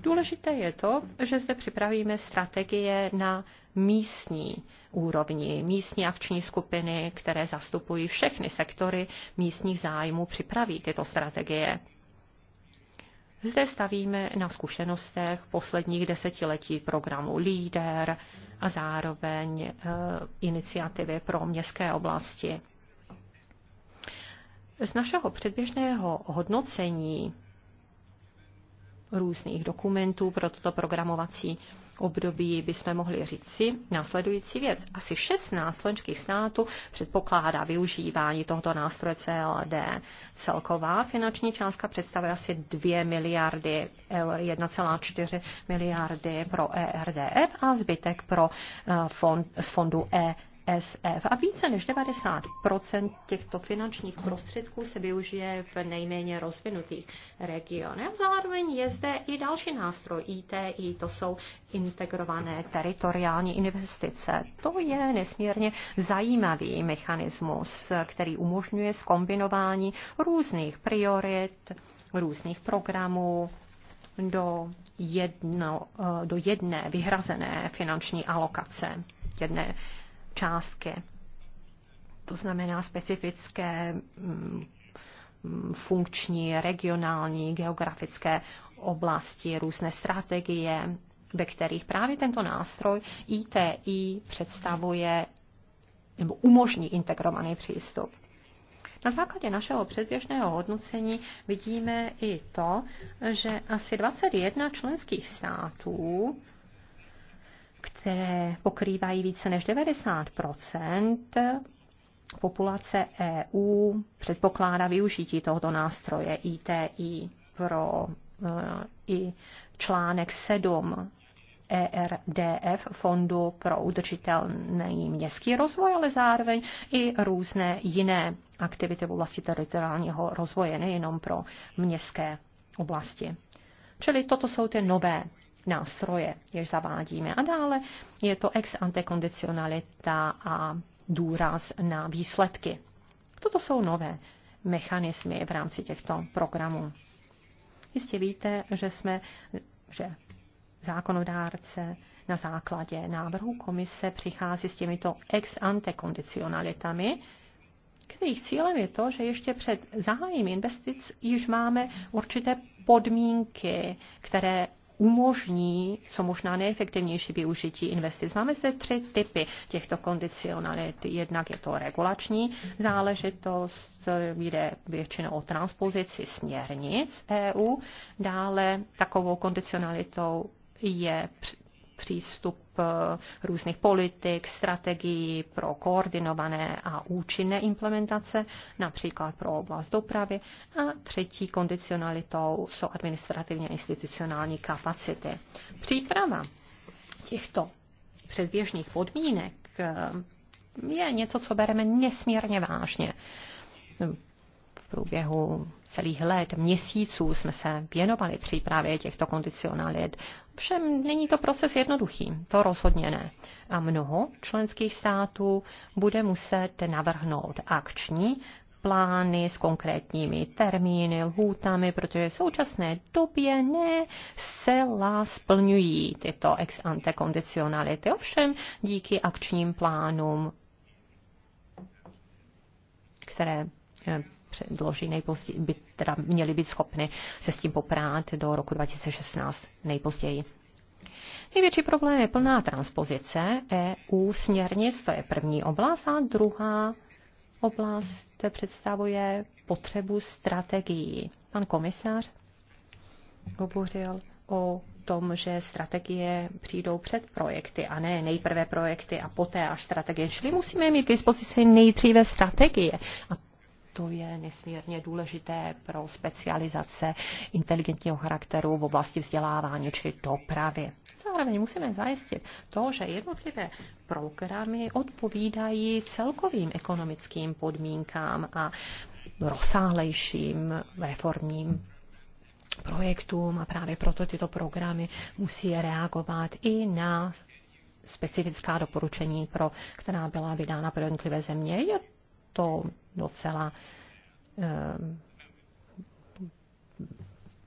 Důležité je to, že zde připravíme strategie na místní úrovni, místní akční skupiny, které zastupují všechny sektory místních zájmů, připraví tyto strategie. Zde stavíme na zkušenostech posledních desetiletí programu LEADER a zároveň eh, iniciativy pro městské oblasti. Z našeho předběžného hodnocení různých dokumentů pro toto programovací období bychom mohli říci následující věc. Asi 16 členských států předpokládá využívání tohoto nástroje CLD. Celková finanční částka představuje asi 2 miliardy eur, 1,4 miliardy pro ERDF a zbytek pro eh, fond, z fondu e ESF a více než 90 těchto finančních prostředků se využije v nejméně rozvinutých regionech. Zároveň je zde i další nástroj ITI, to jsou integrované teritoriální investice. To je nesmírně zajímavý mechanismus, který umožňuje skombinování různých priorit, různých programů do, jedno, do jedné vyhrazené finanční alokace, jedné částky. To znamená specifické mm, funkční, regionální, geografické oblasti, různé strategie, ve kterých právě tento nástroj ITI představuje nebo umožní integrovaný přístup. Na základě našeho předběžného hodnocení vidíme i to, že asi 21 členských států které pokrývají více než 90 populace EU předpokládá využití tohoto nástroje ITI pro eh, i článek 7 ERDF, Fondu pro udržitelný městský rozvoj, ale zároveň i různé jiné aktivity v oblasti teritoriálního rozvoje, nejenom pro městské oblasti. Čili toto jsou ty nové nástroje, jež zavádíme. A dále je to ex ante kondicionalita a důraz na výsledky. Toto jsou nové mechanismy v rámci těchto programů. Jistě víte, že jsme, že zákonodárce na základě návrhu komise přichází s těmito ex ante kondicionalitami, kterých cílem je to, že ještě před zahájením investic již máme určité podmínky, které umožní co možná nejefektivnější využití investic. Máme zde tři typy těchto kondicionalit. Jednak je to regulační záležitost, jde většinou o transpozici směrnic EU, dále takovou kondicionalitou je přístup eh, různých politik, strategií pro koordinované a účinné implementace, například pro oblast dopravy. A třetí kondicionalitou jsou administrativně institucionální kapacity. Příprava těchto předběžných podmínek eh, je něco, co bereme nesmírně vážně průběhu celých let, měsíců jsme se věnovali přípravě těchto kondicionalit. Všem není to proces jednoduchý, to rozhodně ne. A mnoho členských států bude muset navrhnout akční plány s konkrétními termíny, lhůtami, protože v současné době ne zcela splňují tyto ex ante kondicionality. Ovšem díky akčním plánům, které eh, předloží nejpozději, by teda měly být schopny se s tím poprát do roku 2016 nejpozději. Největší problém je plná transpozice EU směrnic, to je první oblast, a druhá oblast představuje potřebu strategií. Pan komisař hovořil o tom, že strategie přijdou před projekty a ne nejprve projekty a poté až strategie. Čili musíme mít k dispozici nejdříve strategie. A to je nesmírně důležité pro specializace inteligentního charakteru v oblasti vzdělávání či dopravy. Zároveň musíme zajistit to, že jednotlivé programy odpovídají celkovým ekonomickým podmínkám a rozsáhlejším reformním projektům a právě proto tyto programy musí reagovat i na specifická doporučení, pro, která byla vydána pro jednotlivé země. Je to docela eh,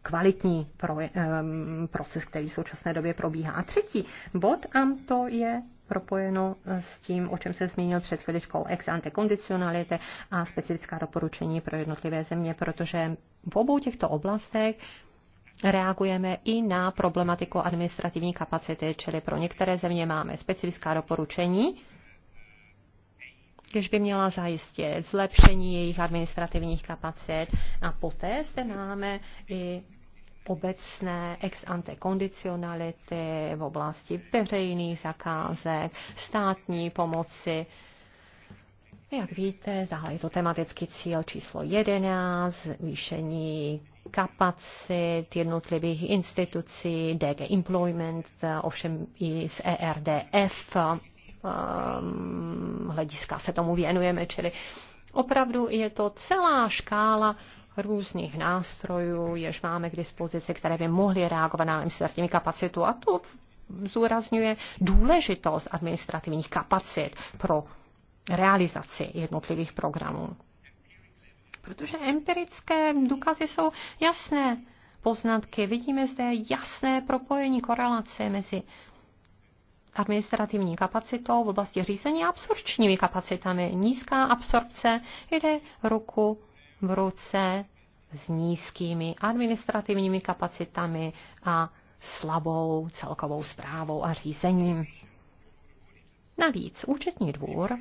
kvalitní eh, proces, který v současné době probíhá. A třetí bod, a to je propojeno s tím, o čem se zmínil před chviličkou, ex ante kondicionality a specifická doporučení pro jednotlivé země, protože v obou těchto oblastech reagujeme i na problematiku administrativní kapacity, čili pro některé země máme specifická doporučení, když by měla zajistit zlepšení jejich administrativních kapacit. A poté zde máme i obecné ex ante kondicionality v oblasti veřejných zakázek, státní pomoci. Jak víte, dále je to tematický cíl číslo 11, zvýšení kapacit jednotlivých institucí, DG Employment, ovšem i z ERDF Um, hlediska se tomu věnujeme, čili opravdu je to celá škála různých nástrojů, jež máme k dispozici, které by mohly reagovat na administrativní kapacitu. A to zúrazňuje důležitost administrativních kapacit pro realizaci jednotlivých programů. Protože empirické důkazy jsou jasné poznatky. Vidíme zde jasné propojení korelace mezi administrativní kapacitou v oblasti řízení a absorpčními kapacitami. Nízká absorpce jde ruku v ruce s nízkými administrativními kapacitami a slabou celkovou zprávou a řízením. Navíc účetní dvůr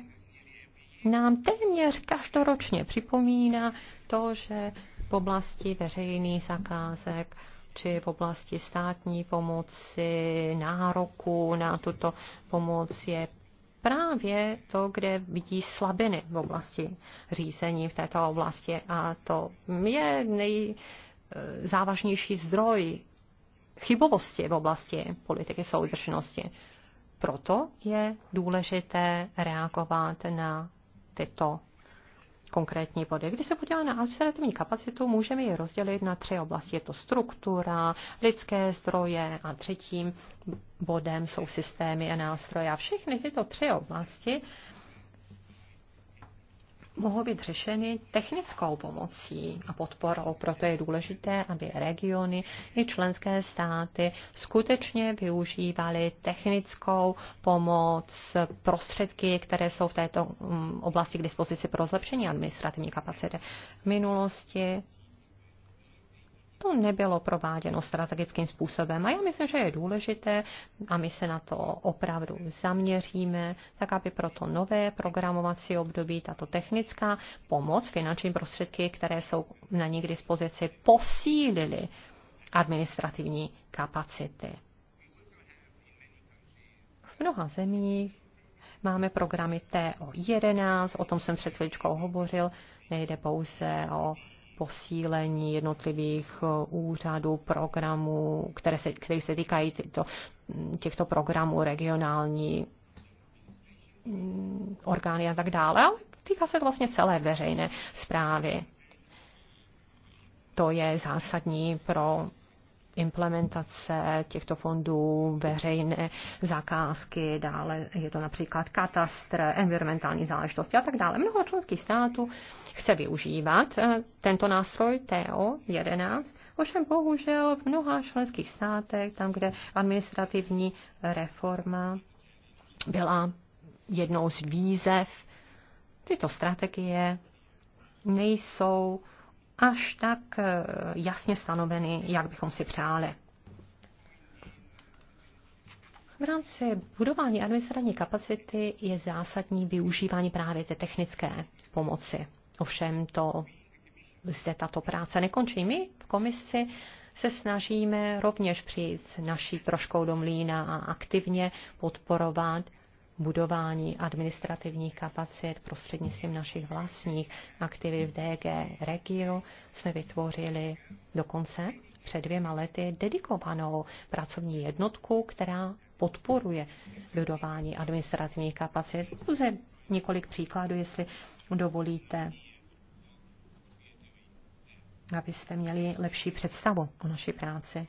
nám téměř každoročně připomíná to, že v oblasti veřejných zakázek či v oblasti státní pomoci, nároku na tuto pomoc je právě to, kde vidí slabiny v oblasti řízení v této oblasti. A to je nejzávažnější eh, zdroj chybovosti v oblasti politiky soudržnosti. Proto je důležité reagovat na tyto konkrétní body. Když se podíváme na administrativní kapacitu, můžeme ji rozdělit na tři oblasti. Je to struktura, lidské zdroje a třetím bodem jsou systémy a nástroje. A všechny tyto tři oblasti mohou být řešeny technickou pomocí a podporou. Proto je důležité, aby regiony i členské státy skutečně využívaly technickou pomoc, prostředky, které jsou v této mm, oblasti k dispozici pro zlepšení administrativní kapacity. V minulosti to nebylo prováděno strategickým způsobem. A já myslím, že je důležité, a my se na to opravdu zaměříme, tak aby pro to nové programovací období tato technická pomoc, finanční prostředky, které jsou na ní k dispozici, posílily administrativní kapacity. V mnoha zemích máme programy TO11, o tom jsem před chvíličkou hovořil, nejde pouze o posílení jednotlivých eh, úřadů, programů, které se, které se týkají těchto, těchto programů regionální mm, orgány a tak dále. Ale týká se to vlastně celé veřejné zprávy. To je zásadní pro implementace těchto fondů, veřejné zakázky, dále je to například katastr, environmentální záležitosti a tak dále. Mnoho členských států chce využívat eh, tento nástroj TO11, ovšem bohužel v mnoha členských státech, tam, kde administrativní reforma byla jednou z výzev, tyto strategie nejsou až tak eh, jasně stanoveny, jak bychom si přáli. V rámci budování administrativní kapacity je zásadní využívání právě té technické pomoci. Ovšem to zde tato práce nekončí. My v komisi se snažíme rovněž přijít naší troškou do mlína a aktivně podporovat budování administrativních kapacit prostřednictvím našich vlastních aktivit v DG Regio jsme vytvořili dokonce před dvěma lety dedikovanou pracovní jednotku, která podporuje budování administrativních kapacit. Pouze několik příkladů, jestli dovolíte, abyste měli lepší představu o naší práci.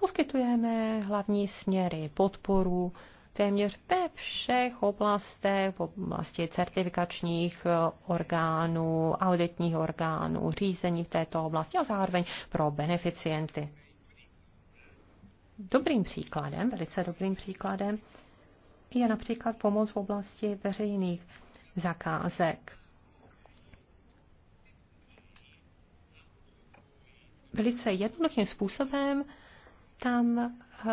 Poskytujeme hlavní směry podporu téměř ve všech oblastech, v oblasti certifikačních eh, orgánů, auditních orgánů, řízení v této oblasti a zároveň pro beneficienty. Dobrým příkladem, velice dobrým příkladem, je například pomoc v oblasti veřejných zakázek. Velice jednoduchým způsobem tam eh,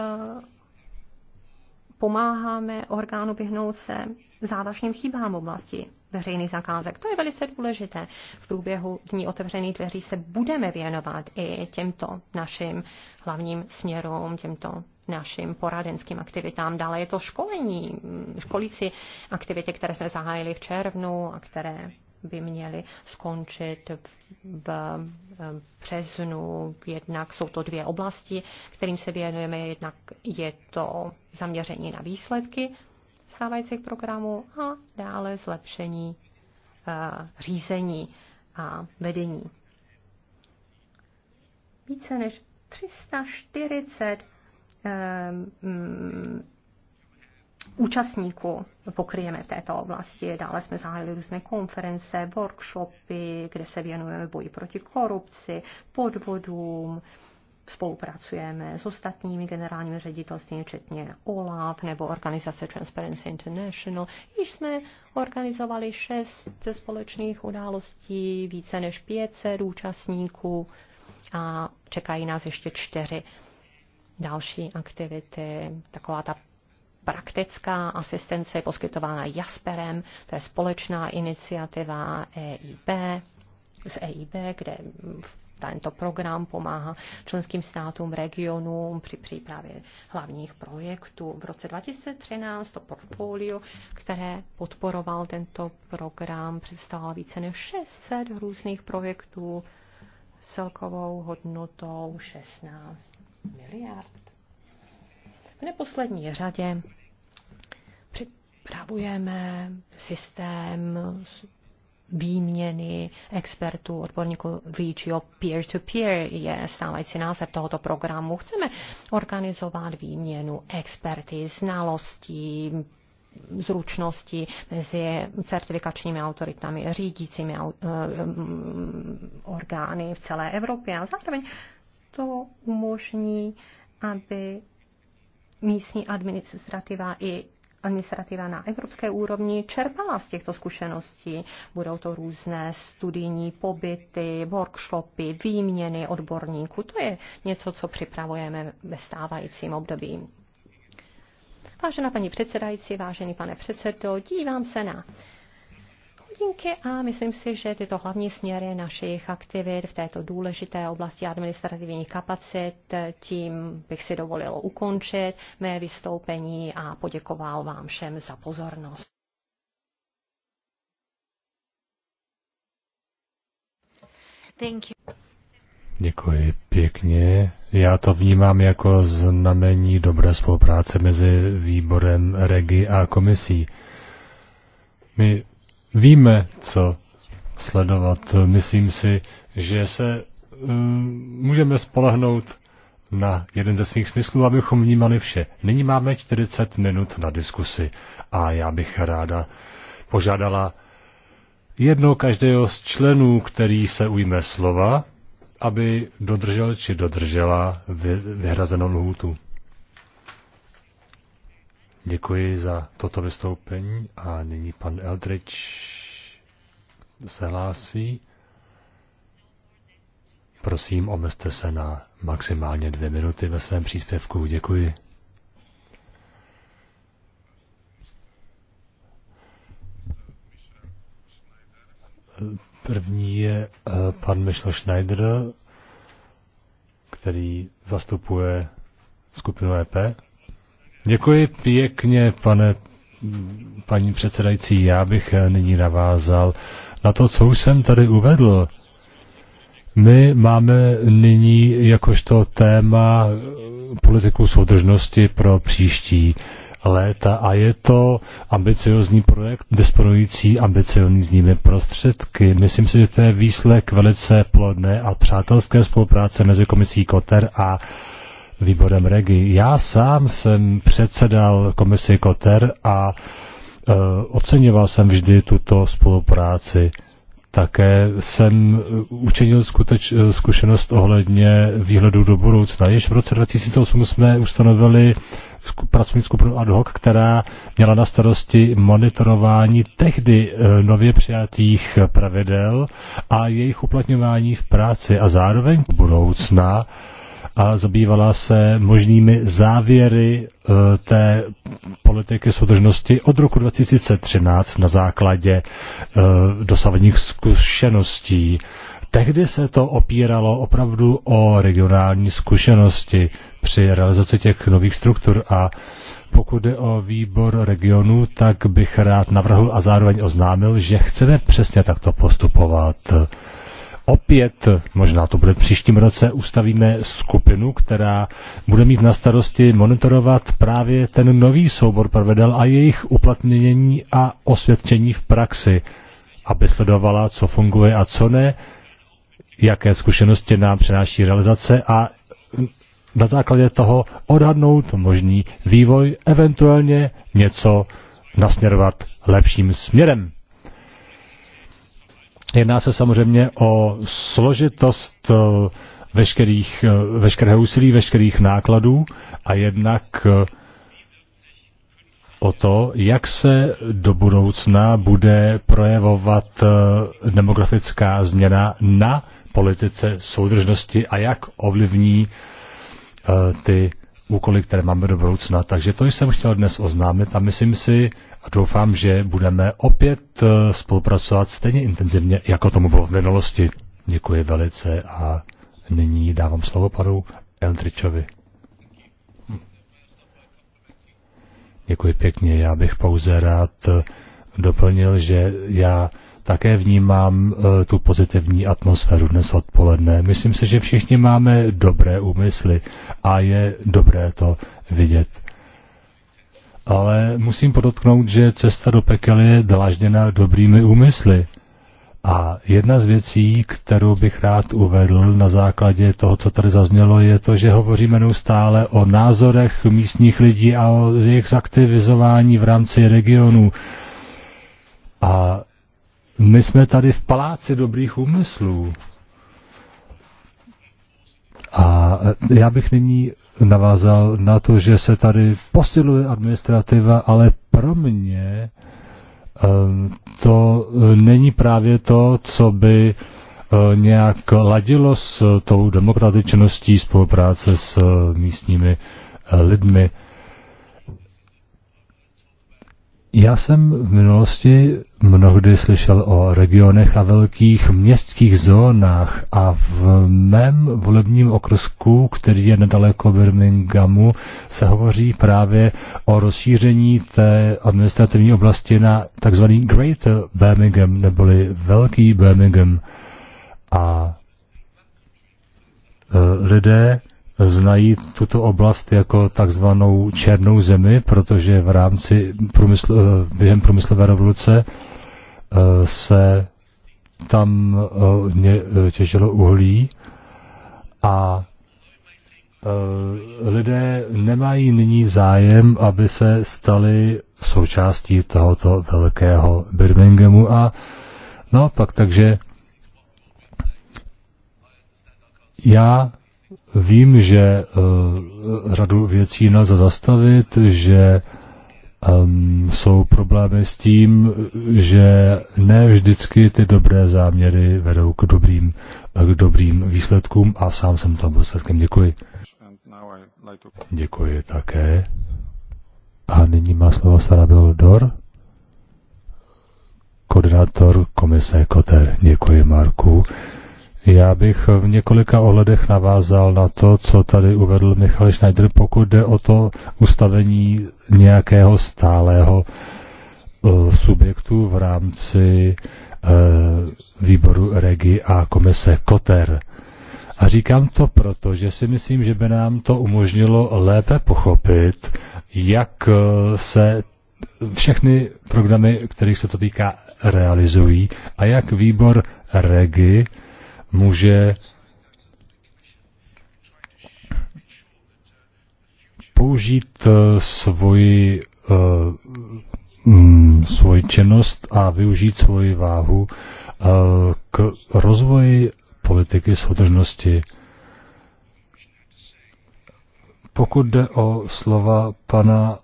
pomáháme orgánu vyhnout se závažným chybám v oblasti veřejných zakázek. To je velice důležité. V průběhu dní otevřených dveří se budeme věnovat i těmto našim hlavním směrům, těmto našim poradenským aktivitám. Dále je to školení, školící aktivity, které jsme zahájili v červnu a které by měly skončit v březnu. Jednak jsou to dvě oblasti, kterým se věnujeme. Jednak je to zaměření na výsledky stávajících programů a dále zlepšení eh, řízení a vedení. Více než 340 účastníků pokryjeme v této oblasti. Dále jsme zahájili různé konference, workshopy, kde se věnujeme boji proti korupci, podvodům, spolupracujeme s ostatními generálními ředitelství, včetně OLAF nebo organizace Transparency International. Již jsme organizovali šest společných událostí, více než 500 účastníků a čekají nás ještě čtyři další aktivity, taková ta praktická asistence je poskytována Jasperem, to je společná iniciativa EIB, z EIB, kde tento program pomáhá členským státům, regionům při přípravě hlavních projektů. V roce 2013 to portfolio, které podporoval tento program, představilo více než 600 různých projektů s celkovou hodnotou 16 miliard. V neposlední řadě připravujeme systém výměny expertů, odborníků VGO peer-to-peer je stávající název tohoto programu. Chceme organizovat výměnu experty, znalostí, zručnosti mezi certifikačními autoritami, řídícími eh, orgány v celé Evropě a zároveň to umožní, aby místní administrativa i administrativa na evropské úrovni čerpala z těchto zkušeností. Budou to různé studijní pobyty, workshopy, výměny odborníků. To je něco, co připravujeme ve stávajícím období. Vážená paní předsedající, vážený pane předsedo, dívám se na podmínky a myslím si, že tyto hlavní směry našich aktivit v této důležité oblasti administrativních kapacit, tím bych si dovolil ukončit mé vystoupení a poděkoval vám všem za pozornost. Thank you. Děkuji pěkně. Já to vnímám jako znamení dobré spolupráce mezi výborem Regi a komisí. My víme, co sledovat. Myslím si, že se eh, můžeme spolehnout na jeden ze svých smyslů, abychom vnímali vše. Nyní máme 40 minut na diskusi a já bych ráda požádala jedno každého z členů, který se ujme slova, aby dodržel či dodržela vyhrazenou lhůtu. Děkuji za toto vystoupení a nyní pan Eldrich se hlásí. Prosím, omezte se na maximálně dvě minuty ve svém příspěvku. Děkuji. První je eh, pan Michel Schneider, který zastupuje skupinu EP. Děkuji pěkně, pane paní předsedající. Já bych eh, nyní navázal na to, co už jsem tady uvedl. My máme nyní jakožto téma eh, politiku soudržnosti pro příští léta a je to ambiciozní projekt disponující ambiciozními prostředky. Myslím si, že to je výsledek velice plodné a přátelské spolupráce mezi komisí Koter a výborem Regi. Já sám jsem předsedal komisi Koter a e, oceňoval jsem vždy tuto spolupráci. Také jsem e, učinil skuteč, e, zkušenost ohledně výhledu do budoucna. Již v roce 2008 jsme ustanovili pracovní skupinu ad hoc, která měla na starosti monitorování tehdy e, nově přijatých pravidel a jejich uplatňování v práci a zároveň budoucna a zabývala se možnými závěry eh, té politiky soudržnosti od roku 2013 na základě eh, dosavadních zkušeností. Tehdy se to opíralo opravdu o regionální zkušenosti při realizaci těch nových struktur a pokud je o výbor regionu, tak bych rád navrhl a zároveň oznámil, že chceme přesně takto postupovat opět, možná to bude příštím roce, ustavíme skupinu, která bude mít na starosti monitorovat právě ten nový soubor pravidel a jejich uplatnění a osvědčení v praxi, aby sledovala, co funguje a co ne, jaké zkušenosti nám přináší realizace a na základě toho odhadnout možný vývoj, eventuálně něco nasměrovat lepším směrem. Jedná se samozřejmě o složitost eh, veškerých, eh, veškerého úsilí, veškerých nákladů a jednak eh, o to, jak se do budoucna bude projevovat demografická změna na politice soudržnosti a jak ovlivní ty úkoly, které máme do budoucna. Takže to jsem chtěl dnes oznámit a myslím si a doufám, že budeme opět eh, spolupracovat stejně intenzivně, jako tomu bylo v minulosti. Děkuji velice a nyní dávám slovo panu Eldričovi. Děkuji pěkně. Já bych pouze rád eh, doplnil, že já také vnímám eh, tu pozitivní atmosféru dnes odpoledne. Myslím si, že všichni máme dobré úmysly a je dobré to vidět. Ale musím podotknout, že cesta do pekel je dlažděna dobrými úmysly. A jedna z věcí, kterou bych rád uvedl na základě toho, co tady zaznělo, je to, že hovoříme neustále o názorech místních lidí a o jejich zaktivizování v rámci regionu. A my jsme tady v paláci dobrých úmyslů. A já bych nyní navázal na to, že se tady posiluje administrativa, ale pro mě ehm, to není právě to, co by eh, nějak ladilo s eh, tou demokratičností spolupráce s eh, místními lidmi. Já jsem v minulosti mnohdy slyšel o regionech a velkých městských zónách a v mém volebním okrsku, který je nedaleko Birminghamu, se hovoří právě o rozšíření té administrativní oblasti na tzv. Great Birmingham, neboli Velký Birmingham. A eh, lidé znají tuto oblast jako takzvanou černou zemi, protože v rámci průmysl, eh, během průmyslové revoluce Eh, se tam eh, eh, těžilo uhlí a lidé nemají nyní zájem, aby se stali součástí tohoto velkého Birminghamu a no, pak takže já vím, že řadu věcí nelze zastavit, že Um, jsou problémy s tím, že ne vždycky ty dobré záměry vedou k dobrým, k dobrým výsledkům a sám jsem tam byl svědkem. Děkuji. Děkuji také. A nyní má slovo Sara Dor, koordinátor komise Koter. Děkuji, Marku. Já bych v několika ohledech navázal na to, co tady uvedl Michal Schneider, pokud jde o to ustavení nějakého stálého eh, subjektu v rámci eh, výboru Regi a komise Koter. A říkám to proto, že si myslím, že by nám to umožnilo lépe pochopit, jak eh, se všechny programy, kterých se to týká, realizují a jak výbor Regi může použít eh, svoji, eh, mm, svoji činnost a využít svoji váhu eh, k rozvoji politiky soudržnosti. Pokud jde o slova pana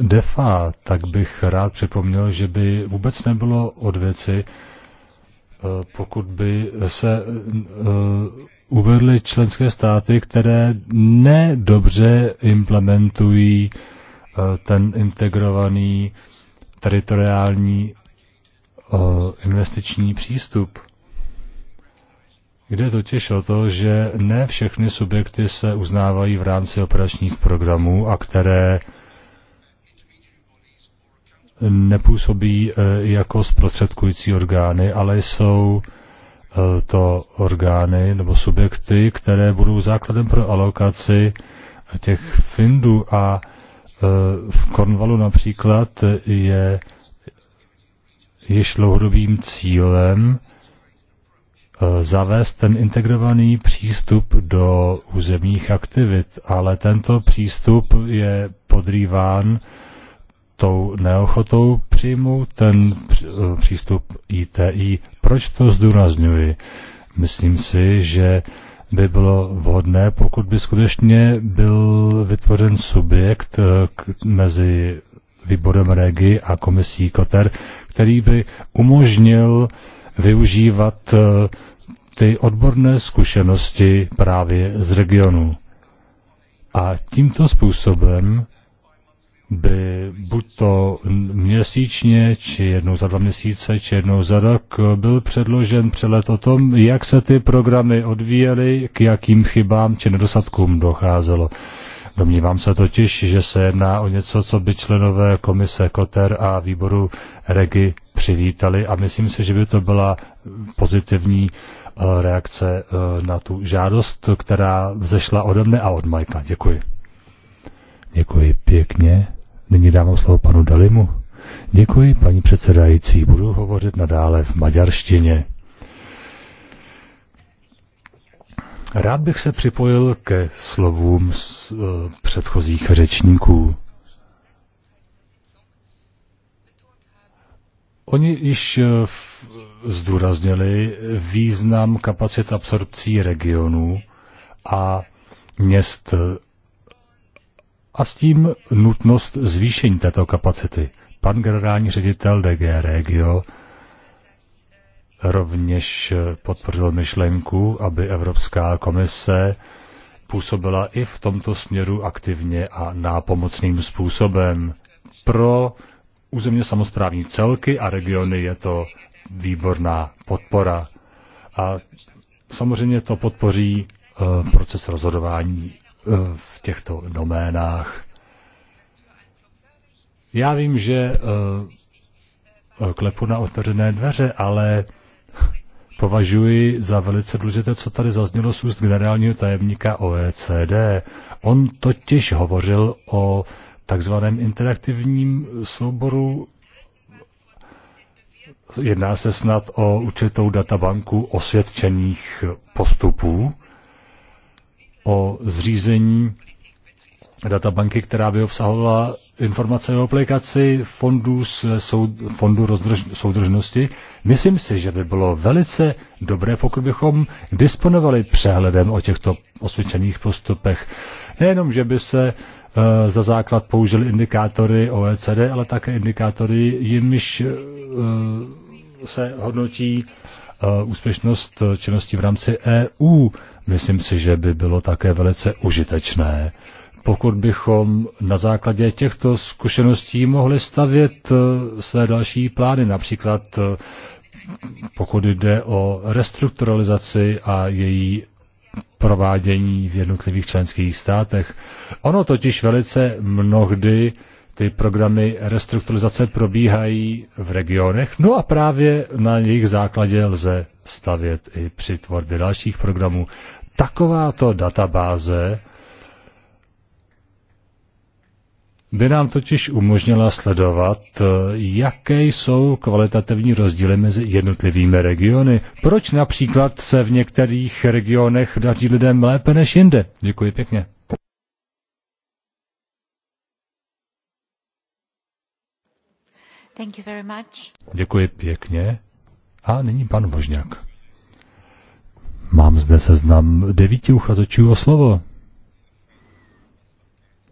Defa, tak bych rád připomněl, že by vůbec nebylo od věci, Eh, pokud by se eh, uvedly členské státy, které nedobře implementují eh, ten integrovaný teritoriální investiční přístup. Jde totiž o to, že ne všechny subjekty se uznávají v rámci operačních programů a které nepůsobí eh, jako zprostředkující orgány, ale jsou eh, to orgány nebo subjekty, které budou základem pro alokaci těch findů a eh, v Cornwallu například je již dlouhodobým cílem zavést ten integrovaný přístup do územních aktivit, ale tento přístup je podrýván tou neochotou přijmout ten eh, přístup ITI. Proč to zdůrazňuji? Myslím si, že by bylo vhodné, pokud by skutečně byl vytvořen subjekt eh, mezi výborem Regi a komisí Koter, který by umožnil využívat eh, ty odborné zkušenosti právě z regionu. A tímto způsobem by buď to měsíčně, či jednou za dva měsíce, či jednou za rok byl předložen přelet o tom, jak se ty programy odvíjely, k jakým chybám či nedostatkům docházelo. Domnívám se totiž, že se jedná o něco, co by členové komise Koter a výboru Regi přivítali a myslím si, že by to byla pozitivní eh, reakce eh, na tu žádost, která vzešla ode mne a od Majka. Děkuji. Děkuji pěkně. Nyní dávám slovo panu Dalimu. Děkuji, paní předsedající. Budu hovořit nadále v maďarštině. Rád bych se připojil ke slovům z, uh, eh, předchozích řečníků. Oni již uh, zdůraznili význam kapacit absorpcí regionů a měst eh, a s tím nutnost zvýšení této kapacity. Pan generální ředitel DG Regio rovněž podpořil myšlenku, aby Evropská komise působila i v tomto směru aktivně a nápomocným způsobem. Pro územně samozprávní celky a regiony je to výborná podpora. A samozřejmě to podpoří eh, proces rozhodování v těchto doménách. Já vím, že eh, klepu na otevřené dveře, ale považuji za velice důležité, co tady zaznělo z úst generálního tajemníka OECD. On totiž hovořil o takzvaném interaktivním souboru. Jedná se snad o určitou databanku osvědčených postupů o zřízení databanky, která by obsahovala informace o aplikaci fondů soud, fondu rozdrž, soudržnosti. Myslím si, že by bylo velice dobré, pokud bychom disponovali přehledem o těchto osvědčených postupech. Nejenom, že by se e, za základ použili indikátory OECD, ale také indikátory, jimž e, eh, se hodnotí e, úspěšnost činnosti v rámci EU. E, Myslím si, že by bylo také velice užitečné, pokud bychom na základě těchto zkušeností mohli stavět eh, své další plány, například eh, pokud jde o restrukturalizaci a její provádění v jednotlivých členských státech. Ono totiž velice mnohdy ty programy restrukturalizace probíhají v regionech, no a právě na jejich základě lze stavět i při tvorbě dalších programů. Takováto databáze by nám totiž umožnila sledovat, jaké jsou kvalitativní rozdíly mezi jednotlivými regiony. Proč například se v některých regionech daří lidem lépe než jinde? Děkuji pěkně. Thank you very much. Děkuji pěkně. A nyní pan Vožňák. Mám zde seznam devíti uchazečů o slovo.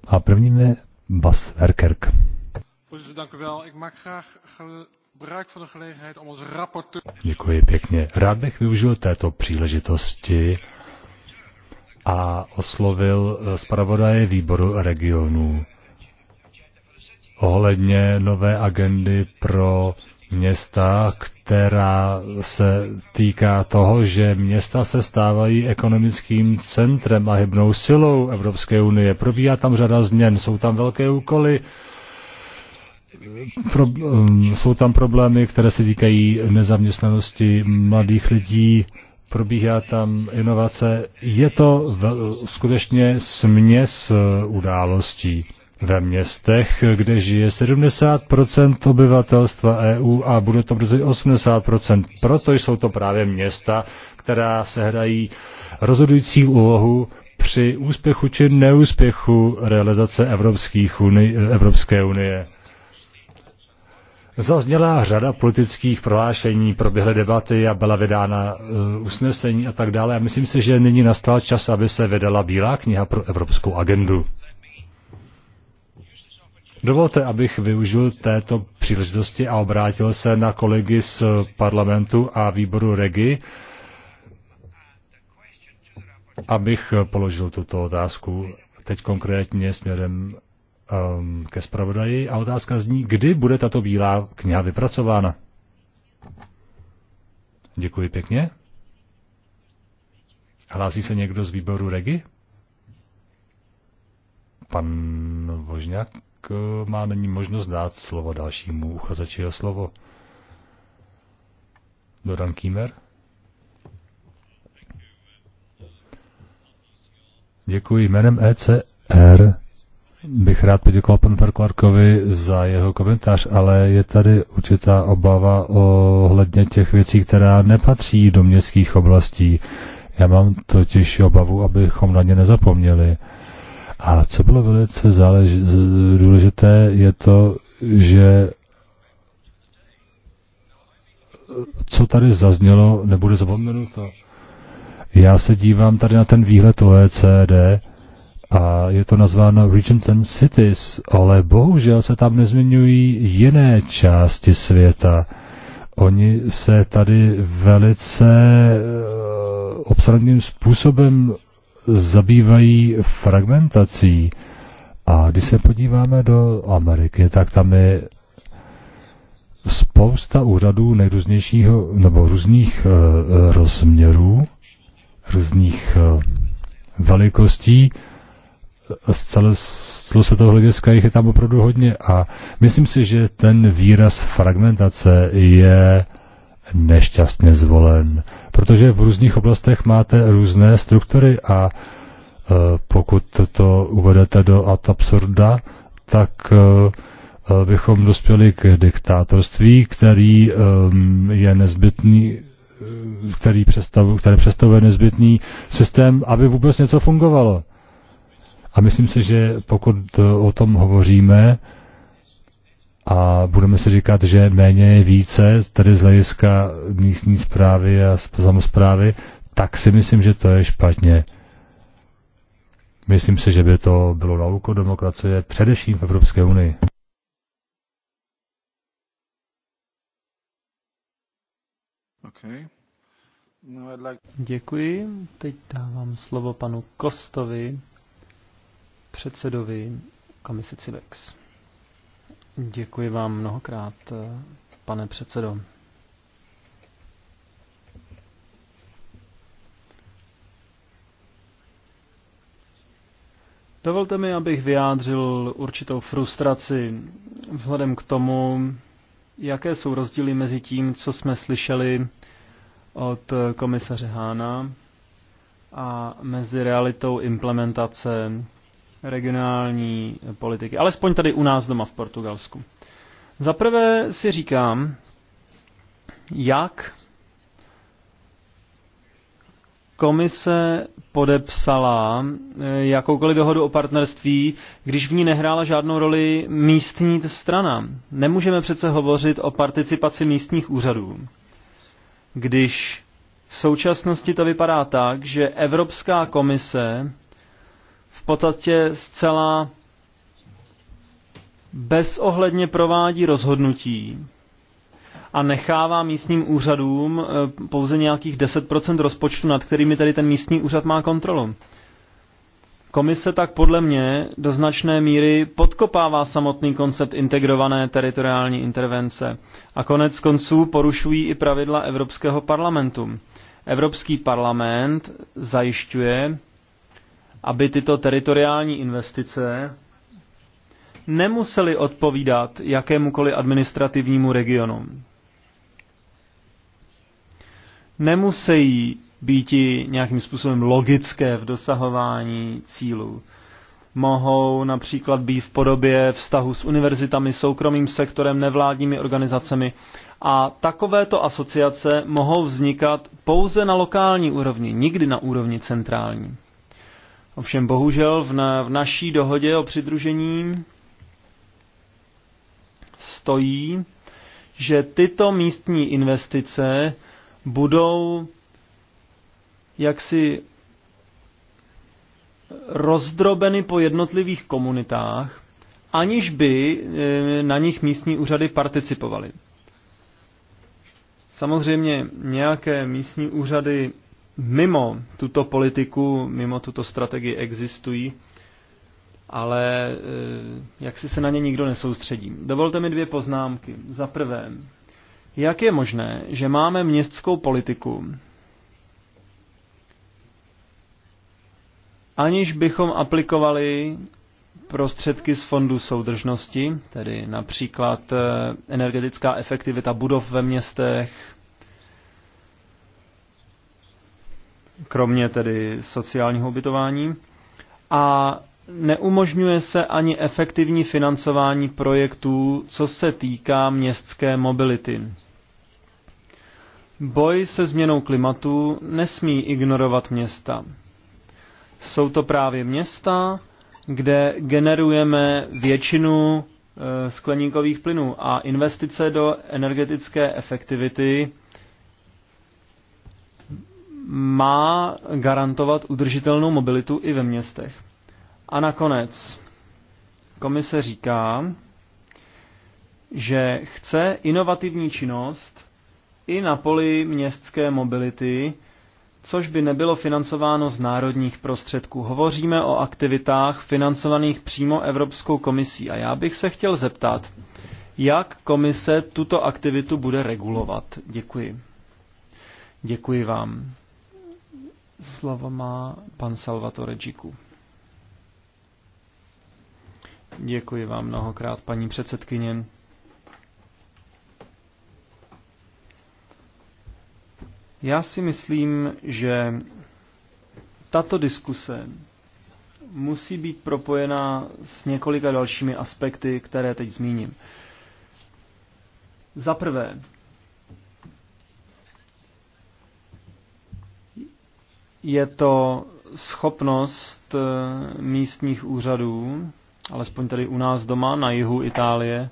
A prvním je Bas Herkerk. Děkuji pěkně. Rád bych využil této příležitosti a oslovil zpravodaje výboru regionů ohledně nové agendy pro města, která se týká toho, že města se stávají ekonomickým centrem a hybnou silou Evropské unie. Probíhá tam řada změn, jsou tam velké úkoly, pro, um, jsou tam problémy, které se týkají nezaměstnanosti mladých lidí, probíhá tam inovace. Je to v, skutečně směs uh, událostí ve městech, kde žije 70% obyvatelstva EU a bude to brzy 80%. Proto jsou to právě města, která se hrají rozhodující úlohu při úspěchu či neúspěchu realizace Evropských uni- Evropské unie. Zazněla řada politických prohlášení, proběhly debaty a byla vydána uh, usnesení a tak dále. A myslím si, že nyní nastal čas, aby se vydala Bílá kniha pro evropskou agendu. Dovolte, abych využil této příležitosti a obrátil se na kolegy z parlamentu a výboru REGI, abych položil tuto otázku teď konkrétně směrem um, ke zpravodaji. A otázka zní, kdy bude tato bílá kniha vypracována? Děkuji pěkně. Hlásí se někdo z výboru REGI? Pan Vožňák? Eh, má není možnost dát slovo dalšímu uchazeči o slovo. Doran Kýmer? Děkuji. Jménem ECR bych rád poděkoval panu Parkvarkovi za jeho komentář, ale je tady určitá obava ohledně těch věcí, která nepatří do městských oblastí. Já mám totiž obavu, abychom na ně nezapomněli. A co bylo velice zálež, důležité, je to, že co tady zaznělo, nebude zapomenuto. Já se dívám tady na ten výhled OECD a je to nazváno Regions and Cities, ale bohužel se tam nezmiňují jiné části světa. Oni se tady velice eh, obsadným způsobem zabývají fragmentací. A když se podíváme do Ameriky, tak tam je spousta úřadů nejrůznějšího nebo různých e, rozměrů, různých e, velikostí. Z celosvětového hlediska jich je tam opravdu hodně a myslím si, že ten výraz fragmentace je nešťastně zvolen. Protože v různých oblastech máte různé struktury a e, pokud to uvedete do ad absurda, tak e, e, bychom dospěli k diktátorství, který je nezbytný, který představuje, který představuje nezbytný systém, aby vůbec něco fungovalo. A myslím si, že pokud o tom hovoříme, a budeme si říkat, že méně je více, tedy z hlediska místní zprávy a samozprávy, tak si myslím, že to je špatně. Myslím si, že by to bylo na úkol demokracie, především v Evropské unii. Děkuji. Teď dávám slovo panu Kostovi, předsedovi komise CIVEX. Děkuji vám mnohokrát, pane předsedo. Dovolte mi, abych vyjádřil určitou frustraci vzhledem k tomu, jaké jsou rozdíly mezi tím, co jsme slyšeli od komisaře Hána a mezi realitou implementace regionální politiky, alespoň tady u nás doma v Portugalsku. Zaprvé si říkám, jak komise podepsala eh, jakoukoliv dohodu o partnerství, když v ní nehrála žádnou roli místní strana. Nemůžeme přece hovořit o participaci místních úřadů, když v současnosti to vypadá tak, že Evropská komise v podstatě zcela bezohledně provádí rozhodnutí a nechává místním úřadům eh, pouze nějakých 10% rozpočtu, nad kterými tedy ten místní úřad má kontrolu. Komise tak podle mě do značné míry podkopává samotný koncept integrované teritoriální intervence a konec konců porušují i pravidla Evropského parlamentu. Evropský parlament zajišťuje, aby tyto teritoriální investice nemusely odpovídat jakémukoliv administrativnímu regionu. Nemusí být nějakým způsobem logické v dosahování cílů. Mohou například být v podobě vztahu s univerzitami, soukromým sektorem, nevládními organizacemi. A takovéto asociace mohou vznikat pouze na lokální úrovni, nikdy na úrovni centrální. Ovšem bohužel v, na, v naší dohodě o přidružení stojí, že tyto místní investice budou jaksi rozdrobeny po jednotlivých komunitách, aniž by e, na nich místní úřady participovaly. Samozřejmě nějaké místní úřady mimo tuto politiku, mimo tuto strategii existují, ale eh, jak si se na ně nikdo nesoustředí. Dovolte mi dvě poznámky. Za prvé, jak je možné, že máme městskou politiku, aniž bychom aplikovali prostředky z fondu soudržnosti, tedy například eh, energetická efektivita budov ve městech, kromě tedy sociálního ubytování. A neumožňuje se ani efektivní financování projektů, co se týká městské mobility. Boj se změnou klimatu nesmí ignorovat města. Jsou to právě města, kde generujeme většinu eh, skleníkových plynů a investice do energetické efektivity má garantovat udržitelnou mobilitu i ve městech. A nakonec komise říká, že chce inovativní činnost i na poli městské mobility, což by nebylo financováno z národních prostředků. Hovoříme o aktivitách financovaných přímo Evropskou komisí a já bych se chtěl zeptat, jak komise tuto aktivitu bude regulovat. Děkuji. Děkuji vám. Slovo má pan Salvatore Giku. Děkuji vám mnohokrát, paní předsedkyně. Já si myslím, že tato diskuse musí být propojená s několika dalšími aspekty, které teď zmíním. Za prvé, je to schopnost eh, místních úřadů, alespoň tady u nás doma na jihu Itálie,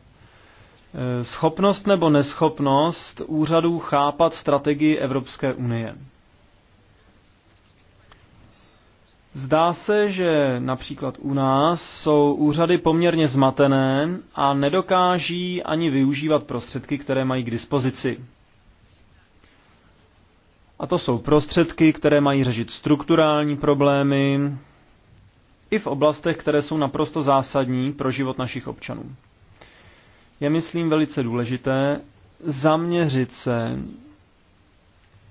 eh, schopnost nebo neschopnost úřadů chápat strategii Evropské unie. Zdá se, že například u nás jsou úřady poměrně zmatené a nedokáží ani využívat prostředky, které mají k dispozici. A to jsou prostředky, které mají řešit strukturální problémy i v oblastech, které jsou naprosto zásadní pro život našich občanů. Je, myslím, velice důležité zaměřit se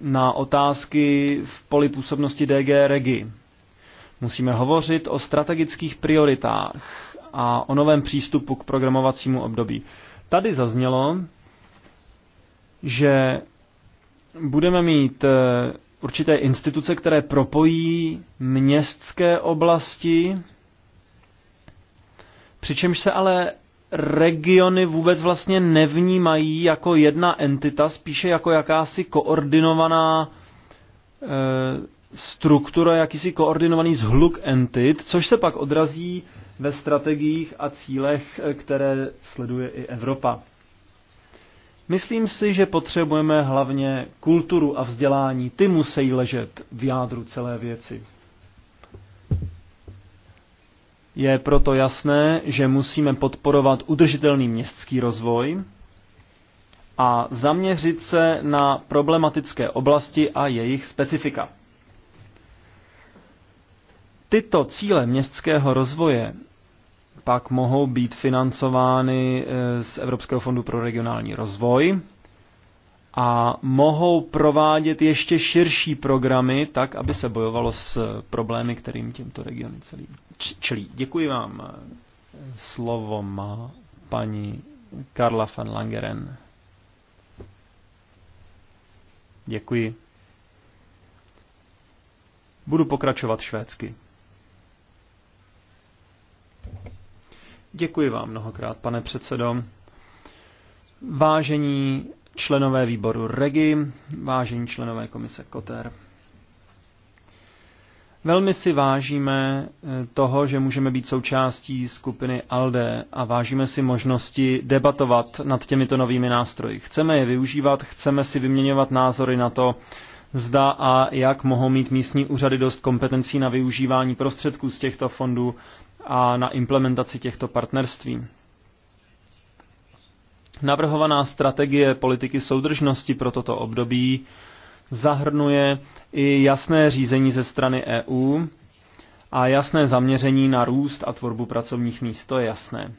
na otázky v poli působnosti DG Regi. Musíme hovořit o strategických prioritách a o novém přístupu k programovacímu období. Tady zaznělo, že budeme mít eh, určité instituce, které propojí městské oblasti, přičemž se ale regiony vůbec vlastně nevnímají jako jedna entita, spíše jako jakási koordinovaná eh, struktura, jakýsi koordinovaný zhluk entit, což se pak odrazí ve strategiích a cílech, eh, které sleduje i Evropa. Myslím si, že potřebujeme hlavně kulturu a vzdělání. Ty musí ležet v jádru celé věci. Je proto jasné, že musíme podporovat udržitelný městský rozvoj a zaměřit se na problematické oblasti a jejich specifika. Tyto cíle městského rozvoje pak mohou být financovány eh, z Evropského fondu pro regionální rozvoj a mohou provádět ještě širší programy tak, aby se bojovalo s problémy, kterým těmto regiony celý čelí. Děkuji vám. Slovo má paní Karla van Langeren. Děkuji. Budu pokračovat švédsky. Děkuji vám mnohokrát, pane předsedo. Vážení členové výboru REGI, vážení členové komise KOTER. Velmi si vážíme eh, toho, že můžeme být součástí skupiny ALDE a vážíme si možnosti debatovat nad těmito novými nástroji. Chceme je využívat, chceme si vyměňovat názory na to, zda a jak mohou mít místní úřady dost kompetencí na využívání prostředků z těchto fondů a na implementaci těchto partnerství. Navrhovaná strategie politiky soudržnosti pro toto období zahrnuje i jasné řízení ze strany EU a jasné zaměření na růst a tvorbu pracovních míst, to je jasné.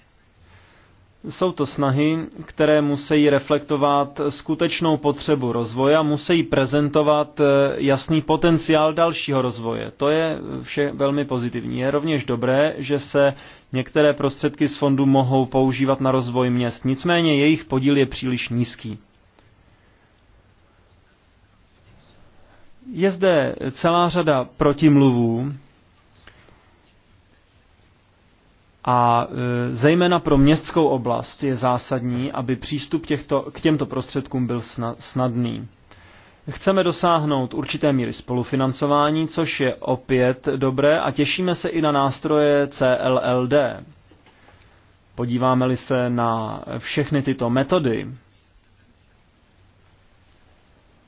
Jsou to snahy, které musí reflektovat skutečnou potřebu rozvoje a musí prezentovat eh, jasný potenciál dalšího rozvoje. To je vše velmi pozitivní. Je rovněž dobré, že se některé prostředky z fondu mohou používat na rozvoj měst, nicméně jejich podíl je příliš nízký. Je zde celá řada protimluvů, A e, zejména pro městskou oblast je zásadní, aby přístup těchto, k těmto prostředkům byl snadný. Chceme dosáhnout určité míry spolufinancování, což je opět dobré a těšíme se i na nástroje CLLD. Podíváme-li se na všechny tyto metody,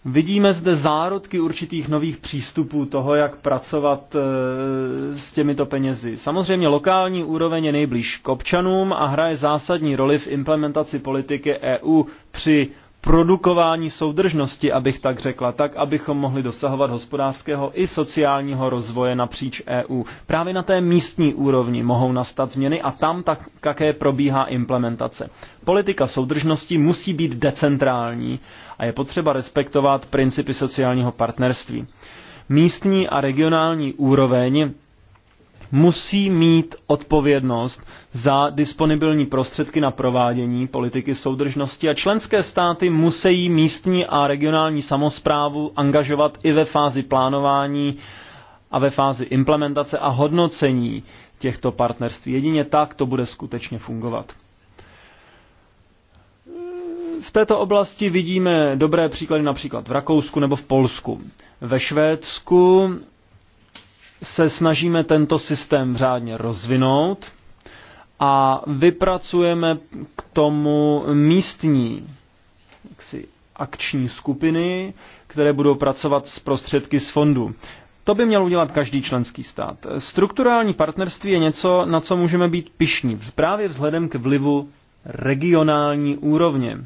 Vidíme zde zárodky určitých nových přístupů toho, jak pracovat eh, s těmito penězi. Samozřejmě lokální úroveň je nejblíž k občanům a hraje zásadní roli v implementaci politiky EU při produkování soudržnosti, abych tak řekla, tak, abychom mohli dosahovat hospodářského i sociálního rozvoje napříč EU. Právě na té místní úrovni mohou nastat změny a tam tak, také probíhá implementace. Politika soudržnosti musí být decentrální a je potřeba respektovat principy sociálního partnerství. Místní a regionální úroveň musí mít odpovědnost za disponibilní prostředky na provádění politiky soudržnosti a členské státy musí místní a regionální samozprávu angažovat i ve fázi plánování a ve fázi implementace a hodnocení těchto partnerství. Jedině tak to bude skutečně fungovat. V této oblasti vidíme dobré příklady například v Rakousku nebo v Polsku. Ve Švédsku se snažíme tento systém řádně rozvinout a vypracujeme k tomu místní jaksi, akční skupiny, které budou pracovat s prostředky z fondu. To by měl udělat každý členský stát. Strukturální partnerství je něco, na co můžeme být pišní, právě vzhledem k vlivu regionální úrovně.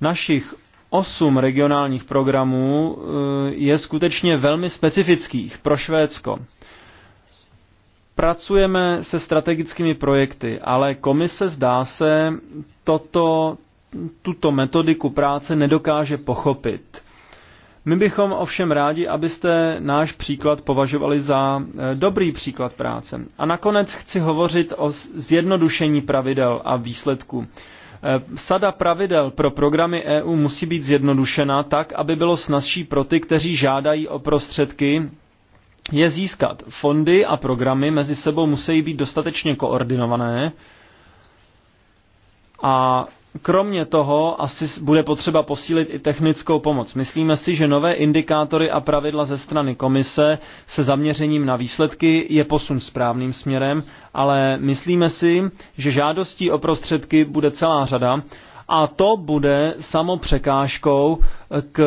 Našich osm regionálních programů eh, je skutečně velmi specifických pro Švédsko. Pracujeme se strategickými projekty, ale komise zdá se toto, tuto metodiku práce nedokáže pochopit. My bychom ovšem rádi, abyste náš příklad považovali za eh, dobrý příklad práce. A nakonec chci hovořit o zjednodušení pravidel a výsledků. Eh, sada pravidel pro programy EU musí být zjednodušena tak, aby bylo snazší pro ty, kteří žádají o prostředky je získat. Fondy a programy mezi sebou musí být dostatečně koordinované a Kromě toho asi bude potřeba posílit i technickou pomoc. Myslíme si, že nové indikátory a pravidla ze strany komise se zaměřením na výsledky je posun správným směrem, ale myslíme si, že žádostí o prostředky bude celá řada a to bude samo překážkou k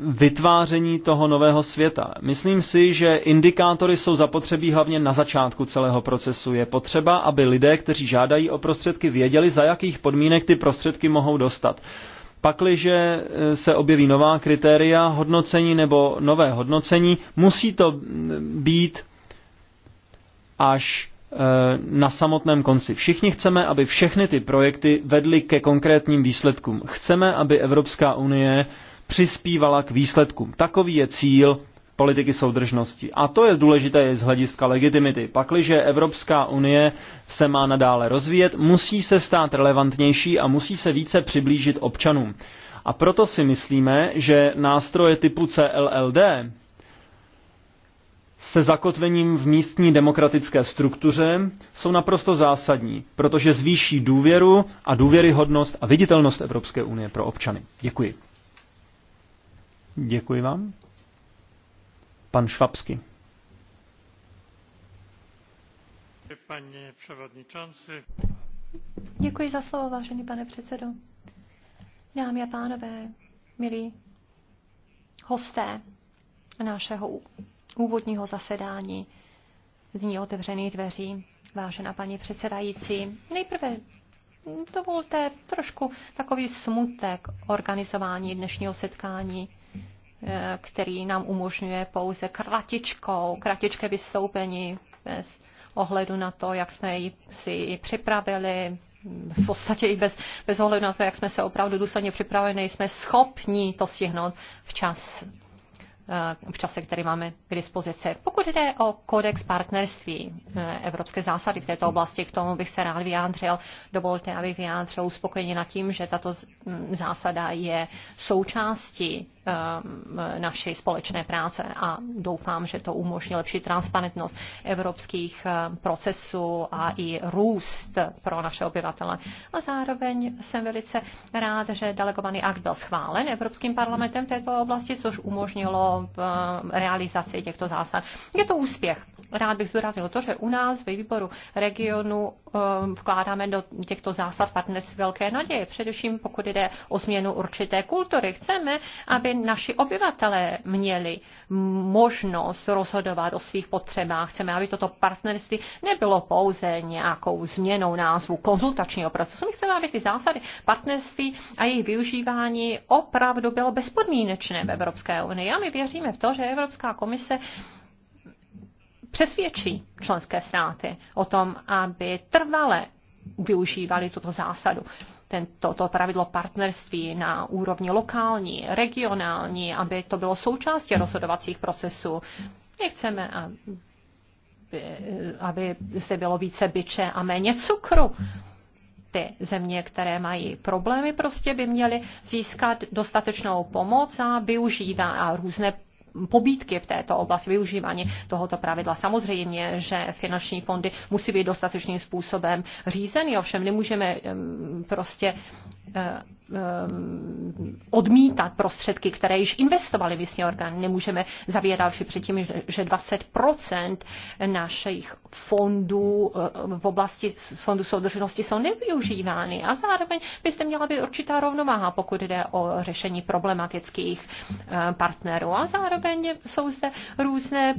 vytváření toho nového světa. Myslím si, že indikátory jsou zapotřebí hlavně na začátku celého procesu. Je potřeba, aby lidé, kteří žádají o prostředky, věděli, za jakých podmínek ty prostředky mohou dostat. Pakliže eh, se objeví nová kritéria hodnocení nebo nové hodnocení, musí to mm, být až na samotném konci. Všichni chceme, aby všechny ty projekty vedly ke konkrétním výsledkům. Chceme, aby Evropská unie přispívala k výsledkům. Takový je cíl politiky soudržnosti. A to je důležité z hlediska legitimity. Pakliže Evropská unie se má nadále rozvíjet, musí se stát relevantnější a musí se více přiblížit občanům. A proto si myslíme, že nástroje typu CLLD, se zakotvením v místní demokratické struktuře jsou naprosto zásadní, protože zvýší důvěru a důvěryhodnost a viditelnost Evropské unie pro občany. Děkuji. Děkuji vám. Pan Švabsky. Pane Děkuji za slovo, vážený pane předsedo. Dámy a pánové, milí hosté našeho úvodního zasedání z ní otevřených dveří. Vážená paní předsedající, nejprve dovolte trošku takový smutek organizování dnešního setkání, eh, který nám umožňuje pouze kratičkou, kratičké vystoupení bez ohledu na to, jak jsme ji si ji připravili, v podstatě i bez, bez ohledu na to, jak jsme se opravdu důsledně připravili, nejsme schopni to stihnout včas. Eh, v čase, který máme k dispozici. Pokud jde o kodex partnerství, eh, evropské zásady v této oblasti, k tomu bych se rád vyjádřil. Dovolte, abych vyjádřil uspokojení nad tím, že tato zásada je součástí Ehm, naší společné práce a doufám, že to umožní lepší transparentnost evropských ehm, procesů a i růst pro naše obyvatele. A zároveň jsem velice rád, že delegovaný akt byl schválen Evropským parlamentem v této oblasti, což umožnilo ehm, realizaci těchto zásad. Je to úspěch. Rád bych zdůraznil to, že u nás ve výboru regionu vkládáme do těchto zásad partnerství velké naděje, především pokud jde o změnu určité kultury. Chceme, aby naši obyvatelé měli možnost rozhodovat o svých potřebách. Chceme, aby toto partnerství nebylo pouze nějakou změnou názvu konzultačního procesu. My chceme, aby ty zásady partnerství a jejich využívání opravdu bylo bezpodmínečné v Evropské unii. A my věříme v to, že Evropská komise přesvědčí členské státy o tom, aby trvale využívali tuto zásadu tento, to pravidlo partnerství na úrovni lokální, regionální, aby to bylo součástí rozhodovacích procesů. Nechceme, aby, aby zde bylo více byče a méně cukru ty země, které mají problémy, prostě by měly získat dostatečnou pomoc a využívat a různé pobídky v této oblasti, využívání tohoto pravidla. Samozřejmě, že finanční fondy musí být dostatečným způsobem řízeny, ovšem nemůžeme prostě eh, Eh, odmítat prostředky, které již investovali místní orgány. Nemůžeme zavírat že předtím, že 20 našich fondů eh, v oblasti fondu soudržnosti jsou nevyužívány. A zároveň byste měla být určitá rovnováha, pokud jde o řešení problematických eh, partnerů. A zároveň jsou zde různé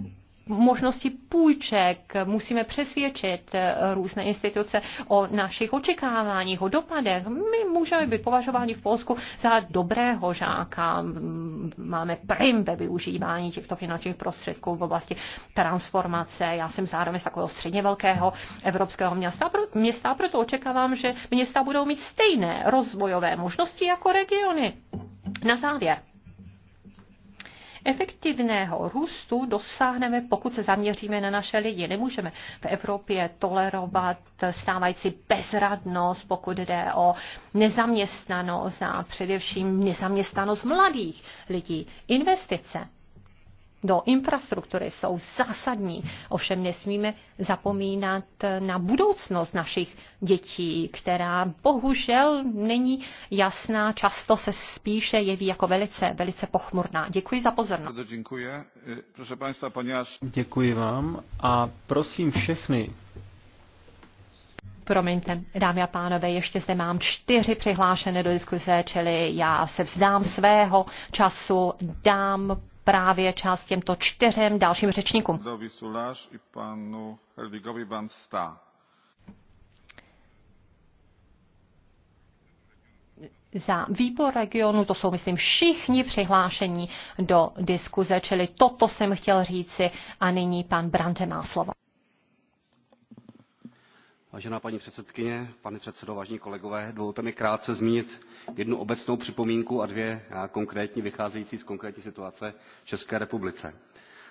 možnosti půjček, musíme přesvědčit eh, různé instituce o našich očekáváních, o dopadech. My můžeme být považováni v Polsku za dobrého žáka. Máme prim ve využívání těchto finančních prostředků v oblasti transformace. Já jsem zároveň z takového středně velkého evropského města, města proto očekávám, že města budou mít stejné rozvojové možnosti jako regiony. Na závěr efektivného růstu dosáhneme, pokud se zaměříme na naše lidi. Nemůžeme v Evropě tolerovat stávající bezradnost, pokud jde o nezaměstnanost a především nezaměstnanost mladých lidí. Investice do infrastruktury jsou zásadní. Ovšem nesmíme zapomínat na budoucnost našich dětí, která bohužel není jasná, často se spíše jeví jako velice, velice pochmurná. Děkuji za pozornost. Děkuji. Děkuji vám a prosím všechny, promiňte, dámy a pánové, ještě zde mám čtyři přihlášené do diskuse, čili já se vzdám svého času, dám právě čas těmto čtyřem dalším řečníkům. za výbor regionu, to jsou, myslím, všichni přihlášení do diskuze, čili toto jsem chtěl říci a nyní pan Brande má slovo. Vážená paní předsedkyně, pane předsedo, vážení kolegové, dovolte mi krátce zmínit jednu obecnou připomínku a dvě konkrétní vycházející z konkrétní situace v České republice.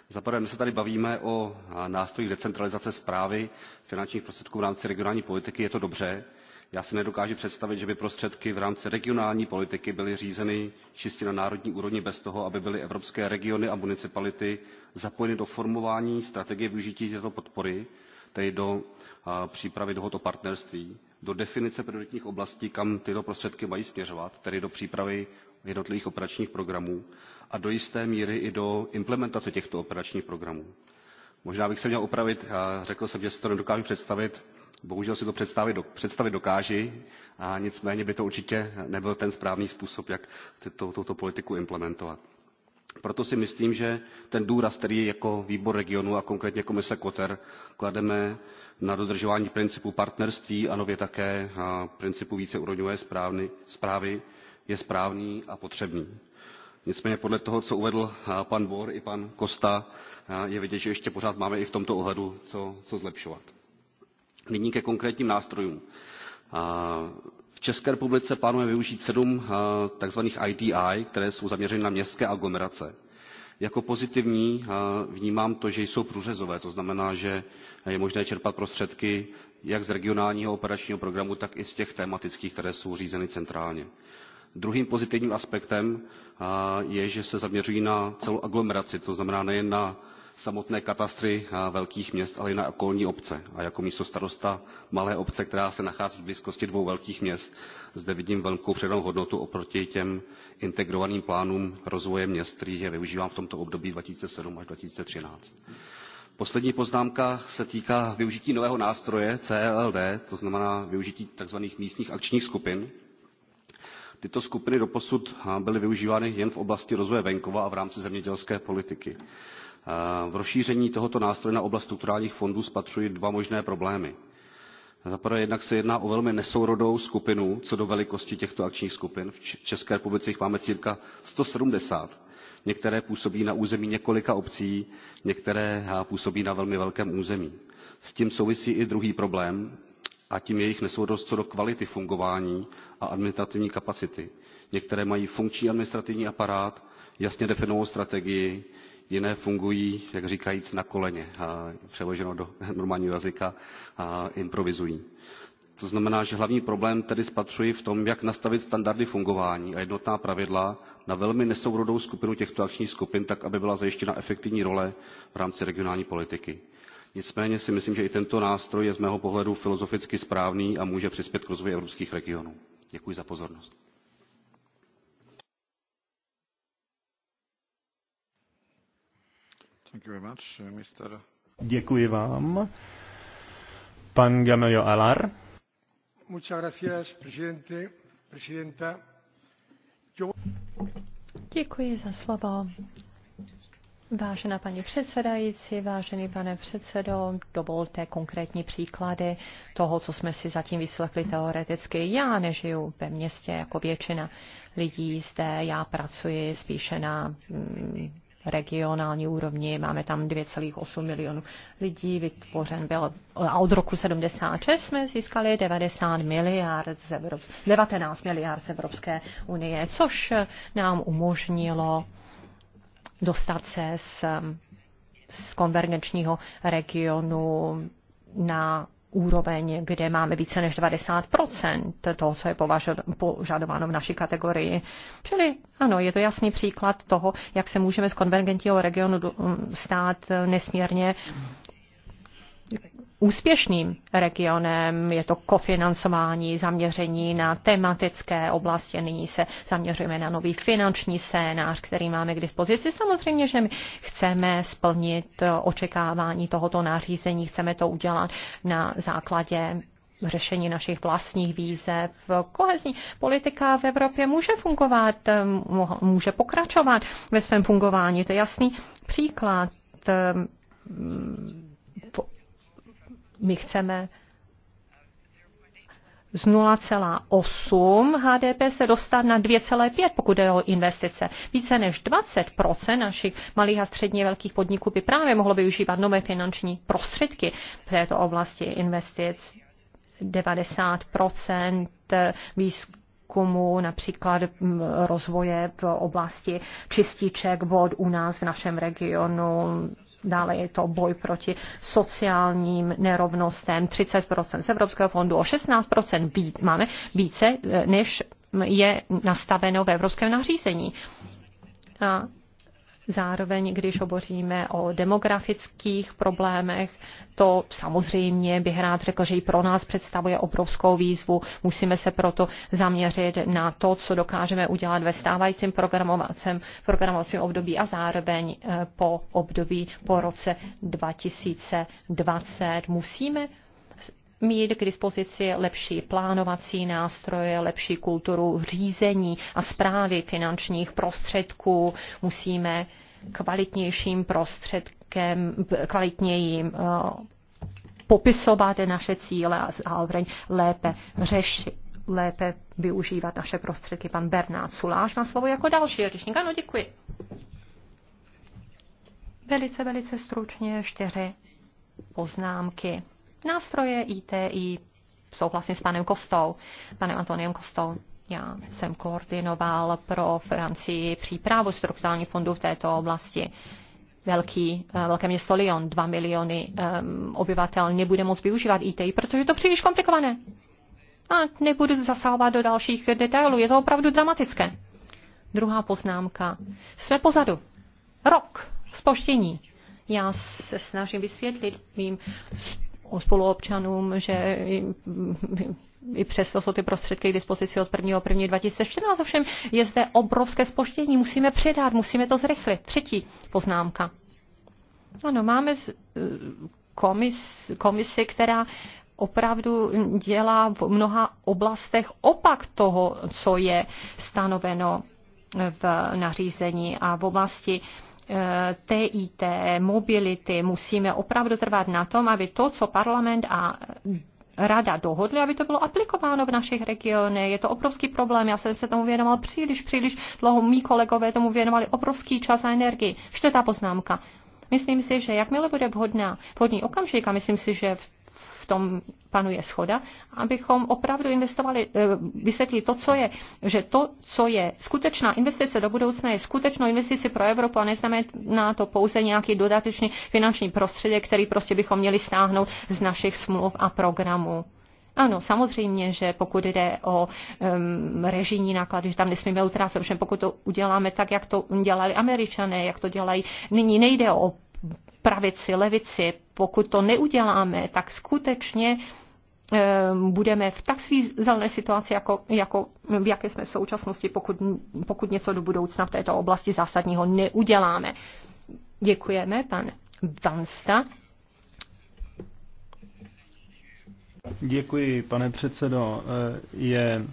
Za prvé, my se tady bavíme o nástrojích decentralizace zprávy finančních prostředků v rámci regionální politiky. Je to dobře. Já si nedokážu představit, že by prostředky v rámci regionální politiky byly řízeny čistě na národní úrovni bez toho, aby byly evropské regiony a municipality zapojeny do formování strategie využití této podpory, tedy do přípravy dohod o partnerství do definice prioritních oblastí kam tyto prostředky mají směřovat tedy do přípravy jednotlivých operačních programů a do jisté míry i do implementace těchto operačních programů. možná bych se měl opravit řekl jsem že si to nedokážu představit bohužel si to představit, představit dokáži a nicméně by to určitě nebyl ten správný způsob jak tuto politiku implementovat proto si myslím že ten důraz který jako výbor regionů a konkrétně komise koter klademe na dodržování principu partnerství a nově také principu víceúrovňové správy je správný a potřebný. nicméně podle toho co uvedl pan Bor i pan costa je vidět že ještě pořád máme i v tomto ohledu co, co zlepšovat. nyní ke konkrétním nástrojům v České republice plánujeme využít sedm eh, tzv. ITI, které jsou zaměřeny na městské aglomerace. Jako pozitivní eh, vnímám to, že jsou průřezové, to znamená, že je možné čerpat prostředky jak z regionálního operačního programu, tak i z těch tematických, které jsou řízeny centrálně. Druhým pozitivním aspektem eh, je, že se zaměřují na celou aglomeraci, to znamená nejen na samotné katastry eh, velkých měst, ale i na okolní obce. A jako místo starosta malé obce, která se nachází v blízkosti dvou velkých měst, zde vidím velkou předanou hodnotu oproti těm integrovaným plánům rozvoje měst, který je využívám v tomto období 2007 až 2013. Poslední poznámka se týká využití nového nástroje CLD, to znamená využití tzv. místních akčních skupin. Tyto skupiny doposud eh, byly využívány jen v oblasti rozvoje venkova a v rámci zemědělské politiky. V rozšíření tohoto nástroje na oblast strukturálních fondů spatřuji dva možné problémy. Za prvé jednak se jedná o velmi nesourodou skupinu co do velikosti těchto akčních skupin. V České republice jich máme cirka 170. Některé působí na území několika obcí, některé působí na velmi velkém území. S tím souvisí i druhý problém, a tím jejich nesourodost co do kvality fungování a administrativní kapacity. Některé mají funkční administrativní aparát, jasně definovanou strategii, jiné fungují, jak říkajíc, na koleně, a přeloženo do <laughs> normálního jazyka, a improvizují. To znamená, že hlavní problém tedy spatřuji v tom, jak nastavit standardy fungování a jednotná pravidla na velmi nesourodou skupinu těchto akčních skupin, tak aby byla zajištěna efektivní role v rámci regionální politiky. Nicméně si myslím, že i tento nástroj je z mého pohledu filozoficky správný a může přispět k rozvoji evropských regionů. Děkuji za pozornost. Uh, Děkuji vám. Pan Gamelio Alar. Děkuji za slovo. Vážená paní předsedající, vážený pane předsedo, dovolte konkrétní příklady toho, co jsme si zatím vyslechli teoreticky. Já nežiju ve městě jako většina lidí zde, já pracuji spíše na mm, regionální úrovni. Máme tam 2,8 milionů lidí. Vytvořen byl a od roku 76 jsme získali 90 miliard z Evrop, 19 miliard z Evropské unie, což nám umožnilo dostat se z, z konvergenčního regionu na úroveň, kde máme více než 20 toho, co je požadováno v naší kategorii. Čili ano, je to jasný příklad toho, jak se můžeme z konvergentního regionu stát nesmírně úspěšným regionem. Je to kofinancování, zaměření na tematické oblasti. Nyní se zaměřujeme na nový finanční scénář, který máme k dispozici. Samozřejmě, že my chceme splnit eh, očekávání tohoto nařízení, chceme to udělat na základě řešení našich vlastních výzev. Kohezní politika v Evropě může fungovat, eh, může pokračovat ve svém fungování. To je jasný příklad eh, my chceme z 0,8 HDP se dostat na 2,5, pokud jde o investice. Více než 20 našich malých a středně velkých podniků by právě mohlo využívat nové finanční prostředky v této oblasti investic. 90 výzkumu, například mm, rozvoje v oblasti čističek vod u nás v našem regionu, Dále je to boj proti sociálním nerovnostem 30% z Evropského fondu, o 16% být, máme více, eh, než je nastaveno v evropském nařízení. A Zároveň, když hovoříme o demografických problémech, to samozřejmě bych rád řekl, že i pro nás představuje obrovskou výzvu. Musíme se proto zaměřit na to, co dokážeme udělat ve stávajícím programovacím, programovacím období a zároveň eh, po období po roce 2020. Musíme mít k dispozici lepší plánovací nástroje, lepší kulturu řízení a zprávy finančních prostředků. Musíme kvalitnějším prostředkem, kvalitnějím eh, popisovat naše cíle a zároveň lépe řešit lépe využívat naše prostředky. Pan Bernát Suláš má slovo jako další řečník. Ano, děkuji. Velice, velice stručně čtyři poznámky nástroje ITI. Souhlasím s panem Kostou, panem Antoniem Kostou. Já jsem koordinoval pro Francii přípravu strukturálních fondů v této oblasti velký, eh, velké město Lyon, 2 miliony um, obyvatel nebude moc využívat IT, protože je to příliš komplikované. A nebudu zasahovat do dalších detailů, je to opravdu dramatické. Druhá poznámka. Jsme pozadu. Rok spoštění. Já se snažím vysvětlit mým spoluobčanům, že i přesto jsou ty prostředky k dispozici od 1. 1. 2014. Ovšem je zde obrovské spoštění, musíme předat, musíme to zrychlit. Třetí poznámka. Ano, máme komis, komisi, která opravdu dělá v mnoha oblastech opak toho, co je stanoveno v nařízení a v oblasti uh, TIT, mobility, musíme opravdu trvat na tom, aby to, co parlament a rada dohodli, aby to bylo aplikováno v našich regionech. Je to obrovský problém. Já jsem se tomu věnoval příliš, příliš dlouho. Mí kolegové tomu věnovali obrovský čas a energii. Čtvrtá poznámka. Myslím si, že jakmile bude vhodná, vhodný okamžik, a myslím si, že v tom panuje schoda, abychom opravdu investovali, eh, vysvětlili to, co je, že to, co je skutečná investice do budoucna, je skutečnou investici pro Evropu a neznamená to pouze nějaký dodatečný finanční prostředek, který prostě bychom měli stáhnout z našich smluv a programů. Ano, samozřejmě, že pokud jde o um, režijní náklady, že tam nesmíme utrácet, protože pokud to uděláme tak, jak to dělali američané, jak to dělají nyní, nejde o pravici, levici, pokud to neuděláme, tak skutečně eh, budeme v tak svízelné situaci, jako, jako v jaké jsme v současnosti, pokud, pokud něco do budoucna v této oblasti zásadního neuděláme. Děkujeme, pan Vansta. Děkuji, pane předsedo. Eh, je eh,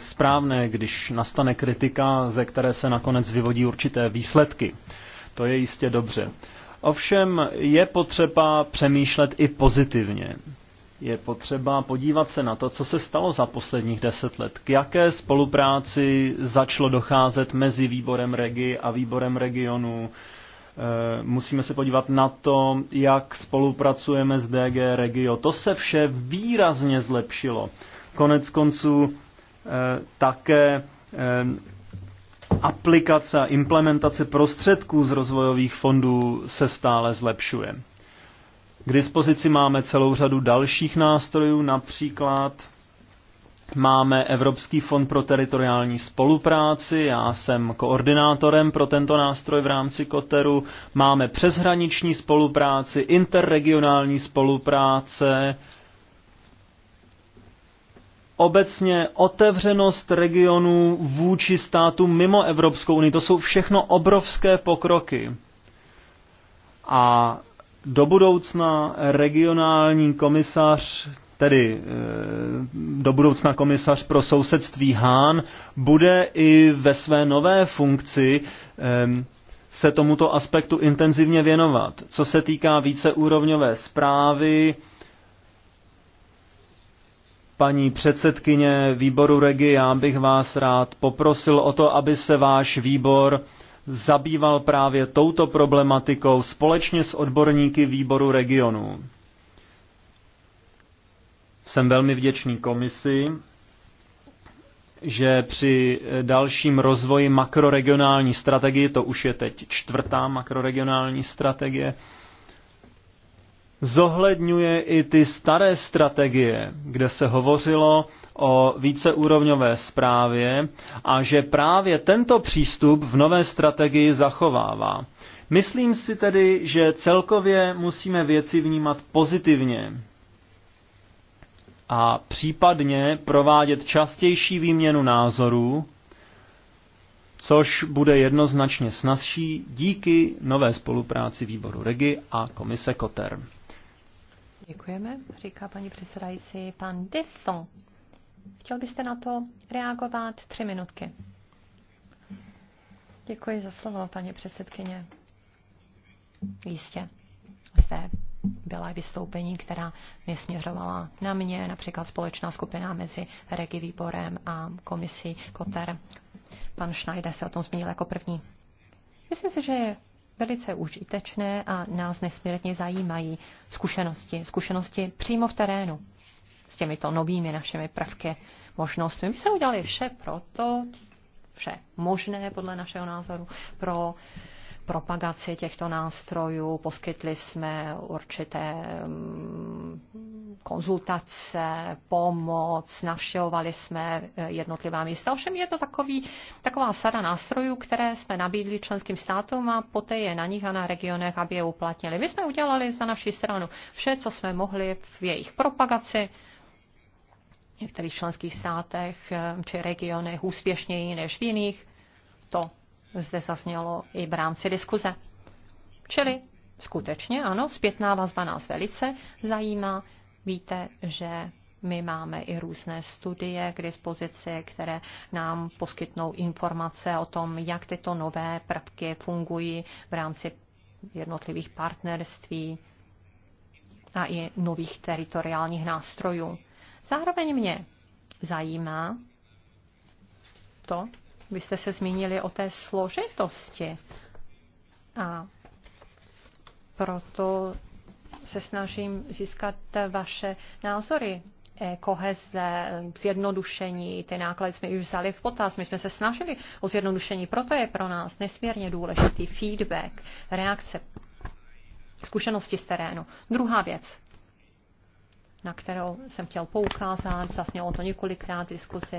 správné, když nastane kritika, ze které se nakonec vyvodí určité výsledky. To je jistě dobře. Ovšem je potřeba přemýšlet i pozitivně. Je potřeba podívat se na to, co se stalo za posledních deset let. K jaké spolupráci začalo docházet mezi výborem regi a výborem regionu. E, musíme se podívat na to, jak spolupracujeme s DG Regio. To se vše výrazně zlepšilo. Konec konců e, také e, aplikace a implementace prostředků z rozvojových fondů se stále zlepšuje. K dispozici máme celou řadu dalších nástrojů, například máme Evropský fond pro teritoriální spolupráci, já jsem koordinátorem pro tento nástroj v rámci Koteru, máme přeshraniční spolupráci, interregionální spolupráce, obecně otevřenost regionů vůči státu mimo Evropskou unii. To jsou všechno obrovské pokroky. A do budoucna regionální komisař, tedy e, do budoucna komisař pro sousedství Hán, bude i ve své nové funkci se tomuto aspektu intenzivně věnovat. Co se týká víceúrovňové zprávy, paní předsedkyně výboru Regi, já bych vás rád poprosil o to, aby se váš výbor zabýval právě touto problematikou společně s odborníky výboru regionů. Jsem velmi vděčný komisi, že při dalším rozvoji makroregionální strategie, to už je teď čtvrtá makroregionální strategie, zohledňuje i ty staré strategie, kde se hovořilo o víceúrovňové zprávě a že právě tento přístup v nové strategii zachovává. Myslím si tedy, že celkově musíme věci vnímat pozitivně a případně provádět častější výměnu názorů, což bude jednoznačně snazší díky nové spolupráci výboru Regi a komise Koter. Děkujeme, říká paní předsedající. Pan Defon, chtěl byste na to reagovat tři minutky. Děkuji za slovo, paní předsedkyně. Jistě. jste byla vystoupení, která nesměřovala na mě, například společná skupina mezi Regi výborem a komisí Koter. Pan Schneider se o tom zmínil jako první. Myslím si, že je velice užitečné a nás nesmírně zajímají zkušenosti, zkušenosti přímo v terénu s těmito novými našimi prvky, možnostmi. My jsme udělali vše proto, vše možné podle našeho názoru pro uh, propagaci těchto nástrojů, poskytli jsme určité mm, konzultace, pomoc, navštěvovali jsme eh, jednotlivá místa. Ovšem je to takový, taková sada nástrojů, které jsme nabídli členským státům a poté je na nich a na regionech, aby je uplatnili. My jsme udělali za naši stranu vše, co jsme mohli v jejich propagaci, v některých členských státech eh, či regionech úspěšněji než v jiných. To zde zaznělo i v rámci diskuze. Čili skutečně ano, zpětná vazba nás velice zajímá. Víte, že my máme i různé studie k dispozici, které nám poskytnou informace o tom, jak tyto nové prvky fungují v rámci jednotlivých partnerství a i nových teritoriálních nástrojů. Zároveň mě zajímá to, vy jste se zmínili o té složitosti a proto se snažím získat vaše názory e, koheze, zjednodušení, ty náklady jsme už vzali v potaz, my jsme se snažili o zjednodušení, proto je pro nás nesmírně důležitý feedback, reakce, zkušenosti z terénu. Druhá věc, na kterou jsem chtěl poukázat, zasnělo to několikrát diskuzi,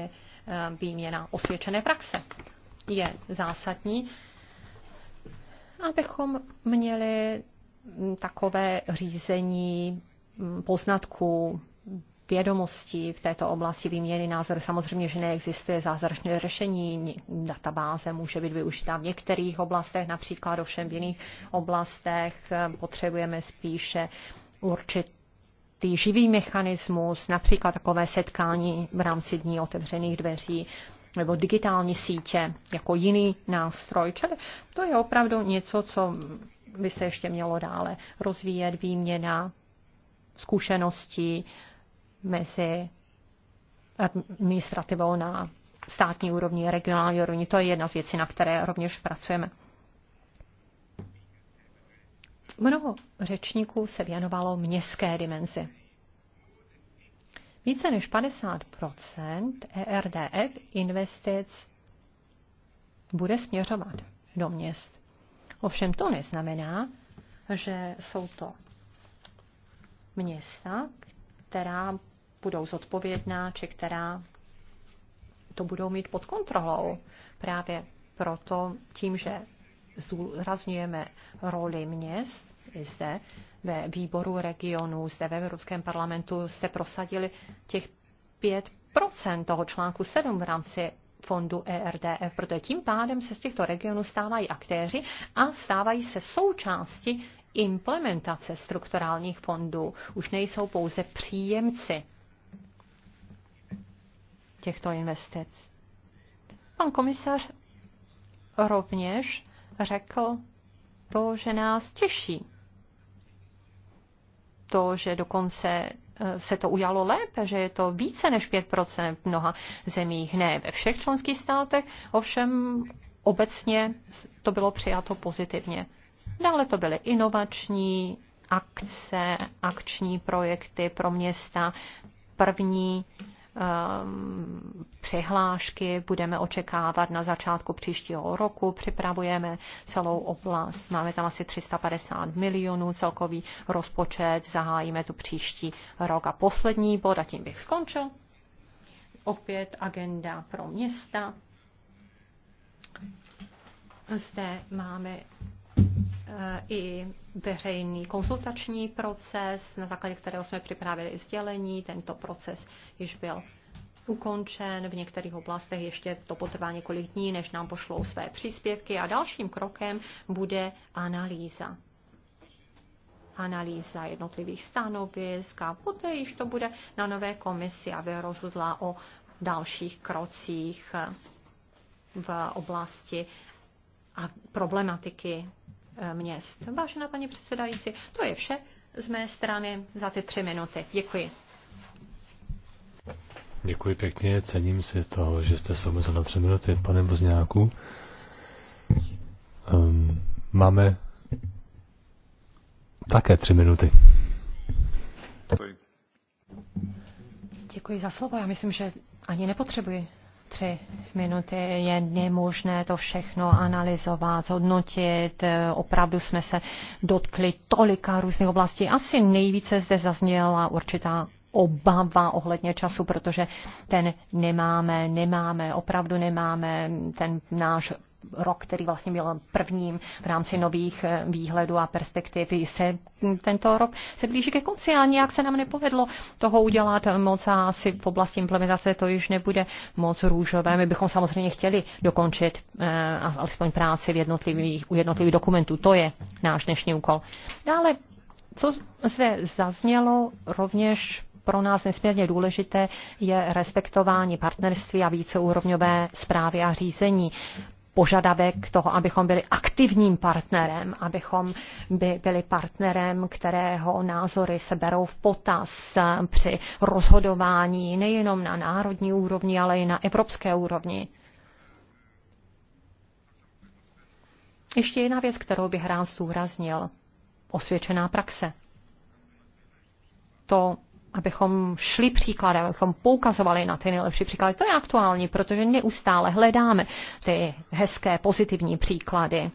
eh, výměna osvědčené praxe je zásadní, abychom měli takové řízení hm, poznatků, vědomostí v této oblasti výměny názor. Samozřejmě, že neexistuje zázračné řešení. Databáze může být využita v některých oblastech, například ovšem v jiných oblastech potřebujeme spíše určit určitý živý mechanismus, například takové setkání v rámci dní otevřených dveří nebo digitální sítě jako jiný nástroj. Čili to je opravdu něco, co by se ještě mělo dále rozvíjet, výměna zkušeností mezi administrativou na státní úrovni, regionální úrovni. To je jedna z věcí, na které rovněž pracujeme. Mnoho řečníků se věnovalo městské dimenzi. Více než 50 ERDF investic bude směřovat do měst. Ovšem to neznamená, že jsou to města, která budou zodpovědná, či která to budou mít pod kontrolou. Právě proto tím, že zdůrazňujeme roli měst zde ve výboru regionu, zde ve Evropském parlamentu jste prosadili těch 5% toho článku 7 v rámci fondu ERDF, protože tím pádem se z těchto regionů stávají aktéři a stávají se součásti implementace strukturálních fondů. Už nejsou pouze příjemci těchto investic. Pan komisař rovněž řekl to, že nás těší. To, že dokonce eh, se to ujalo lépe, že je to více než 5% v mnoha zemích, ne ve všech členských státech, ovšem obecně to bylo přijato pozitivně. Dále to byly inovační akce, akční projekty pro města. První Ehm, přihlášky budeme očekávat na začátku příštího roku. Připravujeme celou oblast. Máme tam asi 350 milionů celkový rozpočet. Zahájíme tu příští rok. A poslední bod, a tím bych skončil. Opět agenda pro města. Zde máme i veřejný konsultační proces, na základě kterého jsme připravili i sdělení. Tento proces již byl ukončen, v některých oblastech ještě to potrvá několik dní, než nám pošlou své příspěvky a dalším krokem bude analýza. Analýza jednotlivých stanovisk a poté již to bude na nové komisi, aby rozhodla o dalších krocích v oblasti a problematiky měst. Vážená paní předsedající, to je vše z mé strany za ty tři minuty. Děkuji. Děkuji pěkně, cením si toho, že jste se omezil na tři minuty, pane Bozňáku. Um, ehm, máme také tři minuty. Děkuji za slovo. Já myslím, že ani nepotřebuji tři minuty je nemožné to všechno analyzovat, hodnotit. Opravdu jsme se dotkli tolika různých oblastí. Asi nejvíce zde zazněla určitá obava ohledně času, protože ten nemáme, nemáme, opravdu nemáme ten náš rok, který vlastně byl prvním v rámci nových eh, výhledů a perspektiv. Se tento rok se blíží ke konci a nějak se nám nepovedlo toho udělat moc a asi v oblasti implementace to již nebude moc růžové. My bychom samozřejmě chtěli dokončit eh, alespoň práci v jednotlivých, u jednotlivých dokumentů. To je náš dnešní úkol. Dále, co zde zaznělo, rovněž pro nás nesmírně důležité je respektování partnerství a víceúrovňové zprávy a řízení požadavek toho, abychom byli aktivním partnerem, abychom by byli partnerem, kterého názory se berou v potaz při rozhodování nejenom na národní úrovni, ale i na evropské úrovni. Ještě jedna věc, kterou bych rád zdůraznil. Osvědčená praxe. To abychom šli příkladem, abychom poukazovali na ty nejlepší příklady. To je aktuální, protože neustále hledáme ty hezké, pozitivní příklady.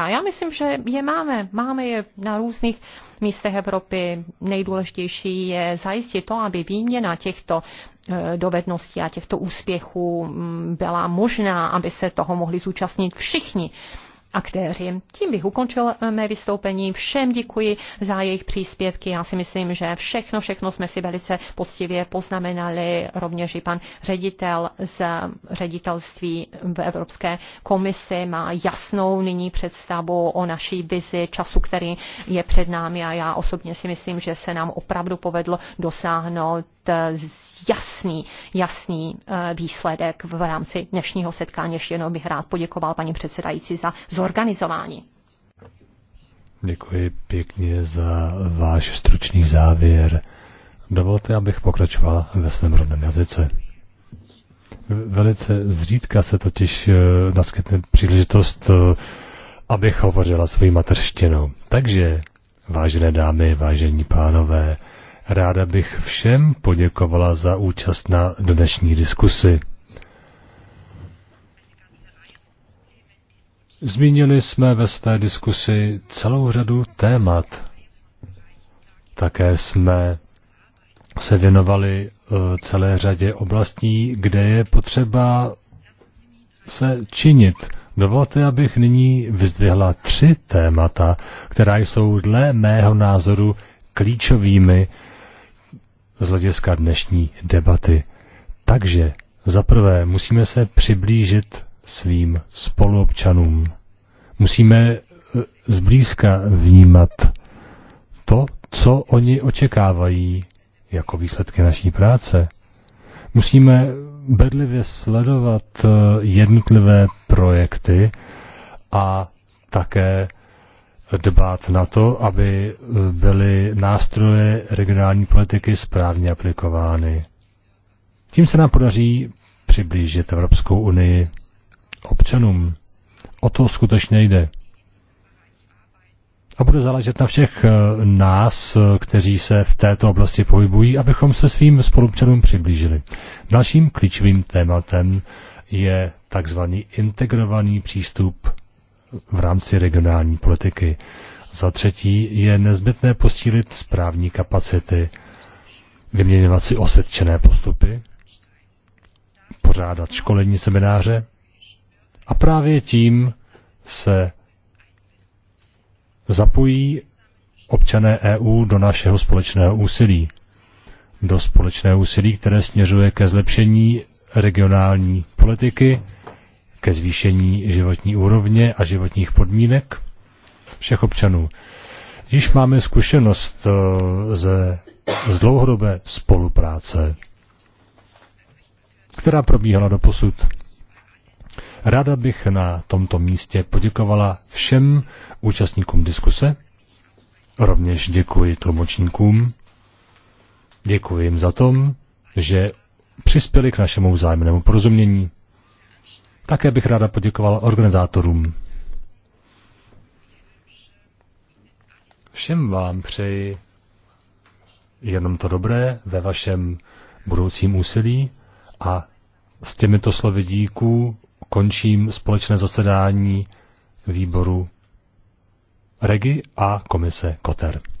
A já myslím, že je máme. Máme je na různých místech Evropy. Nejdůležitější je zajistit to, aby výměna těchto e, dovedností a těchto úspěchů mm, byla možná, aby se toho mohli zúčastnit všichni aktéři. Tím bych ukončil eh, mé vystoupení. Všem děkuji za jejich příspěvky. Já si myslím, že všechno, všechno jsme si velice poctivě poznamenali. Rovněž i pan ředitel z ředitelství v Evropské komisi má jasnou nyní představu o naší vizi času, který je před námi a já osobně si myslím, že se nám opravdu povedlo dosáhnout Eh, jasný, jasný eh, výsledek v rámci dnešního setkání. Ještě jenom bych rád poděkoval paní předsedající za zorganizování. Děkuji pěkně za váš stručný závěr. Dovolte, abych pokračoval ve svém rodném jazyce. Velice zřídka se totiž eh, naskytne příležitost, abych hovořila svojí mateřštinou. Takže, vážené dámy, vážení pánové, Ráda bych všem poděkovala za účast na dnešní diskusi. Zmínili jsme ve své diskusi celou řadu témat. Také jsme se věnovali eh, celé řadě oblastí, kde je potřeba se činit. Dovolte, abych nyní vyzdvihla tři témata, která jsou dle mého názoru klíčovými z hlediska dnešní debaty. Takže za prvé musíme se přiblížit svým spoluobčanům. Musíme eh, zblízka vnímat to, co oni očekávají jako výsledky naší práce. Musíme bedlivě sledovat eh, jednotlivé projekty a také dbát na to, aby eh, byly nástroje regionální politiky správně aplikovány. Tím se nám podaří přiblížit Evropskou unii občanům. O to skutečně jde. A bude záležet na všech eh, nás, eh, kteří se v této oblasti pohybují, abychom se svým spolupčanům přiblížili. Dalším klíčovým tématem je takzvaný integrovaný přístup v rámci regionální politiky. Za třetí je nezbytné posílit správní kapacity, vyměňovat si osvědčené postupy, pořádat školení semináře a právě tím se zapojí občané EU do našeho společného úsilí. Do společného úsilí, které směřuje ke zlepšení regionální politiky, ke zvýšení životní úrovně a životních podmínek všech občanů. Již máme zkušenost eh, ze, z dlouhodobé spolupráce, která probíhala do posud. Ráda bych na tomto místě poděkovala všem účastníkům diskuse, rovněž děkuji tlumočníkům, děkuji jim za to, že přispěli k našemu vzájemnému porozumění. Také bych ráda poděkoval organizátorům. Všem vám přeji jenom to dobré ve vašem budoucím úsilí a s těmito slovy díků končím společné zasedání výboru Regi a komise Koter.